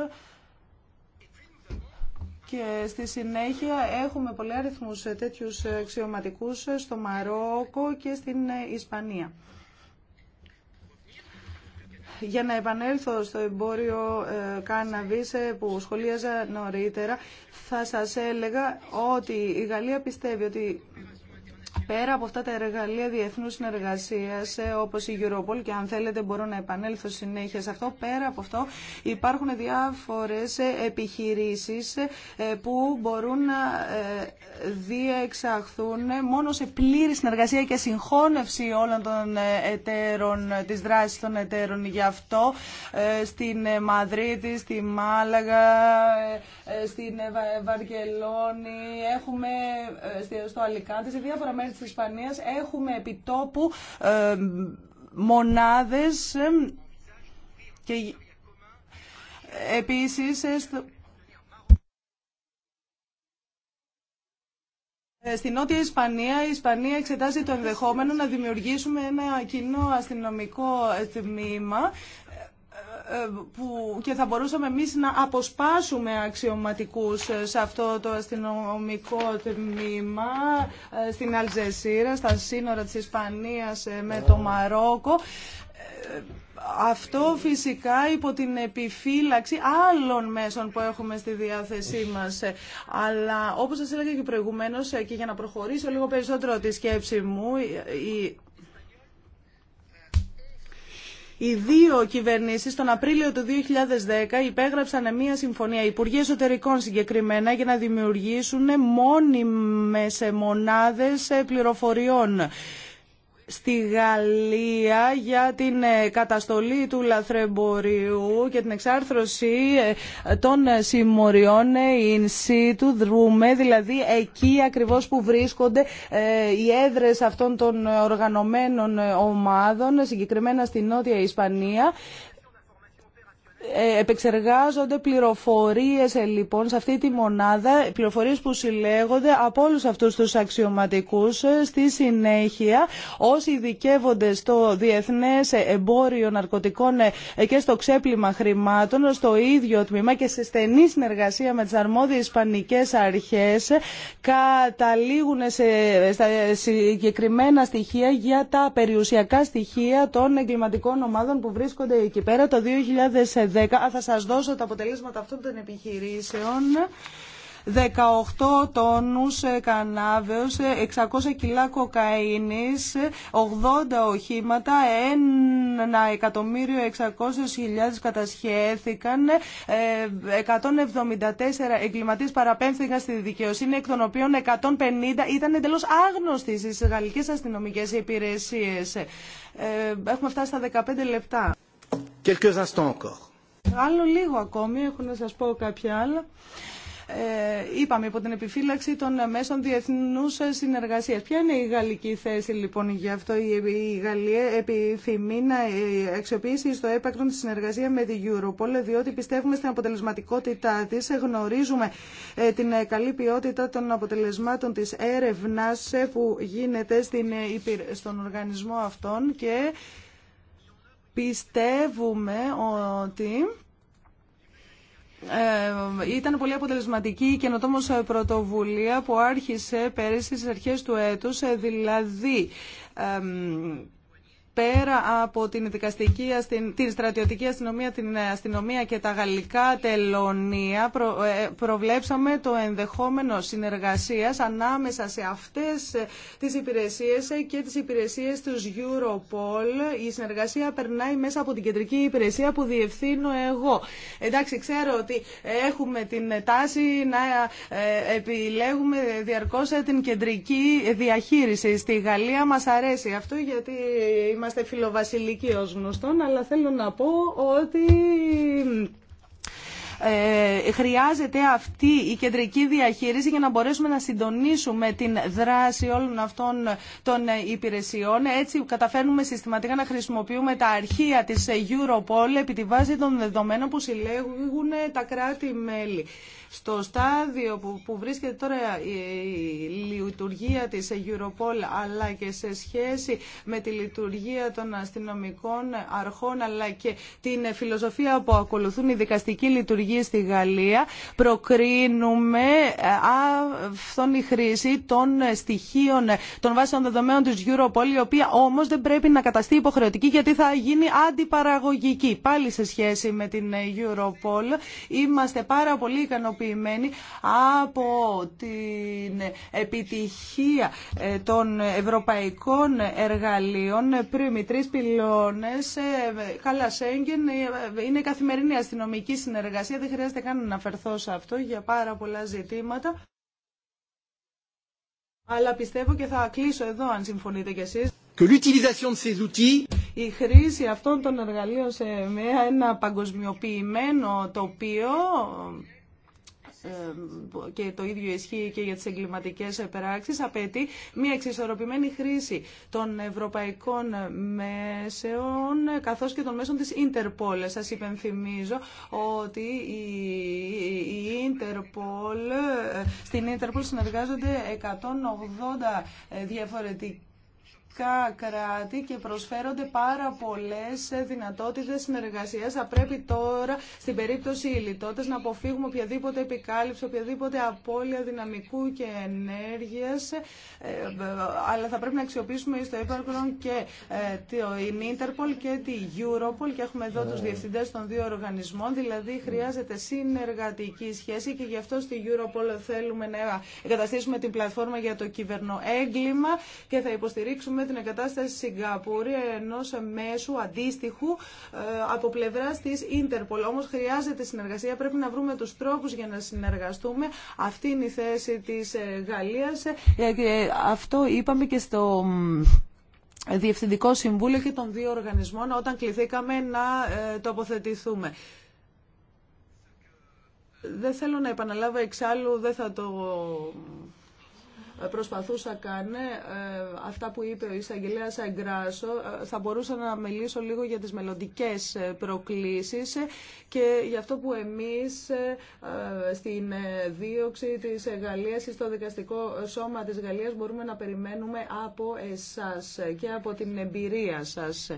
Και στη συνέχεια έχουμε πολλοί αριθμούς τέτοιους αξιωματικούς στο Μαρόκο και στην Ισπανία για να επανέλθω στο εμπόριο ε, ε, που σχολίαζα νωρίτερα, θα σας έλεγα ότι η Γαλλία πιστεύει ότι Πέρα από αυτά τα εργαλεία διεθνού συνεργασία, ε, όπω η Europol, και αν θέλετε μπορώ να επανέλθω συνέχεια σε αυτό, πέρα από αυτό υπάρχουν διάφορε επιχειρήσει ε, που μπορούν να ε, διεξαχθούν μόνο σε πλήρη συνεργασία και συγχώνευση όλων των εταίρων, τη δράση των εταίρων. Γι' αυτό στην Μαδρίτη, στη Μάλαγα, στην Βαρκελόνη, έχουμε στο Αλικάντη, σε διάφορα μέρη της Ισπανίας έχουμε επιτόπου ε, μονάδες ε, και επίσης ε, ε, Στην Νότια Ισπανία, η Ισπανία εξετάζει το ενδεχόμενο να δημιουργήσουμε ένα κοινό αστυνομικό τμήμα ε, που και θα μπορούσαμε εμείς να αποσπάσουμε αξιωματικούς ε, σε αυτό το αστυνομικό τμήμα ε, στην Αλζεσίρα, στα σύνορα της Ισπανίας με το Μαρόκο. Αυτό φυσικά υπό την επιφύλαξη άλλων μέσων που έχουμε στη διάθεσή μας. Αλλά όπως σας έλεγα και προηγουμένως και για να προχωρήσω λίγο περισσότερο τη σκέψη μου, οι δύο κυβερνήσει τον Απρίλιο του 2010 υπέγραψαν μια συμφωνία, Υπουργοί Εσωτερικών συγκεκριμένα, για να δημιουργήσουν μόνιμε μονάδε πληροφοριών στη Γαλλία για την ε, καταστολή του λαθρεμπορίου και την εξάρθρωση ε, των συμμοριών ε, in situ δρούμε, δηλαδή εκεί ακριβώς που βρίσκονται οι έδρες αυτών των οργανωμένων ομάδων, συγκεκριμένα στην Νότια Ισπανία. Ε, επεξεργάζονται πληροφορίες ε, λοιπόν σε αυτή τη μονάδα, πληροφορίες που συλλέγονται από όλους αυτούς τους αξιωματικούς ε, στη συνέχεια όσοι ειδικεύονται στο διεθνές εμπόριο ναρκωτικών και στο ξέπλυμα χρημάτων στο ίδιο τμήμα και σε στενή συνεργασία με τις αρμόδιες ισπανικές αρχές καταλήγουν σε, στα συγκεκριμένα στοιχεία για τα περιουσιακά στοιχεία των εγκληματικών ομάδων που βρίσκονται εκεί πέρα το 2010 θα σας δώσω τα αποτελέσματα αυτών των επιχειρήσεων. 18 τόνους ε, κανάβεως, 600 ε, κιλά κοκαίνης, 80 οχήματα, 1.600.000 κατασχέθηκαν, 174 ε, εγκληματίες παραπέμφθηκαν στη δικαιοσύνη, εκ των οποίων 150 ήταν εντελώς άγνωστοι στις γαλλικές αστυνομικές υπηρεσίες. Έχουμε φτάσει στα 15 λεπτά. Quelques instants Άλλο λίγο ακόμη, έχω να σας πω κάποια άλλα. Ε, είπαμε υπό την επιφύλαξη των μέσων διεθνού συνεργασία. Ποια είναι η γαλλική θέση λοιπόν γι' αυτό, η, Γαλλία επιθυμεί να ε, αξιοποιήσει στο έπακρον τη συνεργασία με την Europol, διότι πιστεύουμε στην αποτελεσματικότητά τη, γνωρίζουμε ε, την καλή ποιότητα των αποτελεσμάτων τη έρευνα που γίνεται στην, ε, στον οργανισμό αυτών και Πιστεύουμε ότι ε, ήταν πολύ αποτελεσματική η καινοτόμως πρωτοβουλία που άρχισε πέρυσι στις αρχές του έτους, ε, δηλαδή ε, πέρα από την, δικαστική, την στρατιωτική αστυνομία, την ε, αστυνομία και τα γαλλικά τελωνία, ε, προβλέψαμε το ενδεχόμενο συνεργασίας ανάμεσα σε αυτές ε, τις υπηρεσίες και τις υπηρεσίες τους Europol. Η συνεργασία περνάει μέσα από την κεντρική υπηρεσία που διευθύνω εγώ. Εντάξει, ξέρω ότι έχουμε την τάση να επιλέγουμε διαρκώς την κεντρική διαχείριση. Στη Γαλλία μας αρέσει αυτό γιατί είμαστε φιλοβασιλικοί ως γνωστόν, αλλά θέλω να πω ότι ε, χρειάζεται αυτή η κεντρική διαχείριση για να μπορέσουμε να συντονίσουμε την δράση όλων αυτών των υπηρεσιών. Έτσι καταφέρνουμε συστηματικά να χρησιμοποιούμε τα αρχεία της Europol επί τη βάση των δεδομένων που συλλέγουν τα κράτη-μέλη. Στο στάδιο που, βρίσκεται τώρα η, λειτουργία της Europol αλλά και σε σχέση με τη λειτουργία των αστυνομικών αρχών αλλά και την φιλοσοφία που ακολουθούν οι δικαστικοί λειτουργοί στη Γαλλία προκρίνουμε ε, αυτόν η χρήση των στοιχείων των βάσεων δεδομένων της Europol η οποία όμως δεν πρέπει να καταστεί υποχρεωτική γιατί θα γίνει αντιπαραγωγική. Πάλι σε σχέση με την Europol είμαστε πάρα πολύ ικανοποιημένοι από την επιτυχία ε, των ευρωπαϊκών εργαλείων πριν τρεις πυλώνες ε, καλά Σέγγεν ε, είναι η καθημερινή αστυνομική συνεργασία δεν χρειάζεται καν να αναφερθώ σε αυτό για πάρα πολλά ζητήματα αλλά πιστεύω και θα κλείσω εδώ αν συμφωνείτε κι εσείς que l'utilisation de ces outils η χρήση αυτών των εργαλείων σε μια, ένα παγκοσμιοποιημένο τοπίο ε, και το ίδιο ισχύει και για τις εγκληματικές πράξεις, απαιτεί μια εξισορροπημένη χρήση των ευρωπαϊκών μέσεων καθώς και των μέσων της Ιντερπόλ. Σας υπενθυμίζω ότι η Interpol, ε, στην Ιντερπόλ συνεργάζονται 180 διαφορετικοί κράτη και προσφέρονται πάρα πολλέ δυνατότητε συνεργασία. Θα πρέπει τώρα, στην περίπτωση ηλιτότητα, να αποφύγουμε οποιαδήποτε επικάλυψη, οποιαδήποτε απώλεια δυναμικού και ενέργεια. Ε, αλλά θα πρέπει να αξιοποιήσουμε στο Evergreen και ε, την Interpol και την Europol. Και έχουμε εδώ του ναι. διευθυντέ των δύο οργανισμών. Δηλαδή, χρειάζεται συνεργατική σχέση και γι' αυτό στη Europol θέλουμε να εγκαταστήσουμε την πλατφόρμα για το κυβερνοέγκλημα και θα υποστηρίξουμε την εγκατάσταση Σιγκαπούρη ενό μέσου αντίστοιχου ε, από πλευρά της Ίντερπολ. Όμω χρειάζεται συνεργασία, πρέπει να βρούμε του τρόπου για να συνεργαστούμε. Αυτή είναι η θέση της ε, Γαλλίας. Ε, αυτό είπαμε και στο... Διευθυντικό Συμβούλιο και των δύο οργανισμών όταν κληθήκαμε να τοποθετηθούμε. Δεν θέλω να επαναλάβω εξάλλου, δεν θα το προσπαθούσα κάνε ε, αυτά που είπε ο εισαγγελέα Αγκράσο. Ε, θα μπορούσα να μιλήσω λίγο για τις μελλοντικέ ε, προκλήσεις και για αυτό που εμείς στην δίωξη της γαλλία ή στο δικαστικό σώμα της Γαλλία μπορούμε να περιμένουμε από εσάς και από την εμπειρία σας.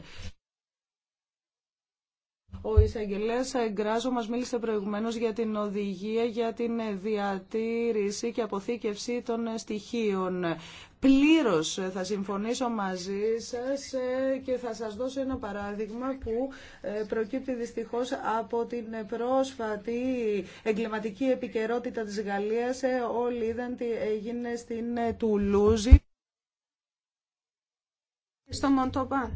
Ο εισαγγελέα Γκράζο μα μίλησε προηγουμένω για την οδηγία για την διατήρηση και αποθήκευση των στοιχείων. Πλήρω θα συμφωνήσω μαζί σας και θα σας δώσω ένα παράδειγμα που ε, προκύπτει δυστυχώς από την πρόσφατη εγκληματική επικαιρότητα της Γαλλίας. Ε, όλοι είδαν τι έγινε στην ε, Τουλούζη. Στο Μοντοπά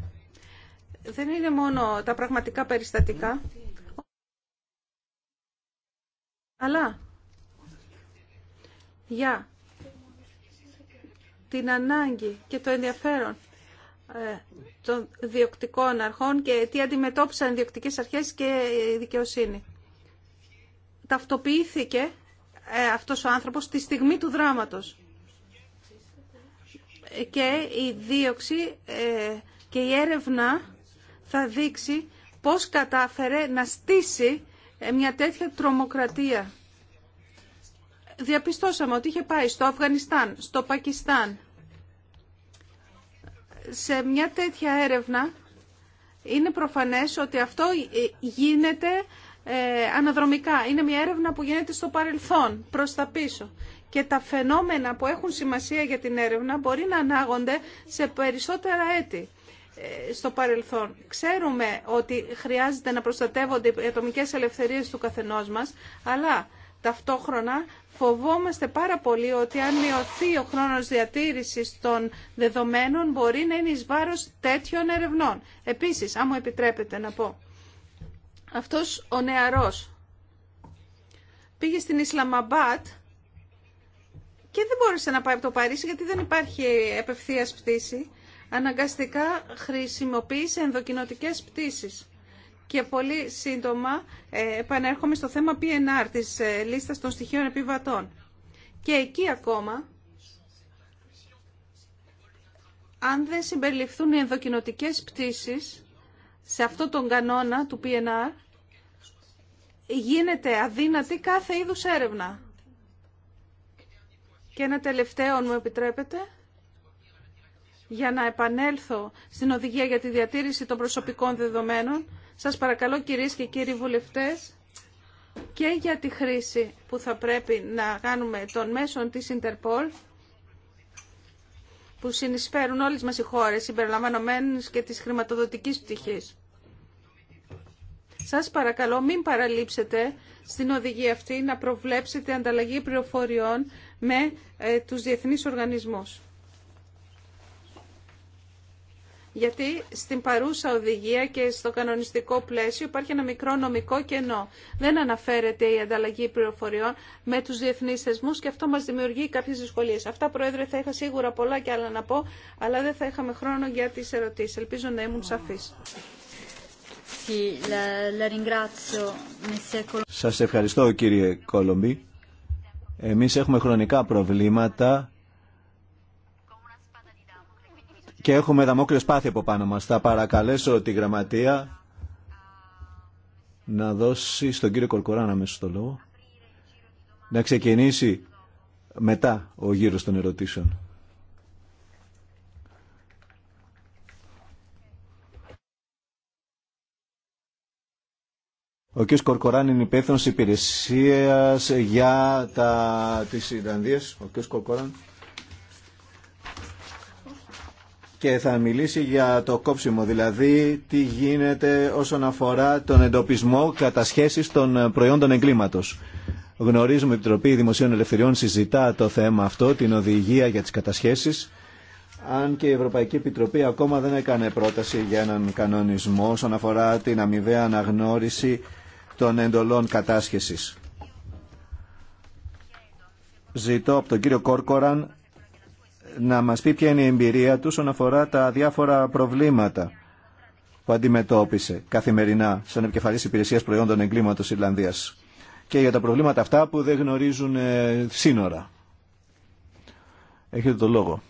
δεν είναι μόνο τα πραγματικά περιστατικά, αλλά για την ανάγκη και το ενδιαφέρον ε, των διοκτικών αρχών και τι αντιμετώπισαν οι διοκτικές αρχές και η δικαιοσύνη. Ταυτοποιήθηκε ε, αυτός ο άνθρωπος τη στιγμή του δράματος και η δίωξη ε, και η έρευνα θα δείξει πώς κατάφερε να στήσει ε, μια τέτοια τρομοκρατία. Διαπιστώσαμε ότι είχε πάει στο Αφγανιστάν, στο Πακιστάν. Σε μια τέτοια έρευνα είναι προφανές ότι αυτό ε, γίνεται ε, αναδρομικά. Είναι μια έρευνα που γίνεται στο παρελθόν, προς τα πίσω. Και τα φαινόμενα που έχουν σημασία για την έρευνα μπορεί να ανάγονται σε περισσότερα έτη. Ε, στο παρελθόν. Ξέρουμε ότι χρειάζεται να προστατεύονται οι ατομικές ελευθερίες του καθενός μας, αλλά ταυτόχρονα φοβόμαστε πάρα πολύ ότι αν μειωθεί ο χρόνος διατήρησης των δεδομένων μπορεί να είναι εις βάρος τέτοιων ερευνών. Επίσης, αν μου επιτρέπετε να πω, αυτός ο νεαρός πήγε στην Ισλαμαμπάτ και δεν μπόρεσε να πάει από το Παρίσι γιατί δεν υπάρχει επευθείας πτήση αναγκαστικά χρησιμοποίησε ενδοκινοτικές πτήσεις. Και πολύ σύντομα ε, επανέρχομαι στο θέμα PNR της ε, λίστας των στοιχείων επιβατών. Και εκεί ακόμα, αν δεν συμπεριληφθούν οι ενδοκινοτικές πτήσεις σε αυτό τον κανόνα του PNR, γίνεται αδύνατη κάθε είδους έρευνα. Και ένα τελευταίο, αν μου επιτρέπετε για να επανέλθω στην οδηγία για τη διατήρηση των προσωπικών δεδομένων. Σας παρακαλώ κυρίες και κύριοι βουλευτές και για τη χρήση που θα πρέπει να κάνουμε των μέσων της Ιντερπόλ που συνεισφέρουν όλες μας οι χώρες, συμπεριλαμβανομένες και της χρηματοδοτικής πτυχής. Σας παρακαλώ μην παραλείψετε στην οδηγία αυτή να προβλέψετε ανταλλαγή πληροφοριών με ε, τους διεθνείς οργανισμούς γιατί στην παρούσα οδηγία και στο κανονιστικό πλαίσιο υπάρχει ένα μικρό νομικό κενό. Δεν αναφέρεται η ανταλλαγή πληροφοριών με τους διεθνείς θεσμούς και αυτό μας δημιουργεί κάποιες δυσκολίες. Αυτά, Πρόεδρε, θα είχα σίγουρα πολλά και άλλα να πω, αλλά δεν θα είχαμε χρόνο για τις ερωτήσεις. Ελπίζω να ήμουν σαφής. Σας ευχαριστώ, κύριε Κολομπή. Εμείς έχουμε χρονικά προβλήματα και έχουμε δαμόκλειο σπάθη από πάνω μας. Θα παρακαλέσω τη γραμματεία να δώσει στον κύριο Κορκοράνα μέσα στο λόγο να ξεκινήσει μετά ο γύρος των ερωτήσεων. Ο κ. Κορκοράν είναι υπεύθυνο υπηρεσία για τα... τι Ιρλανδίε. Ο κ. Κορκοράν. και θα μιλήσει για το κόψιμο, δηλαδή τι γίνεται όσον αφορά τον εντοπισμό κατά σχέση των προϊόντων εγκλήματος. Γνωρίζουμε η Επιτροπή Δημοσίων Ελευθεριών συζητά το θέμα αυτό, την οδηγία για τις κατασχέσεις, αν και η Ευρωπαϊκή Επιτροπή ακόμα δεν έκανε πρόταση για έναν κανονισμό όσον αφορά την αμοιβαία αναγνώριση των εντολών κατάσχεσης. Ζητώ από τον κύριο Κόρκοραν να μας πει ποια είναι η εμπειρία του όσον αφορά τα διάφορα προβλήματα που αντιμετώπισε καθημερινά σαν επικεφαλής υπηρεσίας προϊόντων εγκλήματος Ιρλανδίας και για τα προβλήματα αυτά που δεν γνωρίζουν ε, σύνορα. Έχετε το λόγο.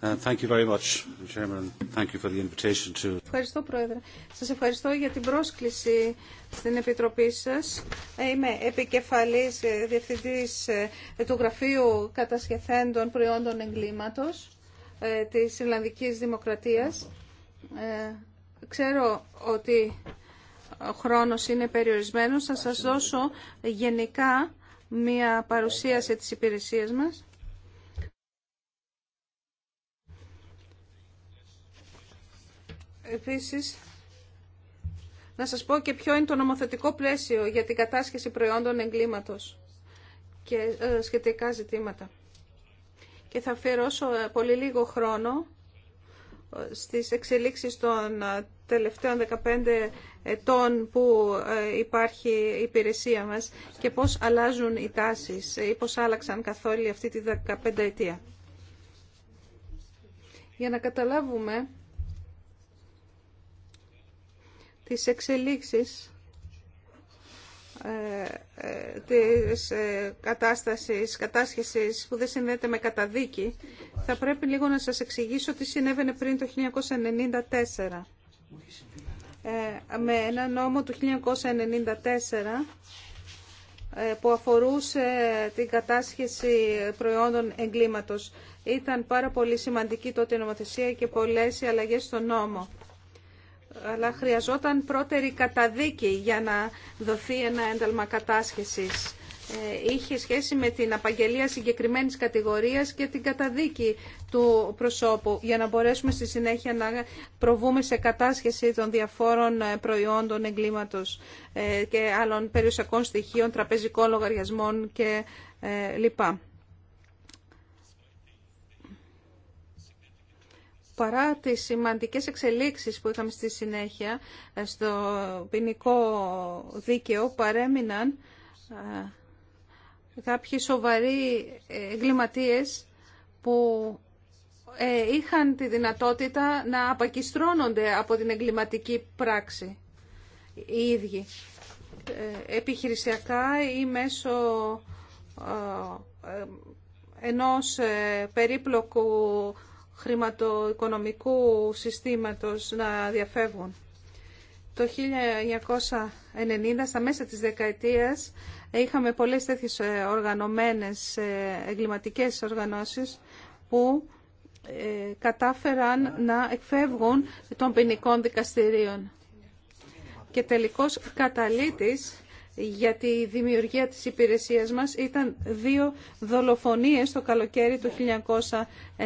Ευχαριστώ, Πρόεδρε. Σας ευχαριστώ για την πρόσκληση στην Επιτροπή σας. Ε, είμαι επικεφαλής ε, διευθυντής ε, του Γραφείου Κατασχεθέντων Προϊόντων Εγκλήματος της Ιρλανδικής Δημοκρατίας. Ξέρω ότι ο χρόνος είναι περιορισμένος. Θα σας δώσω γενικά μία παρουσίαση της υπηρεσίας μας Επίσης, να σας πω και ποιο είναι το νομοθετικό πλαίσιο για την κατάσχεση προϊόντων εγκλήματος και ε, σχετικά ζητήματα. Και θα αφιερώσω ε, πολύ λίγο χρόνο ε, στις εξελίξεις των τελευταίων 15 ετών που υπάρχει η υπηρεσία μας και πώς αλλάζουν οι τάσεις ή πώς άλλαξαν καθόλου αυτή τη 15 ετία. Για να καταλάβουμε τις εξελίξεις ε, ε, της ε, κατάστασης, κατάσχεσης που δεν συνδέεται με καταδίκη, θα πρέπει λίγο να σας εξηγήσω τι συνέβαινε πριν το 1994. με ένα νόμο του 1994 που αφορούσε την κατάσχεση προϊόντων εγκλήματος. Ήταν πάρα πολύ σημαντική τότε η νομοθεσία και πολλές οι αλλαγές στο νόμο αλλά χρειαζόταν πρώτερη καταδίκη για να δοθεί ένα ένταλμα κατάσχεσης. Ε, είχε σχέση με την απαγγελία συγκεκριμένης κατηγορίας και την καταδίκη του προσώπου για να μπορέσουμε στη συνέχεια να προβούμε σε κατάσχεση των διαφόρων ε, προϊόντων εγκλήματος ε, και άλλων περιουσιακών στοιχείων, τραπεζικών λογαριασμών και λοιπά. παρά τις σημαντικές εξελίξεις που είχαμε στη συνέχεια ε, στο ποινικό δίκαιο παρέμειναν ε, κάποιοι σοβαροί εγκληματίες που ε, είχαν τη δυνατότητα να απακιστρώνονται από την εγκληματική πράξη οι ίδιοι επιχειρησιακά ή μέσω ενός περίπλοκου χρηματοοικονομικού συστήματος να διαφεύγουν. Το 1990, στα μέσα της δεκαετίας, είχαμε πολλές τέτοιες ε, οργανωμένες ε, εγκληματικές οργανώσεις που ε, κατάφεραν να εκφεύγουν των ποινικών δικαστηρίων. Και τελικός καταλήτης για τη δημιουργία της υπηρεσίας μας ήταν δύο δολοφονίες το καλοκαίρι του 1996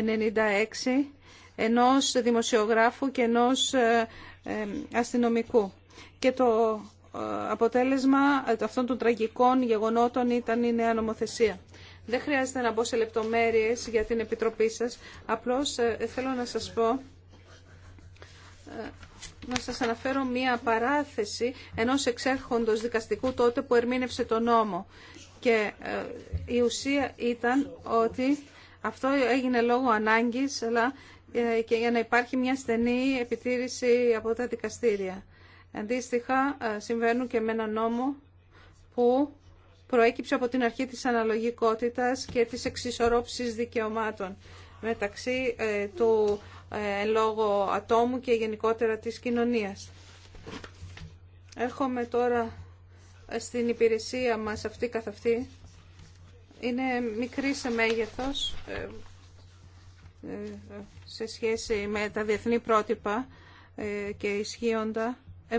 ενός δημοσιογράφου και ενός ε, ε, αστυνομικού. Και το ε, αποτέλεσμα αυτών των τραγικών γεγονότων ήταν η νέα νομοθεσία. Δεν χρειάζεται να μπω σε λεπτομέρειες για την Επιτροπή σας. Απλώς θέλω να σας πω να σας αναφέρω μία παράθεση ενός εξέρχοντος δικαστικού τότε που ερμήνευσε τον νόμο. Και ε, η ουσία ήταν ότι αυτό έγινε λόγω ανάγκης, αλλά ε, και για να υπάρχει μια στενή επιτήρηση από τα δικαστήρια. Αντίστοιχα, ε, συμβαίνουν και με ένα νόμο που προέκυψε από την αρχή της αναλογικότητας και της εξισορρόψης δικαιωμάτων μεταξύ του ε, λόγω ατόμου και γενικότερα της κοινωνίας. Έρχομαι τώρα στην υπηρεσία μας αυτή καθ' αυτή. Είναι μικρή σε μέγεθος ε, ε, σε σχέση με τα διεθνή πρότυπα και ισχύοντα. 70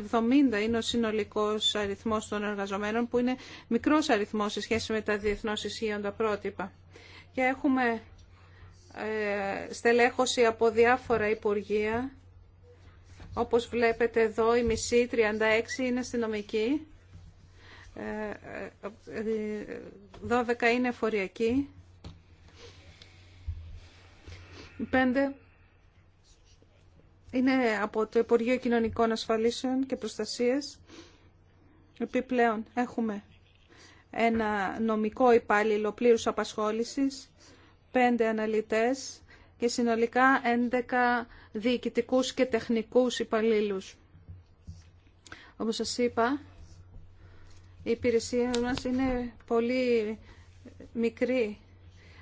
είναι ο συνολικός αριθμός των εργαζομένων που είναι μικρός αριθμός σε σχέση με τα διεθνώς ισχύοντα πρότυπα. Και έχουμε ε, στελέχωση από διάφορα υπουργεία. Όπως βλέπετε εδώ, η μισή, 36, είναι αστυνομική, 12 ε, ε, είναι εφοριακή, 5 είναι από το Υπουργείο Κοινωνικών Ασφαλίσεων και Προστασίας. Επιπλέον, έχουμε ένα νομικό υπάλληλο πλήρους απασχόλησης, πέντε αναλυτές και συνολικά 11 διοικητικούς και τεχνικούς υπαλλήλους. Όπως σας είπα, η υπηρεσία μας είναι πολύ μικρή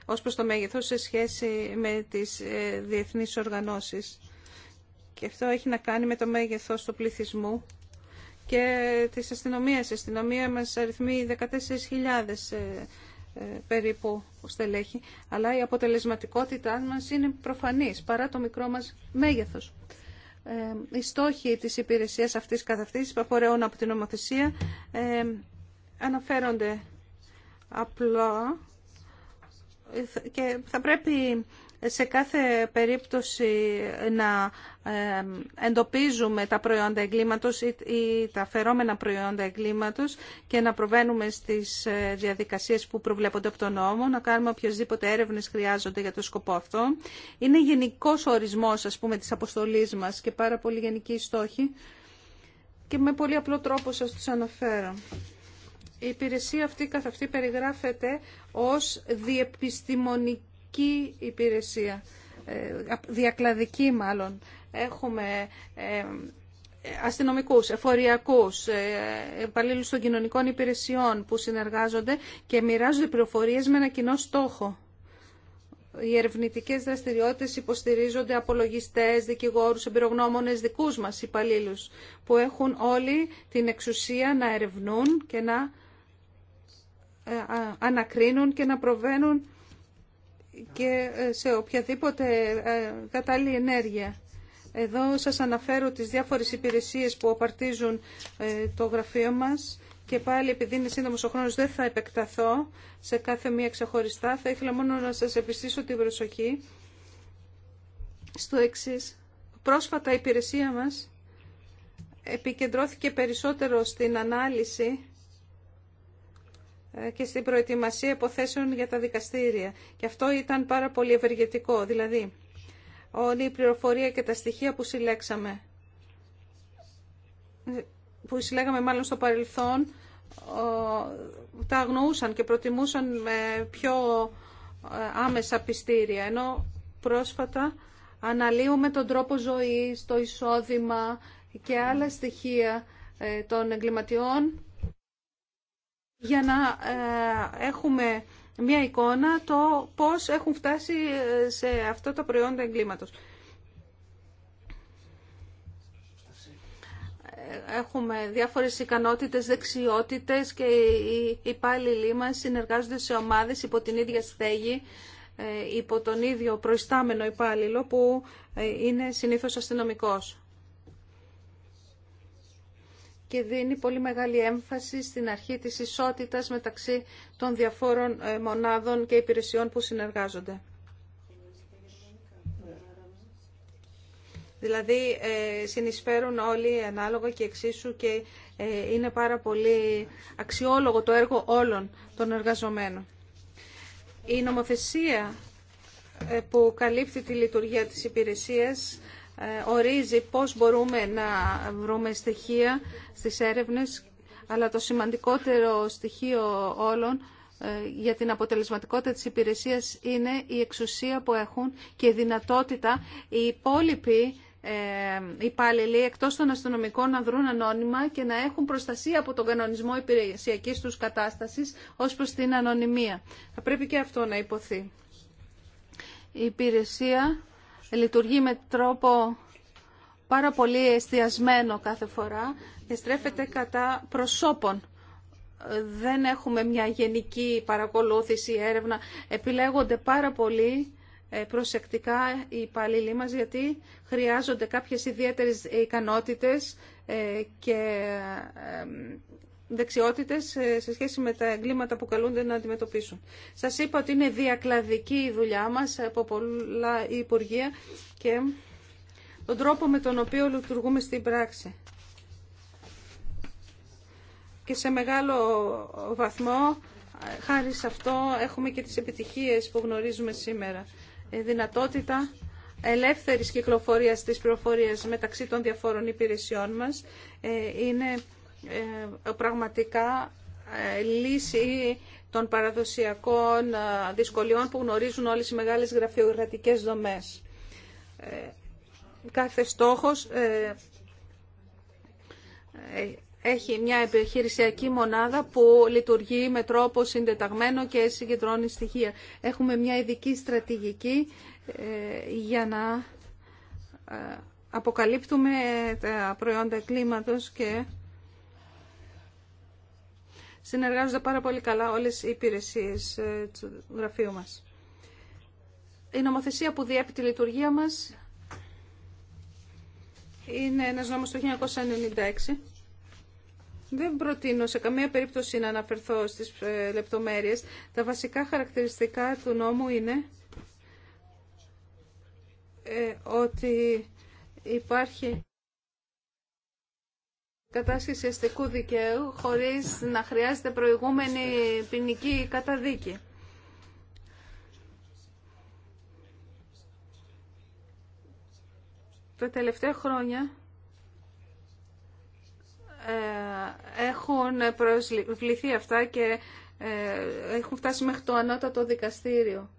ως προς το μέγεθος σε σχέση με τις ε, διεθνείς οργανώσεις. Και αυτό έχει να κάνει με το μέγεθος του πληθυσμού και της αστυνομίας. Η αστυνομία μας αριθμεί 14.000 ε, ε, περίπου στελέχη, αλλά η αποτελεσματικότητά μας είναι προφανής, παρά το μικρό μας μέγεθος. Ε, οι στόχοι της υπηρεσίας αυτής καθ' αυτής, που από την νομοθεσία, ε, αναφέρονται απλά ε, και θα πρέπει σε κάθε περίπτωση να ε, εντοπίζουμε τα προϊόντα εγκλήματος ή τα φερόμενα προϊόντα εγκλήματος και να προβαίνουμε στις ε, διαδικασίες που προβλέπονται από τον νόμο, να κάνουμε οποιασδήποτε έρευνες χρειάζονται για το σκοπό αυτό. Είναι γενικός ορισμός, ας πούμε, της αποστολής μας και πάρα πολύ γενική στόχη και με πολύ απλό τρόπο σας τους αναφέρω. Η υπηρεσία αυτή καθ' αυτή περιγράφεται ως διεπιστημονική διακλαδική υπηρεσία, ε, διακλαδική μάλλον. Έχουμε ε, αστυνομικούς, εφοριακούς, ε, υπαλλήλους των κοινωνικών υπηρεσιών που συνεργάζονται και μοιράζονται πληροφορίες με ένα κοινό στόχο. Οι ερευνητικέ δραστηριότητε υποστηρίζονται από λογιστέ, δικηγόρου, εμπειρογνώμονε, δικού μα υπαλλήλου, που έχουν όλοι την εξουσία να ερευνούν και να ανακρίνουν και να προβαίνουν και ε, σε οποιαδήποτε ε, κατάλληλη ενέργεια. Εδώ σας αναφέρω τις διάφορες υπηρεσίες που απαρτίζουν ε, το γραφείο μας και πάλι επειδή είναι σύντομο ο χρόνος δεν θα επεκταθώ σε κάθε μία ξεχωριστά. Θα ήθελα μόνο να σας επιστήσω την προσοχή στο εξή. Πρόσφατα η υπηρεσία μας επικεντρώθηκε περισσότερο στην ανάλυση ε, και στην προετοιμασία υποθέσεων για τα δικαστήρια. Και αυτό ήταν πάρα πολύ ευεργετικό. Δηλαδή, όλη η πληροφορία και τα στοιχεία που συλλέξαμε, που συλλέγαμε μάλλον στο παρελθόν, τα αγνοούσαν και προτιμούσαν με πιο ε, άμεσα πιστήρια. Ενώ πρόσφατα αναλύουμε τον τρόπο ζωής, το εισόδημα και άλλα στοιχεία ε, των εγκληματιών για να ε, έχουμε μια εικόνα το πώς έχουν φτάσει ε, σε αυτό το προϊόν του εγκλήματος. Ε, έχουμε διάφορες ικανότητες, δεξιότητες και οι υπάλληλοι μας συνεργάζονται σε ομάδες υπό την ίδια στέγη, υπό τον ίδιο προϊστάμενο υπάλληλο που είναι συνήθως αστυνομικός και δίνει πολύ μεγάλη έμφαση στην αρχή της ισότητας μεταξύ των διαφόρων ε, μονάδων και υπηρεσιών που συνεργάζονται. Δηλαδή ε, συνεισφέρουν όλοι ανάλογα και εξίσου και ε, είναι πάρα πολύ αξιόλογο το έργο όλων των εργαζομένων. Η νομοθεσία που καλύπτει τη λειτουργία της υπηρεσίας ε, ορίζει πώς μπορούμε να βρούμε στοιχεία στις έρευνες, αλλά το σημαντικότερο στοιχείο όλων ε, για την αποτελεσματικότητα της υπηρεσίας είναι η εξουσία που έχουν και η δυνατότητα οι υπόλοιποι ε, υπάλληλοι εκτός των αστυνομικών να δρουν ανώνυμα και να έχουν προστασία από τον κανονισμό υπηρεσιακής τους κατάστασης ως προς την ανωνυμία. Θα πρέπει και αυτό να υποθεί. Η υπηρεσία λειτουργεί με τρόπο πάρα πολύ εστιασμένο κάθε φορά και στρέφεται κατά προσώπων. Δεν έχουμε μια γενική παρακολούθηση, έρευνα. Επιλέγονται πάρα πολύ ε, προσεκτικά οι υπαλλήλοι μας γιατί χρειάζονται κάποιες ιδιαίτερες ικανότητες ε, και ε, δεξιότητες ε, σε σχέση με τα εγκλήματα που καλούνται να αντιμετωπίσουν. Σας είπα ότι είναι διακλαδική η δουλειά μας από πολλά υπουργεία και τον τρόπο με τον οποίο λειτουργούμε στην πράξη. Και σε μεγάλο βαθμό, χάρη σε αυτό, έχουμε και τις επιτυχίες που γνωρίζουμε σήμερα. Δυνατότητα ελεύθερης κυκλοφορίας της πληροφορίας μεταξύ των διαφόρων υπηρεσιών μας ε, είναι ε, πραγματικά ε, λύση των παραδοσιακών ε, δυσκολιών που γνωρίζουν όλες οι μεγάλες γραφειοκρατικές δομές. Κάθε στόχος έχει μια επιχειρησιακή μονάδα που λειτουργεί με τρόπο συντεταγμένο και συγκεντρώνει στοιχεία. Έχουμε μια ειδική στρατηγική για να αποκαλύπτουμε τα προϊόντα κλίματος και συνεργάζονται πάρα πολύ καλά όλες οι υπηρεσίες ε, του γραφείου μας. Η νομοθεσία που διέπει τη λειτουργία μας είναι ένας νόμος του 1996. Δεν προτείνω σε καμία περίπτωση να αναφερθώ στις ε, λεπτομέρειες. Τα βασικά χαρακτηριστικά του νόμου είναι ε, ότι υπάρχει κατάσχεση αστικού δικαίου χωρίς να χρειάζεται προηγούμενη ποινική καταδίκη. Τα τελευταία χρόνια ε, έχουν προσβληθεί αυτά και ε, έχουν φτάσει μέχρι το ανώτατο δικαστήριο.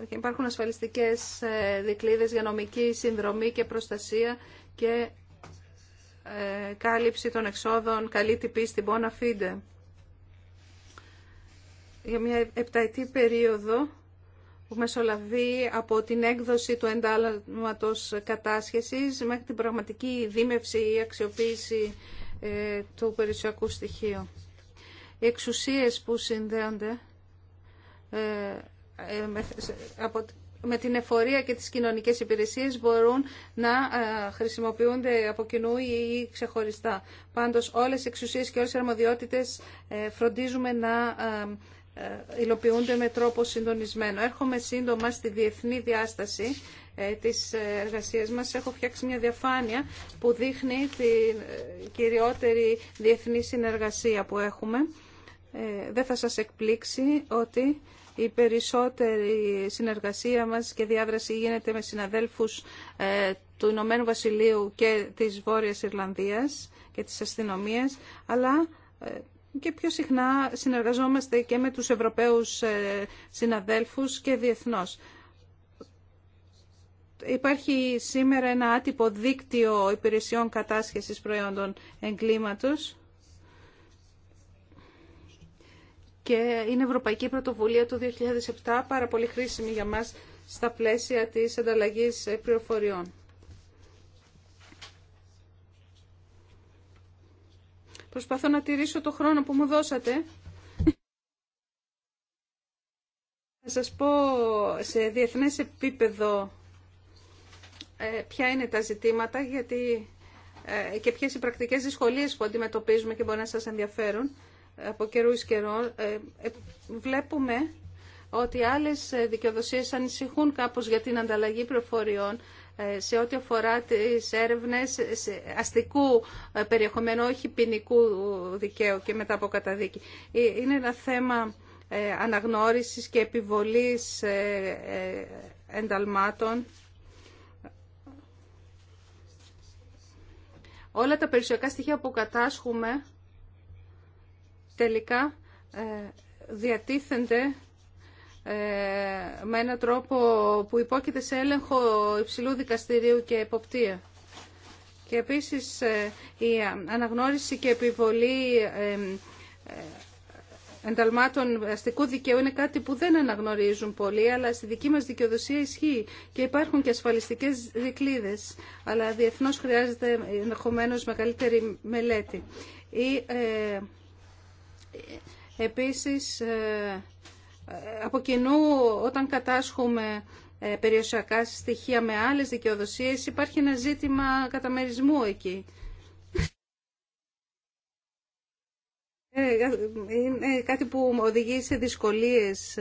Ε, υπάρχουν ασφαλιστικές δικλείδες για νομική συνδρομή και προστασία και ε, κάλυψη των εξόδων καλή τυπή στην Πόνα Φίντε. Για μια επταετή περίοδο που μεσολαβεί από την έκδοση του εντάλματος κατάσχεσης μέχρι την πραγματική δίμευση ή αξιοποίηση ε, του περιουσιακού στοιχείου. Οι εξουσίες που συνδέονται ε, από με την εφορία και τις κοινωνικές υπηρεσίες μπορούν να ε, χρησιμοποιούνται από κοινού ή ξεχωριστά. Πάντως όλες οι εξουσίες και όλες οι αρμοδιότητες ε, φροντίζουμε να ε, υλοποιούνται με τρόπο συντονισμένο. Έρχομαι σύντομα στη διεθνή διάσταση της εργασίας μας. Έχω φτιάξει μια διαφάνεια που δείχνει την κυριότερη διεθνή συνεργασία που έχουμε. Ε, δεν θα σας εκπλήξει ότι η περισσότερη συνεργασία μας και διάδραση γίνεται με συναδέλφους ε, του Ηνωμένου Βασιλείου και της Βόρειας Ιρλανδίας και της αστυνομίας, αλλά ε, και πιο συχνά συνεργαζόμαστε και με τους Ευρωπαίους συναδέλφους και διεθνώς. Υπάρχει σήμερα ένα άτυπο δίκτυο υπηρεσιών κατάσχεσης προϊόντων εγκλήματος και είναι Ευρωπαϊκή Πρωτοβουλία του 2007, πάρα πολύ χρήσιμη για μας στα πλαίσια της ανταλλαγής πληροφοριών. Προσπαθώ να τηρήσω το χρόνο που μου δώσατε. Θα σας πω σε διεθνές επίπεδο ε, ποια είναι τα ζητήματα γιατί, ε, και ποιες οι πρακτικές δυσκολίες που αντιμετωπίζουμε και μπορεί να σας ενδιαφέρουν από καιρού καιρών ε, ε, βλέπουμε ότι άλλες ε, δικαιοδοσίες ανησυχούν κάπως για την ανταλλαγή προφοριών σε ό,τι αφορά τις έρευνες αστικού περιεχομένου, όχι ποινικού δικαίου και μετά από καταδίκη. Είναι ένα θέμα αναγνώρισης και επιβολής ενταλμάτων. Όλα τα περιουσιακά στοιχεία που κατάσχουμε τελικά ε, διατίθενται ε, με έναν τρόπο που υπόκειται σε έλεγχο υψηλού δικαστηρίου και εποπτεία. Και επίσης ε, η αναγνώριση και επιβολή ενταλμάτων αστικού δικαίου είναι κάτι που δεν αναγνωρίζουν πολλοί, αλλά στη δική μας δικαιοδοσία ισχύει και υπάρχουν και ασφαλιστικές δικλίδες, αλλά διεθνώς χρειάζεται ενδεχομένω μεγαλύτερη μελέτη. Η, Επίσης, ε, από κοινού, όταν κατάσχουμε ε, περιοσιακά στοιχεία με άλλες δικαιοδοσίες, υπάρχει ένα ζήτημα καταμερισμού εκεί. Ε, είναι κάτι που οδηγεί σε δυσκολίες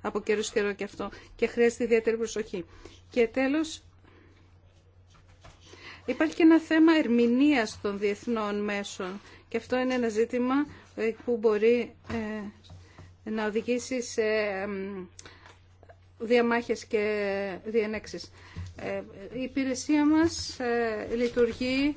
από καιρό καιρό και αυτό και χρειάζεται ιδιαίτερη προσοχή. Και τέλος, υπάρχει και ένα θέμα ερμηνείας των διεθνών μέσων και αυτό είναι ένα ζήτημα που μπορεί ε, να οδηγήσει σε διαμάχες και διενέξεις. Ε, η υπηρεσία μας ε, λειτουργεί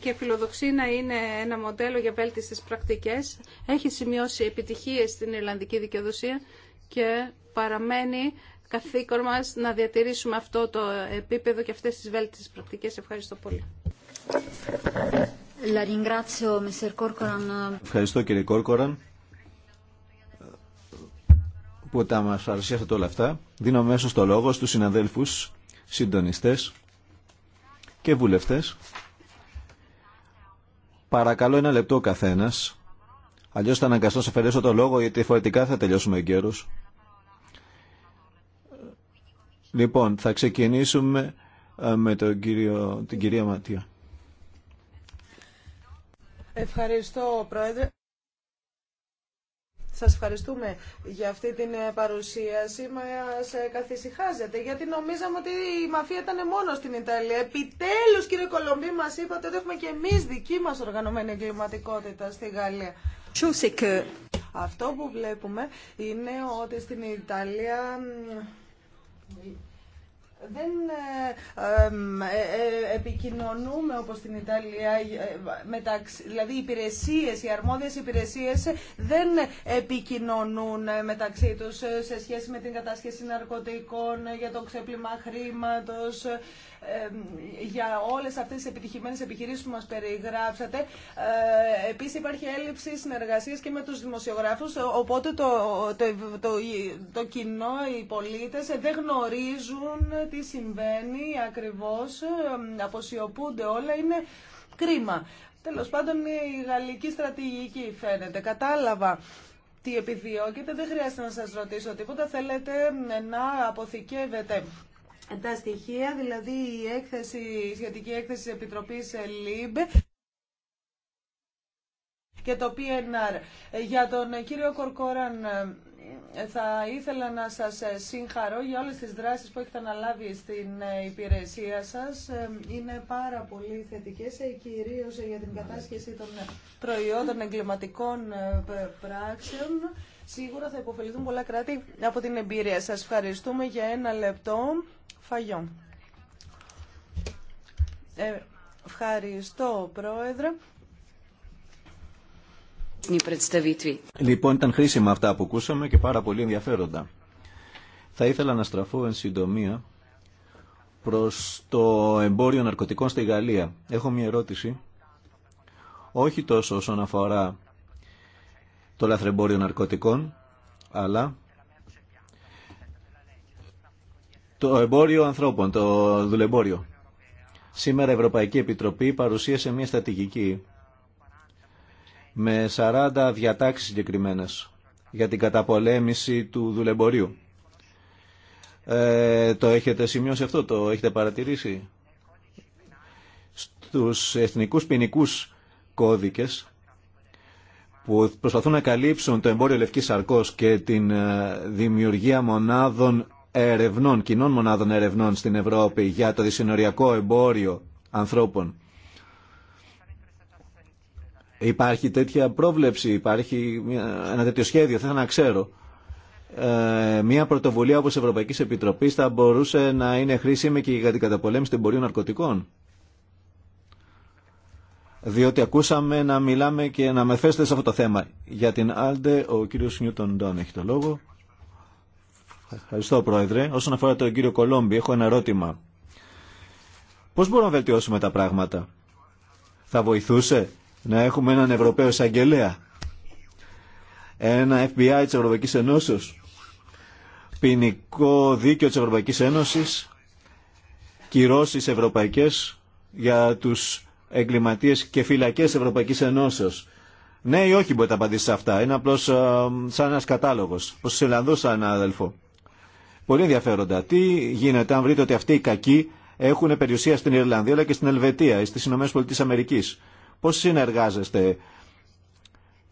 και φιλοδοξεί να είναι ένα μοντέλο για βέλτιστες πρακτικές. Έχει σημειώσει επιτυχίες στην Ιρλανδική δικαιοδοσία και παραμένει καθήκον μας να διατηρήσουμε αυτό το επίπεδο και αυτές τις βέλτιστες πρακτικές. Ευχαριστώ πολύ. Ευχαριστώ κύριε Κόρκοραν που τα μας παρουσιάσατε όλα αυτά. Δίνω μέσω το λόγο στους συναδέλφους, συντονιστές και βουλευτές. Παρακαλώ ένα λεπτό ο καθένας. Αλλιώς θα αναγκαστώ να αφαιρέσω το λόγο γιατί φορετικά θα τελειώσουμε εγκαίρως. Λοιπόν, θα ξεκινήσουμε ε, με τον κύριο, την κυρία Ματία. Ευχαριστώ, Πρόεδρε. Σας ευχαριστούμε για αυτή την παρουσίαση. Μας ε, καθησυχάζετε, γιατί νομίζαμε ότι η μαφία ήταν μόνο στην Ιταλία. Επιτέλους, κύριε Κολομπή, μας είπατε ότι έχουμε και εμείς δική μας οργανωμένη εγκληματικότητα στη Γαλλία. Αυτό που βλέπουμε είναι ότι στην Ιταλία δεν ε, ε, ε, επικοινωνούμε όπως στην Ιταλία, μεταξύ, δηλαδή οι υπηρεσίες, οι αρμόδιες υπηρεσίες δεν επικοινωνούν μεταξύ τους σε σχέση με την κατάσχεση ναρκωτικών, για το ξέπλυμα χρήματος, για όλες αυτές τις επιτυχημένες επιχειρήσεις που μας περιγράψατε. Ε, επίσης υπάρχει έλλειψη συνεργασίας και με τους δημοσιογράφους, ε, οπότε το, το, το, κοινό, οι πολίτες ε, δεν γνωρίζουν τι συμβαίνει ακριβώς, αποσιωπούνται όλα, είναι κρίμα. Τέλος πάντων η γαλλική στρατηγική φαίνεται. Κατάλαβα τι επιδιώκετε, δεν χρειάζεται να σας ρωτήσω τίποτα, θέλετε να αποθηκεύετε τα στοιχεία, δηλαδή η, έκθεση, η σχετική έκθεση της Επιτροπής ε, ΛΥΜΠ και το PNR. Ε, για τον ε, κύριο Κορκόραν θα ήθελα να σας συγχαρώ για όλες τις δράσεις που έχετε αναλάβει στην υπηρεσία σας. Είναι πάρα πολύ θετικές, κυρίως για την κατάσχεση των προϊόντων εγκληματικών πράξεων. Σίγουρα θα υποφεληθούν πολλά κράτη από την εμπειρία. Σας ευχαριστούμε για ένα λεπτό. φαγιό. Ε, ευχαριστώ, Πρόεδρε. Λοιπόν, ήταν χρήσιμα αυτά που ακούσαμε και πάρα πολύ ενδιαφέροντα. Θα ήθελα να στραφώ εν συντομία προς το εμπόριο ναρκωτικών στη Γαλλία. Έχω μια ερώτηση, όχι τόσο όσον αφορά το λαθρεμπόριο ναρκωτικών, αλλά το εμπόριο ανθρώπων, το δουλεμπόριο. Σήμερα η Ευρωπαϊκή Επιτροπή παρουσίασε μια στατηγική με 40 διατάξεις συγκεκριμένε για την καταπολέμηση του δουλεμπορίου. Ε, το έχετε σημειώσει αυτό, το έχετε παρατηρήσει. Στους εθνικούς ποινικού κώδικες που προσπαθούν να καλύψουν το εμπόριο λευκής σαρκός και την ε, δημιουργία μονάδων ερευνών, κοινών μονάδων ερευνών στην Ευρώπη για το δυσυνοριακό εμπόριο ανθρώπων. Υπάρχει τέτοια πρόβλεψη, υπάρχει ένα τέτοιο σχέδιο, θα να ξέρω. Ε, μια πρωτοβουλία όπως Ευρωπαϊκής Επιτροπής θα μπορούσε να είναι χρήσιμη και για την καταπολέμηση του εμπορίου ναρκωτικών διότι ακούσαμε να μιλάμε και να με θέσετε σε αυτό το θέμα. Για την Άλντε, ο κύριος Νιούτον Ντόν έχει το λόγο. Ευχαριστώ, Πρόεδρε. Όσον αφορά τον κύριο Κολόμπη, έχω ένα ερώτημα. Πώς μπορούμε να βελτιώσουμε τα πράγματα. Θα βοηθούσε να έχουμε έναν Ευρωπαίο εισαγγελέα, ένα FBI της Ευρωπαϊκής Ένωσης, ποινικό δίκαιο της Ευρωπαϊκής Ένωσης, κυρώσεις ευρωπαϊκές για τους Εγκληματίε και φυλακές Ευρωπαϊκή Ενώσεως. Ναι ή όχι μπορείτε να απαντήσετε αυτά. Είναι απλώ ε, σαν ένα Προ κατάλογος. Προς σαν ένα άδελφο. Πολύ ενδιαφέροντα. Τι γίνεται αν βρείτε ότι αυτοί οι κακοί έχουν περιουσία στην Ιρλανδία αλλά και στην Ελβετία ή στι ΗΠΑ Πώ Πώς συνεργάζεστε,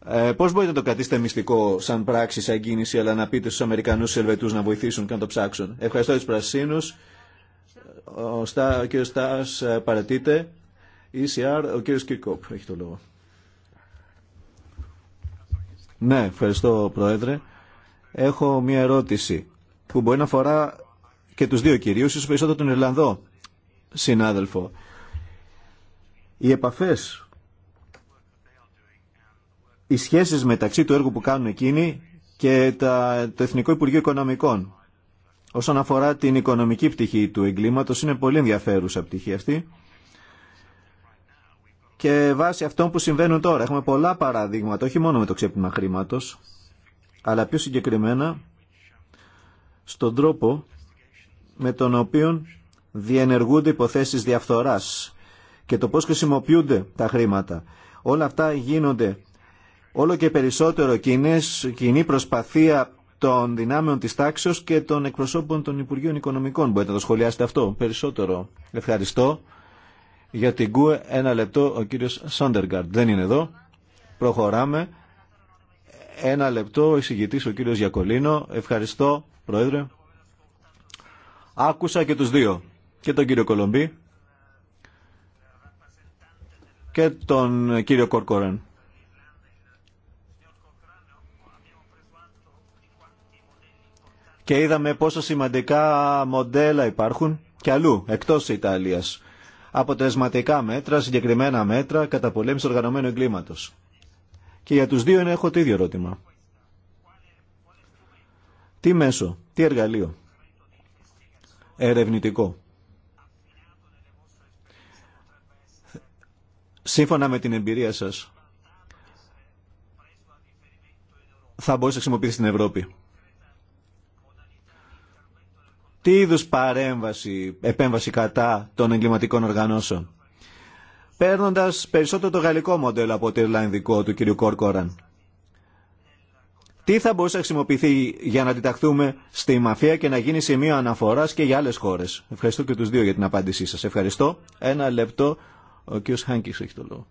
ε, πώς μπορείτε να το κρατήσετε μυστικό σαν πράξη, σαν κίνηση, αλλά να πείτε στου Αμερικανούς και Ελβετού να βοηθήσουν και να το ψάξουν. Ευχαριστώ του Πρασίνου, Ο, Στά, ο κ. ECR, ο κύριος Κυρκόπ έχει το λόγο. Ναι, ευχαριστώ Πρόεδρε. Έχω μια ερώτηση που μπορεί να αφορά και τους δύο κυρίους, ίσως περισσότερο τον Ιρλανδό συνάδελφο. Οι επαφές, οι σχέσεις μεταξύ του έργου που κάνουν εκείνοι και τα, το Εθνικό Υπουργείο Οικονομικών όσον αφορά την οικονομική πτυχή του εγκλήματος είναι πολύ ενδιαφέρουσα πτυχή αυτή και βάσει αυτών που συμβαίνουν τώρα. Έχουμε πολλά παραδείγματα, όχι μόνο με το ξέπλυμα χρήματο, αλλά πιο συγκεκριμένα στον τρόπο με τον οποίο διενεργούνται υποθέσεις διαφθοράς και το πώς χρησιμοποιούνται τα χρήματα. Όλα αυτά γίνονται όλο και περισσότερο κοινές, κοινή προσπαθία των δυνάμεων της τάξεως και των εκπροσώπων των Υπουργείων Οικονομικών. Μπορείτε να το σχολιάσετε αυτό περισσότερο. Ευχαριστώ. Για την ΚΟΕ ένα λεπτό ο κύριος Σόντεργαρντ. Δεν είναι εδώ. Προχωράμε. Ένα λεπτό ο εισηγητής ο κύριος Γιακολίνο. Ευχαριστώ Πρόεδρε. Άκουσα και τους δύο. Και τον κύριο Κολομπή και τον κύριο Κορκόρεν. Και είδαμε πόσο σημαντικά μοντέλα υπάρχουν και αλλού, εκτός Ιταλίας αποτελεσματικά μέτρα, συγκεκριμένα μέτρα κατά πολέμηση οργανωμένου εγκλήματος. Και για τους δύο έχω το ίδιο ερώτημα. Τι μέσο, τι εργαλείο, ερευνητικό. Σύμφωνα με την εμπειρία σας, θα μπορείς να χρησιμοποιήσεις στην Ευρώπη τι είδους παρέμβαση, επέμβαση κατά των εγκληματικών οργανώσεων. Παίρνοντας περισσότερο το γαλλικό μοντέλο από το ελληνικό του κ. Κόρκοραν. Τι θα μπορούσε να χρησιμοποιηθεί για να αντιταχθούμε στη μαφία και να γίνει σημείο αναφοράς και για άλλες χώρες. Ευχαριστώ και τους δύο για την απάντησή σας. Ευχαριστώ. Ένα λεπτό. Ο κ. Χάνκης έχει το λόγο.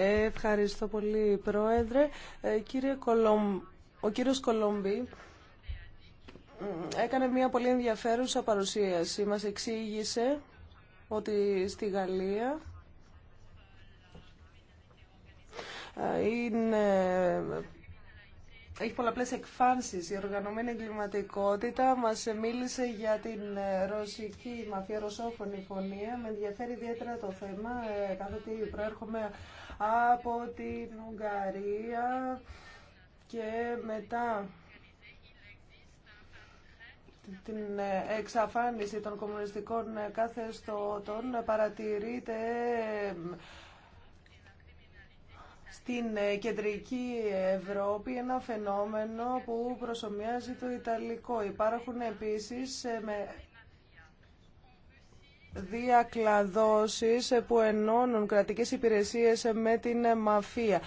Ευχαριστώ πολύ, Πρόεδρε. Ε, κύριε Κολομ... Ο κύριος Κολόμπι έκανε μια πολύ ενδιαφέρουσα παρουσίαση. Μας εξήγησε ότι στη Γαλλία ε, είναι έχει πολλαπλές εκφάνσεις. Η οργανωμένη εγκληματικότητα μας μίλησε για την ε, ρωσική μαφία, ρωσόφωνη φωνία. Με ενδιαφέρει ιδιαίτερα το θέμα, ε, καθότι προέρχομαι από την Ουγγαρία και μετά την ε, εξαφάνιση των κομμουνιστικών καθεστώτων παρατηρείται την ε, κεντρική Ευρώπη ένα φαινόμενο που προσωμιάζει το Ιταλικό. Υπάρχουν επίσης ε, με διακλαδώσεις ε, που ενώνουν κρατικές υπηρεσίες με την μαφία.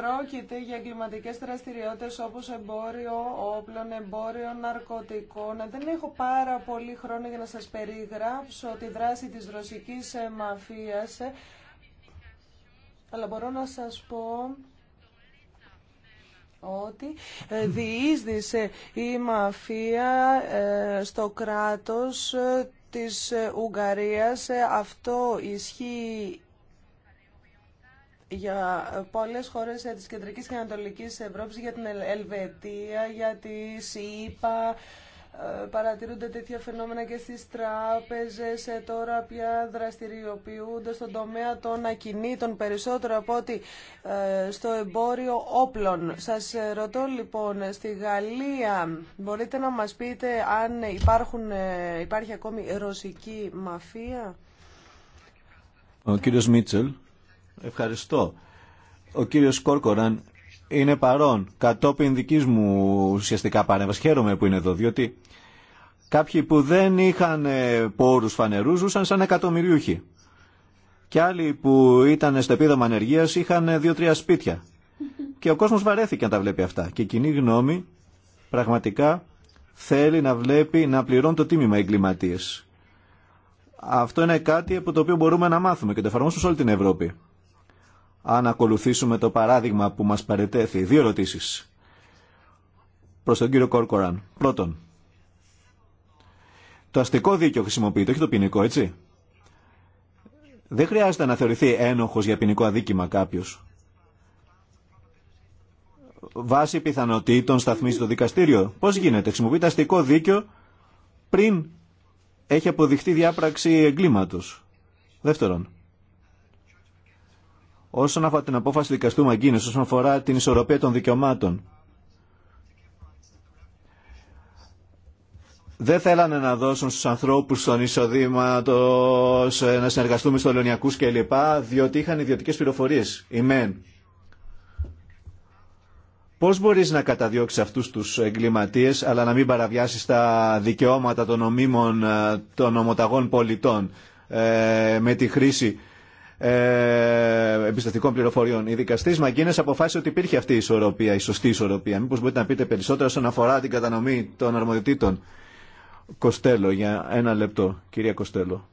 Πρόκειται για εγκληματικέ δραστηριότητες όπως εμπόριο όπλων, εμπόριο ναρκωτικών. Δεν έχω πάρα πολύ χρόνο για να σας περιγράψω τη δράση της ρωσική μαφίας, αλλά μπορώ να σας πω ότι ε, διείσδησε η μαφία ε, στο κράτος ε, της Ουγγαρίας. Αυτό ισχύει για πολλές χώρες της Κεντρικής και Ανατολικής Ευρώπης, για την Ελβετία, για τη ΣΥΠΑ, ε, παρατηρούνται τέτοια φαινόμενα και στις τράπεζες ε, τώρα πια δραστηριοποιούνται στον τομέα των ακινήτων περισσότερο από ότι ε, στο εμπόριο όπλων. Σας ρωτώ λοιπόν, στη Γαλλία μπορείτε να μας πείτε αν υπάρχουν, υπάρχει ακόμη ρωσική μαφία. Ο κύριος Μίτσελ. Ευχαριστώ. Ο κύριο Κόρκοραν είναι παρόν κατόπιν δική μου ουσιαστικά παρέμβαση. Χαίρομαι που είναι εδώ, διότι κάποιοι που δεν είχαν ε, πόρου φανερούς ζούσαν σαν εκατομμυριούχοι. Και άλλοι που ήταν στο επίδομα ανεργία είχαν ε, δύο-τρία σπίτια. Και ο κόσμο βαρέθηκε να τα βλέπει αυτά. Και η κοινή γνώμη πραγματικά θέλει να βλέπει να πληρώνει το τίμημα εγκληματίε. Αυτό είναι κάτι από το οποίο μπορούμε να μάθουμε και το εφαρμόσουμε σε όλη την Ευρώπη αν ακολουθήσουμε το παράδειγμα που μας παρετέθη. Δύο ερωτήσει. προς τον κύριο Κόρκοραν. Πρώτον, το αστικό δίκαιο χρησιμοποιείται, όχι το ποινικό, έτσι. Δεν χρειάζεται να θεωρηθεί ένοχος για ποινικό αδίκημα κάποιος. Βάσει πιθανότητων σταθμίζει το δικαστήριο. Πώς γίνεται, χρησιμοποιείται αστικό δίκαιο πριν έχει αποδειχτεί διάπραξη εγκλήματος. Δεύτερον, Όσον αφορά την απόφαση δικαστού Μαγκίνης, όσον αφορά την ισορροπία των δικαιωμάτων, δεν θέλανε να δώσουν στους ανθρώπους των εισοδήματος, να συνεργαστούμε στο και κλπ, διότι είχαν ιδιωτικές πληροφορίες, η Πώς μπορείς να καταδιώξεις αυτούς τους εγκληματίες, αλλά να μην παραβιάσεις τα δικαιώματα των ομίμων, ε, των ομοταγών πολιτών ε, με τη χρήση ε, εμπιστευτικών πληροφοριών. Η δικαστή Μαγκίνε αποφάσισε ότι υπήρχε αυτή η ισορροπία, η σωστή ισορροπία. Μήπω μπορείτε να πείτε περισσότερα όσον αφορά την κατανομή των αρμοδιοτήτων. Κοστέλο, για ένα λεπτό, κυρία Κοστέλο.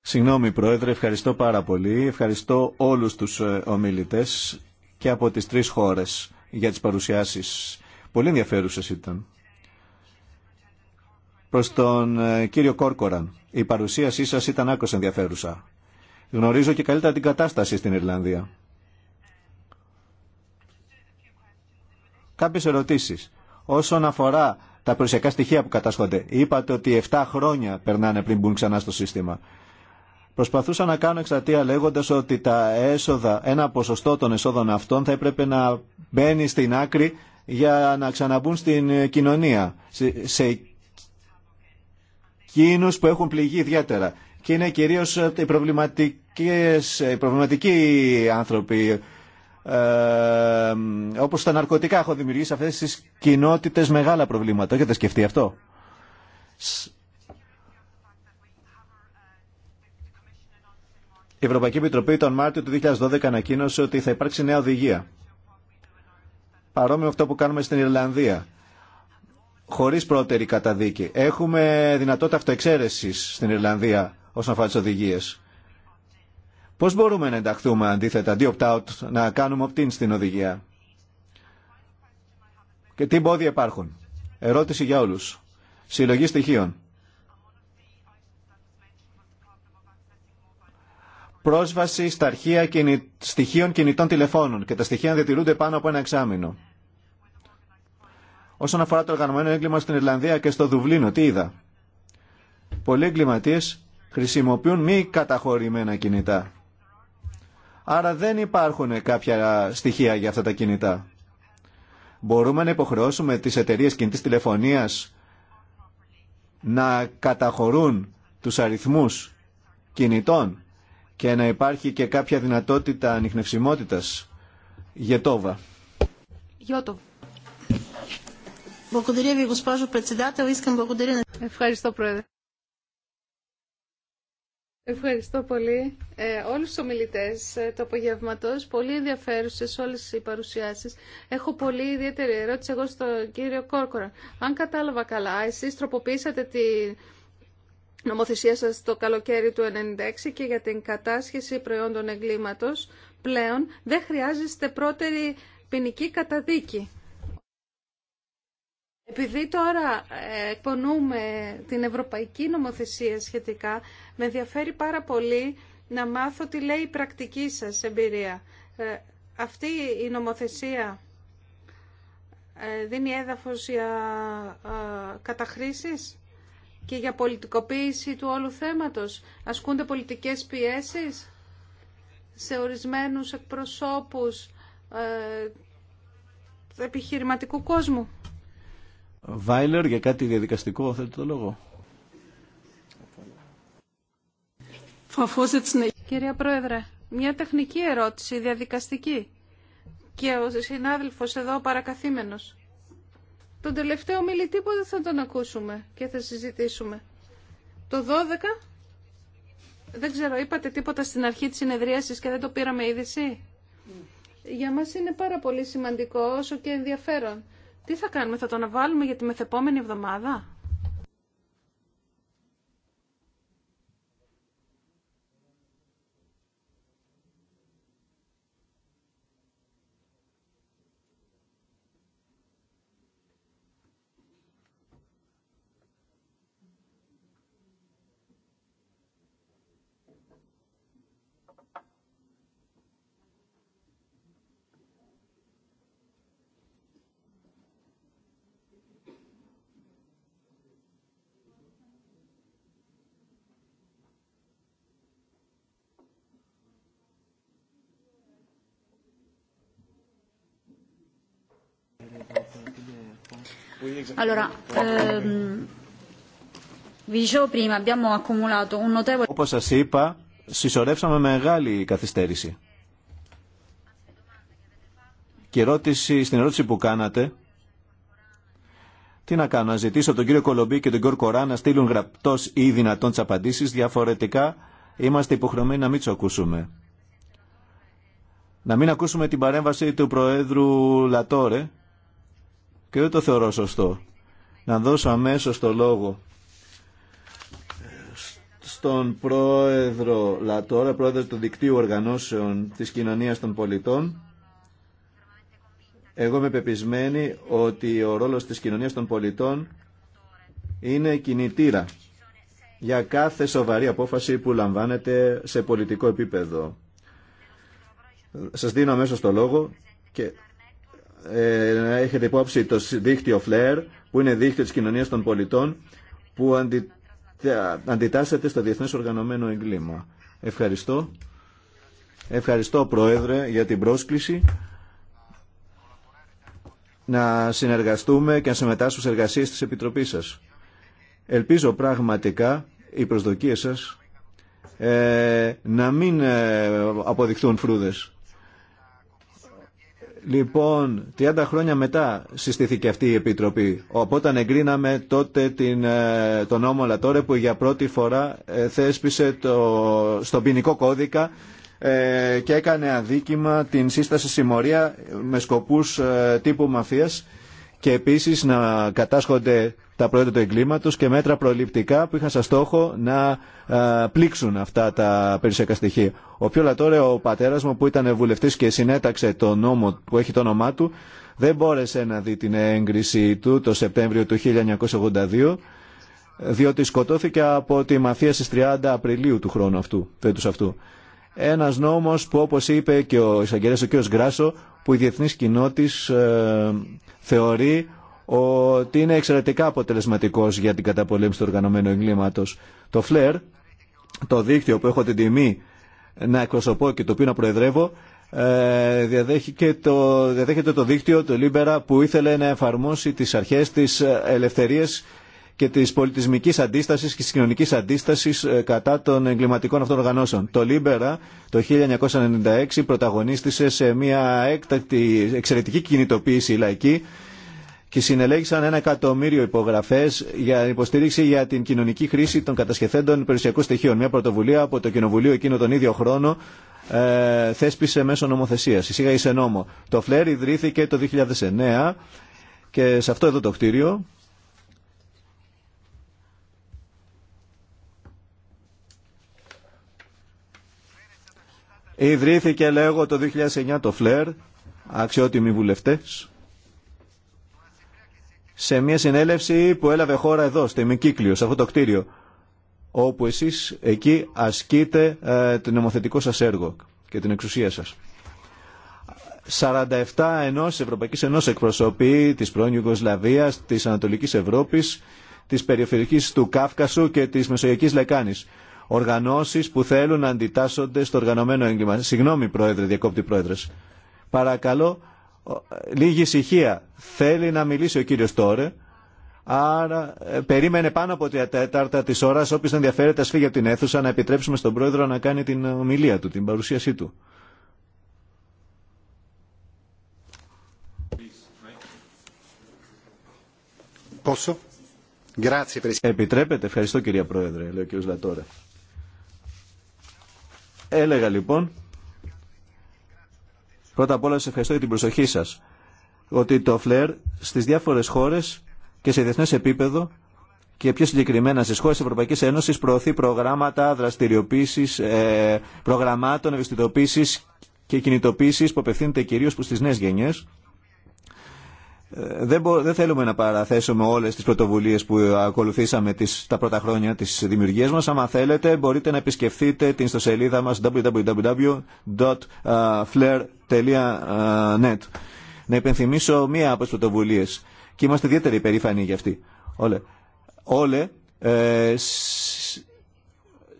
Συγγνώμη Πρόεδρε, ευχαριστώ πάρα πολύ. Ευχαριστώ όλους τους ε, ομιλητές και από τις τρεις χώρες για τις παρουσιάσεις. Πολύ ενδιαφέρουσες ήταν. Προ τον ε, κύριο Κόρκοραν. Η παρουσίασή σα ήταν άκρο ενδιαφέρουσα. Γνωρίζω και καλύτερα την κατάσταση στην Ιρλανδία. Κάποιε ερωτήσει: Όσον αφορά τα περιουσιακά στοιχεία που κατάσχονται, είπατε ότι 7 χρόνια περνάνε πριν μπουν ξανά στο σύστημα. Προσπαθούσα να κάνω εξατία λέγοντα ότι τα έσοδα, ένα ποσοστό των εσόδων αυτών θα έπρεπε να μπαίνει στην άκρη για να ξαναμπούν στην ε, κοινωνία, σε Κίνους που έχουν πληγεί ιδιαίτερα. Και είναι κυρίω ε, ε, οι, προβληματικοί άνθρωποι, ε, όπως τα ναρκωτικά έχουν δημιουργήσει αυτές τις κοινότητες μεγάλα προβλήματα. Έχετε σκεφτεί αυτό. Η Ευρωπαϊκή Επιτροπή τον Μάρτιο του 2012 ανακοίνωσε ότι θα υπάρξει νέα οδηγία. Παρόμοιο αυτό που κάνουμε στην Ιρλανδία χωρίς πρώτερη καταδίκη. Έχουμε δυνατότητα αυτοεξαίρεσης στην Ιρλανδία όσον αφορά τις οδηγίες. Πώς μπορούμε να ενταχθούμε αντίθετα, αντί opt-out, να κάνουμε opt-in στην οδηγία. Και τι εμπόδια υπάρχουν. Ερώτηση για όλους. Συλλογή στοιχείων. Πρόσβαση στα αρχεία στοιχείων κινητών τηλεφώνων και τα στοιχεία διατηρούνται πάνω από ένα εξάμεινο. Όσον αφορά το οργανωμένο έγκλημα στην Ιρλανδία και στο Δουβλίνο, τι είδα. Πολλοί εγκληματίε χρησιμοποιούν μη καταχωρημένα κινητά. Άρα δεν υπάρχουν κάποια στοιχεία για αυτά τα κινητά. Μπορούμε να υποχρεώσουμε τις εταιρείες κινητής τηλεφωνίας να καταχωρούν τους αριθμούς κινητών και να υπάρχει και κάποια δυνατότητα ανιχνευσιμότητας. Γετόβα. Γιώτο. Ευχαριστώ, Πρόεδρε. Ευχαριστώ πολύ ε, όλους τους ομιλητές ε, του απογεύματο. Πολύ ενδιαφέρουσες όλες οι παρουσιάσεις. Έχω πολύ ιδιαίτερη ερώτηση εγώ στον κύριο Κόρκορα. Αν κατάλαβα καλά, εσείς τροποποίησατε τη νομοθεσία σας το καλοκαίρι του 1996 και για την κατάσχεση προϊόντων εγκλήματος πλέον δεν χρειάζεστε πρώτερη ποινική καταδίκη. Επειδή τώρα ε, εκπονούμε την ευρωπαϊκή νομοθεσία σχετικά, με ενδιαφέρει πάρα πολύ να μάθω τι λέει η πρακτική σας εμπειρία. Ε, αυτή η νομοθεσία ε, δίνει έδαφος για καταχρήσεις και για πολιτικοποίηση του όλου θέματος. Ασκούνται πολιτικές πιέσεις σε ορισμένους εκπροσώπους επιχειρηματικού κόσμου. Βάιλερ, για κάτι διαδικαστικό θέλετε το λόγο. Κυρία Πρόεδρε, μια τεχνική ερώτηση, διαδικαστική. Και ο συνάδελφος εδώ παρακαθήμενος. Τον τελευταίο μιλητή δεν θα τον ακούσουμε και θα συζητήσουμε. Το 12, δεν ξέρω, είπατε τίποτα στην αρχή της συνεδρίασης και δεν το πήραμε είδηση. Ναι. Για μας είναι πάρα πολύ σημαντικό όσο και ενδιαφέρον τι θα κάνουμε, θα το αναβάλουμε για τη μεθεπόμενη εβδομάδα. Ehm, Όπως σας είπα, συσσωρεύσαμε μεγάλη καθυστέρηση. Και στην ερώτηση που κάνατε, τι να κάνω, να ζητήσω τον κύριο Κολομπή και τον κύριο Κορά να στείλουν γραπτό ή δυνατόν τι απαντήσει, διαφορετικά είμαστε υποχρεωμένοι να μην του ακούσουμε. Να μην ακούσουμε την παρέμβαση του Προέδρου Λατόρε, και δεν το θεωρώ σωστό. Να δώσω αμέσως το λόγο στον πρόεδρο Λατόρα, πρόεδρο του Δικτύου Οργανώσεων της Κοινωνίας των Πολιτών. Εγώ είμαι πεπισμένη ότι ο ρόλος της κοινωνίας των πολιτών είναι κινητήρα για κάθε σοβαρή απόφαση που λαμβάνεται σε πολιτικό επίπεδο. Σας δίνω αμέσως το λόγο και ε, να έχετε υπόψη το δίκτυο FLAIR που είναι δίκτυο της κοινωνίας των πολιτών που αντι... αντιτάσσεται στο διεθνές οργανωμένο εγκλήμα. Ευχαριστώ. Ευχαριστώ Πρόεδρε για την πρόσκληση να συνεργαστούμε και να συμμετάσχουμε στις εργασίες της Επιτροπής σας. Ελπίζω πραγματικά οι προσδοκίες σας ε, να μην ε, αποδειχθούν φρούδες. Λοιπόν, 30 χρόνια μετά συστήθηκε αυτή η Επιτροπή. Οπότε εγκρίναμε τότε την, ε, τον νόμο Λατόρε που για πρώτη φορά ε, θέσπισε το, στον ποινικό κώδικα ε, και έκανε αδίκημα την σύσταση συμμορία με σκοπούς τύπου μαφίας και επίσης να κατάσχονται τα προϊόντα του εγκλήματο και μέτρα προληπτικά που είχαν σαν στόχο να πλήξουν αυτά τα περιουσιακά στοιχεία. Ο πιο τώρα, ο πατέρας μου που ήταν βουλευτή και συνέταξε το νόμο που έχει το όνομά του δεν μπόρεσε να δει την έγκριση του το Σεπτέμβριο του 1982 διότι σκοτώθηκε από τη μαφία στις 30 Απριλίου του χρόνου αυτού, αυτού. Ένας νόμος που όπως είπε και ο εισαγγελέο ο κ. Γκράσο που η διεθνή κοινότης ε, θεωρεί ότι είναι εξαιρετικά αποτελεσματικός για την καταπολέμηση του οργανωμένου εγκλήματος. Το ΦΛΕΡ, το δίκτυο που έχω την τιμή να εκπροσωπώ και το οποίο να προεδρεύω, ε, διαδέχεται, το, διαδέχεται το δίκτυο του Λίμπερα που ήθελε να εφαρμόσει τις αρχές της ελευθερίας και τη πολιτισμική αντίσταση και τη κοινωνική αντίσταση ε, κατά των εγκληματικών αυτών οργανώσεων. Το Λίμπερα το 1996 πρωταγωνίστησε σε μια έκτακτη εξαιρετική κινητοποίηση λαϊκή και συνελέγησαν ένα εκατομμύριο υπογραφέ για υποστήριξη για την κοινωνική χρήση των κατασκευέντων περιουσιακών στοιχείων. Μια πρωτοβουλία από το Κοινοβουλίο εκείνο τον ίδιο χρόνο ε, θέσπισε μέσω νομοθεσία. Εισήγαγε σε νόμο. Το Φλερ ιδρύθηκε το 2009 και σε αυτό εδώ το κτίριο Ιδρύθηκε λέγω το 2009 το ΦΛΕΡ, αξιότιμοι βουλευτές, σε μια συνέλευση που έλαβε χώρα εδώ, στη Μικύκλιο, σε αυτό το κτίριο, όπου εσείς εκεί ασκείτε ε, το νομοθετικό σας έργο και την εξουσία σας. 47 ενός Ευρωπαϊκής Ενώσης εκπροσωπεί της πρώην Ιουγκοσλαβίας, της Ανατολικής Ευρώπης, της περιφερικής του Κάφκασου και της Μεσογειακής Λεκάνης. Οργανώσει που θέλουν να αντιτάσσονται στο οργανωμένο έγκλημα. Συγγνώμη πρόεδρε, διακόπτη Πρόεδρε. Παρακαλώ, λίγη ησυχία. Θέλει να μιλήσει ο κύριος Τόρε. Άρα ε, περίμενε πάνω από τη τέταρτα της ώρας όποιος ενδιαφέρεται ας φύγει από την αίθουσα να επιτρέψουμε στον πρόεδρο να κάνει την ομιλία του, την παρουσίασή του. Επιτρέπετε, ευχαριστώ κυρία Πρόεδρε, λέει ο Έλεγα λοιπόν, πρώτα απ' όλα σας ευχαριστώ για την προσοχή σας, ότι το φλερ στις διάφορες χώρες και σε διεθνές επίπεδο και πιο συγκεκριμένα στις χώρες της Ευρωπαϊκής Ένωσης προωθεί προγράμματα δραστηριοποίησης, ε, προγραμμάτων ευαισθητοποίησης και κινητοποίησης που απευθύνεται κυρίως προς τις νέες γενιές δεν, δεν θέλουμε να παραθέσουμε όλες τις πρωτοβουλίες που ακολουθήσαμε τις, τα πρώτα χρόνια της δημιουργίας μας. Αν θέλετε μπορείτε να επισκεφθείτε την σελίδα μας www.flair.net Να υπενθυμίσω μία από τις πρωτοβουλίες και είμαστε ιδιαίτερη υπερήφανοι για αυτή. Όλε, ε,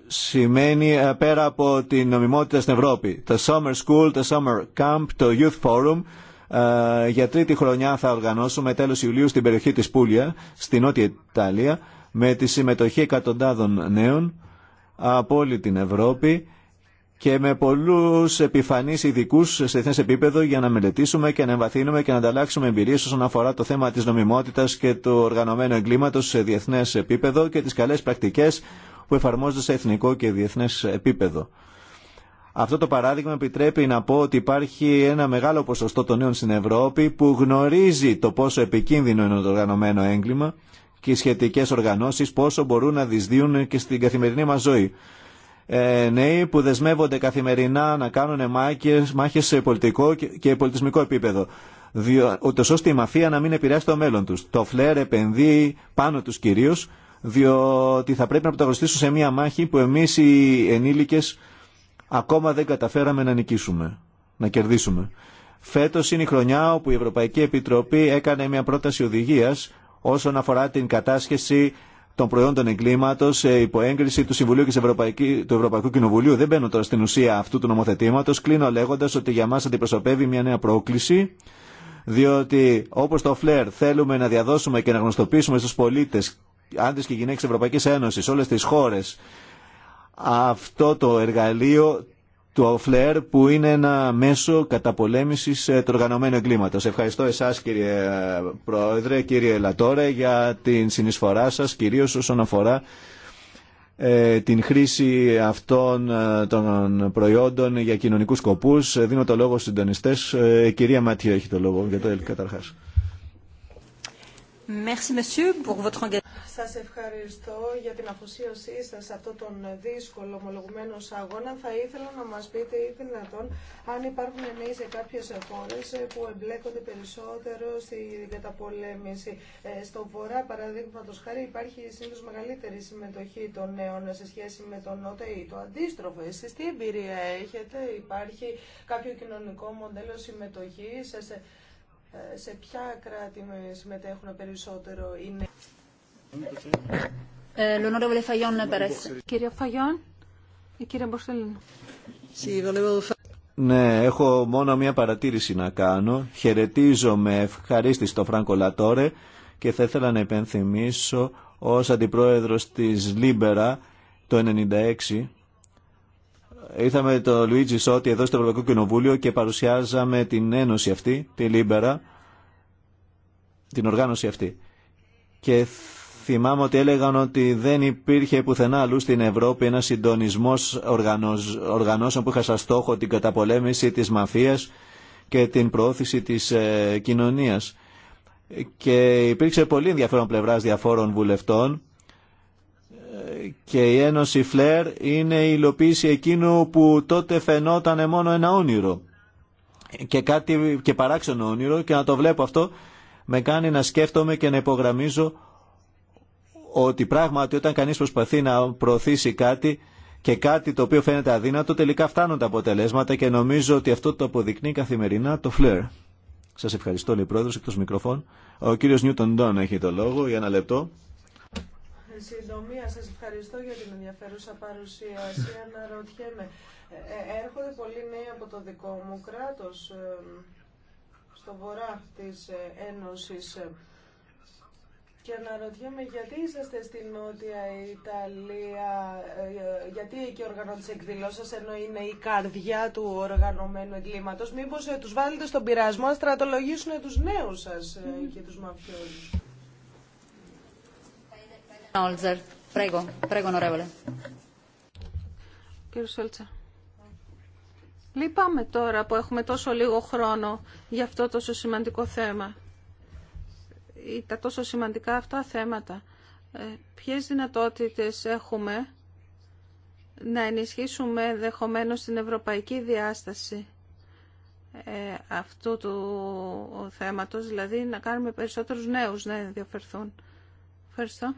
σημαίνει ε, πέρα από την νομιμότητα στην Ευρώπη. Το Summer School, το Summer Camp, το Youth Forum ε, για τρίτη χρονιά θα οργανώσουμε τέλος Ιουλίου στην περιοχή της Πούλια, στην Νότια Ιταλία, με τη συμμετοχή εκατοντάδων νέων από όλη την Ευρώπη και με πολλούς επιφανείς ειδικού σε εθνές επίπεδο για να μελετήσουμε και να εμβαθύνουμε και να ανταλλάξουμε εμπειρίες όσον αφορά το θέμα της νομιμότητας και του οργανωμένου εγκλήματος σε διεθνές επίπεδο και τις καλές πρακτικές που εφαρμόζονται σε εθνικό και διεθνές επίπεδο. Αυτό το παράδειγμα επιτρέπει να πω ότι υπάρχει ένα μεγάλο ποσοστό των νέων στην Ευρώπη που γνωρίζει το πόσο επικίνδυνο είναι το οργανωμένο έγκλημα και οι σχετικέ οργανώσει πόσο μπορούν να δυσδύουν και στην καθημερινή μα ζωή. Ε, νέοι που δεσμεύονται καθημερινά να κάνουν μάχε σε πολιτικό και πολιτισμικό επίπεδο ούτω ώστε η μαφία να μην επηρεάσει το μέλλον του. Το φλερ επενδύει πάνω του κυρίω, διότι θα πρέπει να πρωταγωνιστήσουν σε μία μάχη που εμεί οι ενήλικε ακόμα δεν καταφέραμε να νικήσουμε, να κερδίσουμε. Φέτο είναι η χρονιά όπου η Ευρωπαϊκή Επιτροπή έκανε μια πρόταση οδηγία όσον αφορά την κατάσχεση των προϊόντων εγκλήματο σε υποέγκριση του Συμβουλίου και του Ευρωπαϊκού Κοινοβουλίου. Δεν μπαίνω τώρα στην ουσία αυτού του νομοθετήματο. Κλείνω λέγοντα ότι για μα αντιπροσωπεύει μια νέα πρόκληση. Διότι όπω το φλερ θέλουμε να διαδώσουμε και να γνωστοποιήσουμε στου πολίτε, άντρε και γυναίκε τη Ευρωπαϊκή Ένωση, όλε τι χώρε, αυτό το εργαλείο του ΦΛΕΡ που είναι ένα μέσο καταπολέμησης ε, του οργανωμένου εγκλήματος. Ευχαριστώ εσάς κύριε Πρόεδρε, κύριε Λατόρε για την συνεισφορά σας κυρίως όσον αφορά ε, την χρήση αυτών ε, των προϊόντων για κοινωνικούς σκοπούς. Δίνω το λόγο στους συντονιστές. Κυρία Μάτια έχει το λόγο για το καταρχάς. Σα ευχαριστώ για την αφοσίωσή σας σε αυτόν τον δύσκολο ομολογουμένο αγώνα. Θα ήθελα να μας πείτε ή δυνατόν αν υπάρχουν νέοι σε κάποιες χώρες που εμπλέκονται περισσότερο στην καταπολέμηση. Ε, στο Βορρά, παραδείγματο χάρη, υπάρχει συνήθω μεγαλύτερη συμμετοχή των νέων σε σχέση με τον Νότο ή το αντίστροφο. Εσείς τι εμπειρία έχετε, υπάρχει κάποιο κοινωνικό μοντέλο συμμετοχής, σε ποια κράτη συμμετέχουν περισσότερο είναι... Ε, Κύριε Φαγιόν, η κύριε Μπορσελίνο. Ναι, έχω μόνο μία παρατήρηση να κάνω. Χαιρετίζω με ευχαρίστηση τον Φράνκο Λατόρε και θα ήθελα να υπενθυμίσω ως αντιπρόεδρος της Λίμπερα το 1996 Ήρθαμε το Λουίτζι Σότι εδώ στο Ευρωπαϊκό Κοινοβούλιο και παρουσιάζαμε την ένωση αυτή, τη Λίμπερα, την οργάνωση αυτή. Και θυμάμαι ότι έλεγαν ότι δεν υπήρχε πουθενά αλλού στην Ευρώπη ένα συντονισμό οργανώσεων που είχα σαν στόχο την καταπολέμηση της μαφίας και την προώθηση της ε, κοινωνίας. Και υπήρξε πολύ ενδιαφέρον πλευράς διαφόρων βουλευτών και η Ένωση Φλερ είναι η υλοποίηση εκείνου που τότε φαινόταν μόνο ένα όνειρο και, κάτι, και παράξενο όνειρο και να το βλέπω αυτό με κάνει να σκέφτομαι και να υπογραμμίζω ότι πράγματι όταν κανείς προσπαθεί να προωθήσει κάτι και κάτι το οποίο φαίνεται αδύνατο τελικά φτάνουν τα αποτελέσματα και νομίζω ότι αυτό το αποδεικνύει καθημερινά το Φλερ. Σας ευχαριστώ λέει πρόεδρος εκτός μικροφών. Ο κύριος Νιούτον Ντόν έχει το λόγο για ένα λεπτό συντομία, σας ευχαριστώ για την ενδιαφέρουσα παρουσίαση. Αναρωτιέμαι, ε, ε, έρχονται πολλοί νέοι από το δικό μου κράτος, ε, στο βορρά της Ένωσης. Και αναρωτιέμαι γιατί είσαστε στη Νότια Ιταλία, γιατί εκεί οργανώνει τι εκδηλώσει, ενώ είναι η καρδιά του οργανωμένου εγκλήματο. Μήπω του βάλετε στον πειρασμό να στρατολογήσουν του νέου σα και του μαφιόζου. Κύριε Λυπάμαι τώρα που έχουμε τόσο λίγο χρόνο για αυτό τόσο σημαντικό θέμα. Ή τα τόσο σημαντικά αυτά θέματα. Ε, ποιες δυνατότητες έχουμε να ενισχύσουμε δεχομένω την ευρωπαϊκή διάσταση ε, αυτού του θέματος, δηλαδή να κάνουμε περισσότερους νέους να ενδιαφερθούν. Ευχαριστώ.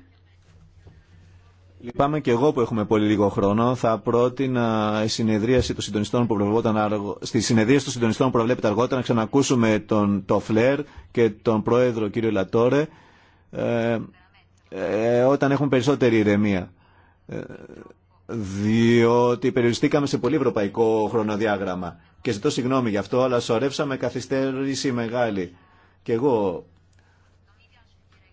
Λυπάμαι και εγώ που έχουμε πολύ λίγο χρόνο. Θα πρότεινα η συνεδρίαση των συντονιστών που αργο... στη συνεδρίαση των συντονιστών που προβλέπεται αργότερα να ξανακούσουμε τον το Φλερ και τον πρόεδρο κύριο Λατόρε ε, ε, όταν έχουν περισσότερη ηρεμία. Ε, διότι περιοριστήκαμε σε πολύ ευρωπαϊκό χρονοδιάγραμμα. Και ζητώ συγγνώμη γι' αυτό, αλλά σωρεύσαμε καθυστέρηση μεγάλη. Και εγώ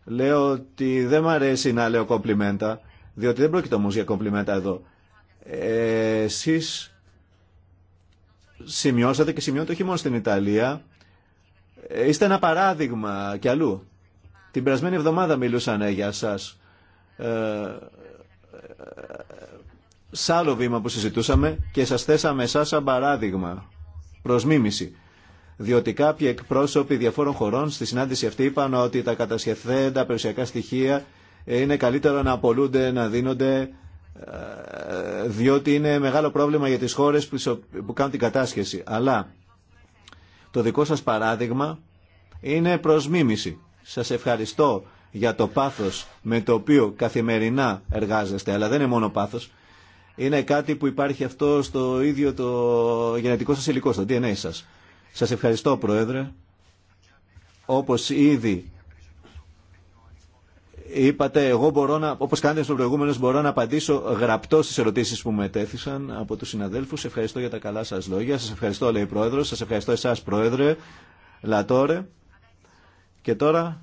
λέω ότι δεν μου αρέσει να λέω κομπλιμέντα διότι δεν πρόκειται όμως για κομπλιμέντα εδώ. Ε, εσείς σημειώσατε και σημειώνετε όχι μόνο στην Ιταλία. Ε, είστε ένα παράδειγμα κι αλλού. Την περασμένη εβδομάδα μιλούσαν ε, για σας. Ε, σ' άλλο βήμα που συζητούσαμε και σας θέσαμε εσά σαν παράδειγμα προς μίμηση. Διότι κάποιοι εκπρόσωποι διαφόρων χωρών στη συνάντηση αυτή είπαν ότι τα κατασχεθέντα περιουσιακά στοιχεία ε, είναι καλύτερο να απολούνται, να δίνονται ε, διότι είναι μεγάλο πρόβλημα για τις χώρες που κάνουν την κατάσχεση. Αλλά το δικό σας παράδειγμα είναι προς μίμηση. Σας ευχαριστώ για το πάθος με το οποίο καθημερινά εργάζεστε, αλλά δεν είναι μόνο πάθος. Είναι κάτι που υπάρχει αυτό στο ίδιο το γενετικό σας υλικό, στο DNA σας. Σας ευχαριστώ, Πρόεδρε. Όπως ήδη Είπατε, εγώ μπορώ να, όπως κάνετε στο προηγούμενο, μπορώ να απαντήσω γραπτό στις ερωτήσεις που μετέθησαν από τους συναδέλφους. Ευχαριστώ για τα καλά σας λόγια. Σας ευχαριστώ, λέει η Πρόεδρος. Σας ευχαριστώ εσάς, Πρόεδρε Λατόρε. Και τώρα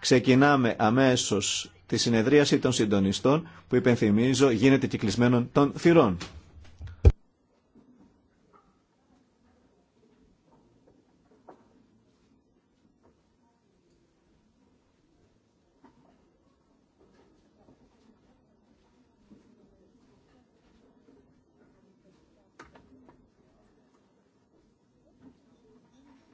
ξεκινάμε αμέσως τη συνεδρίαση των συντονιστών που υπενθυμίζω γίνεται κυκλισμένων των θυρών.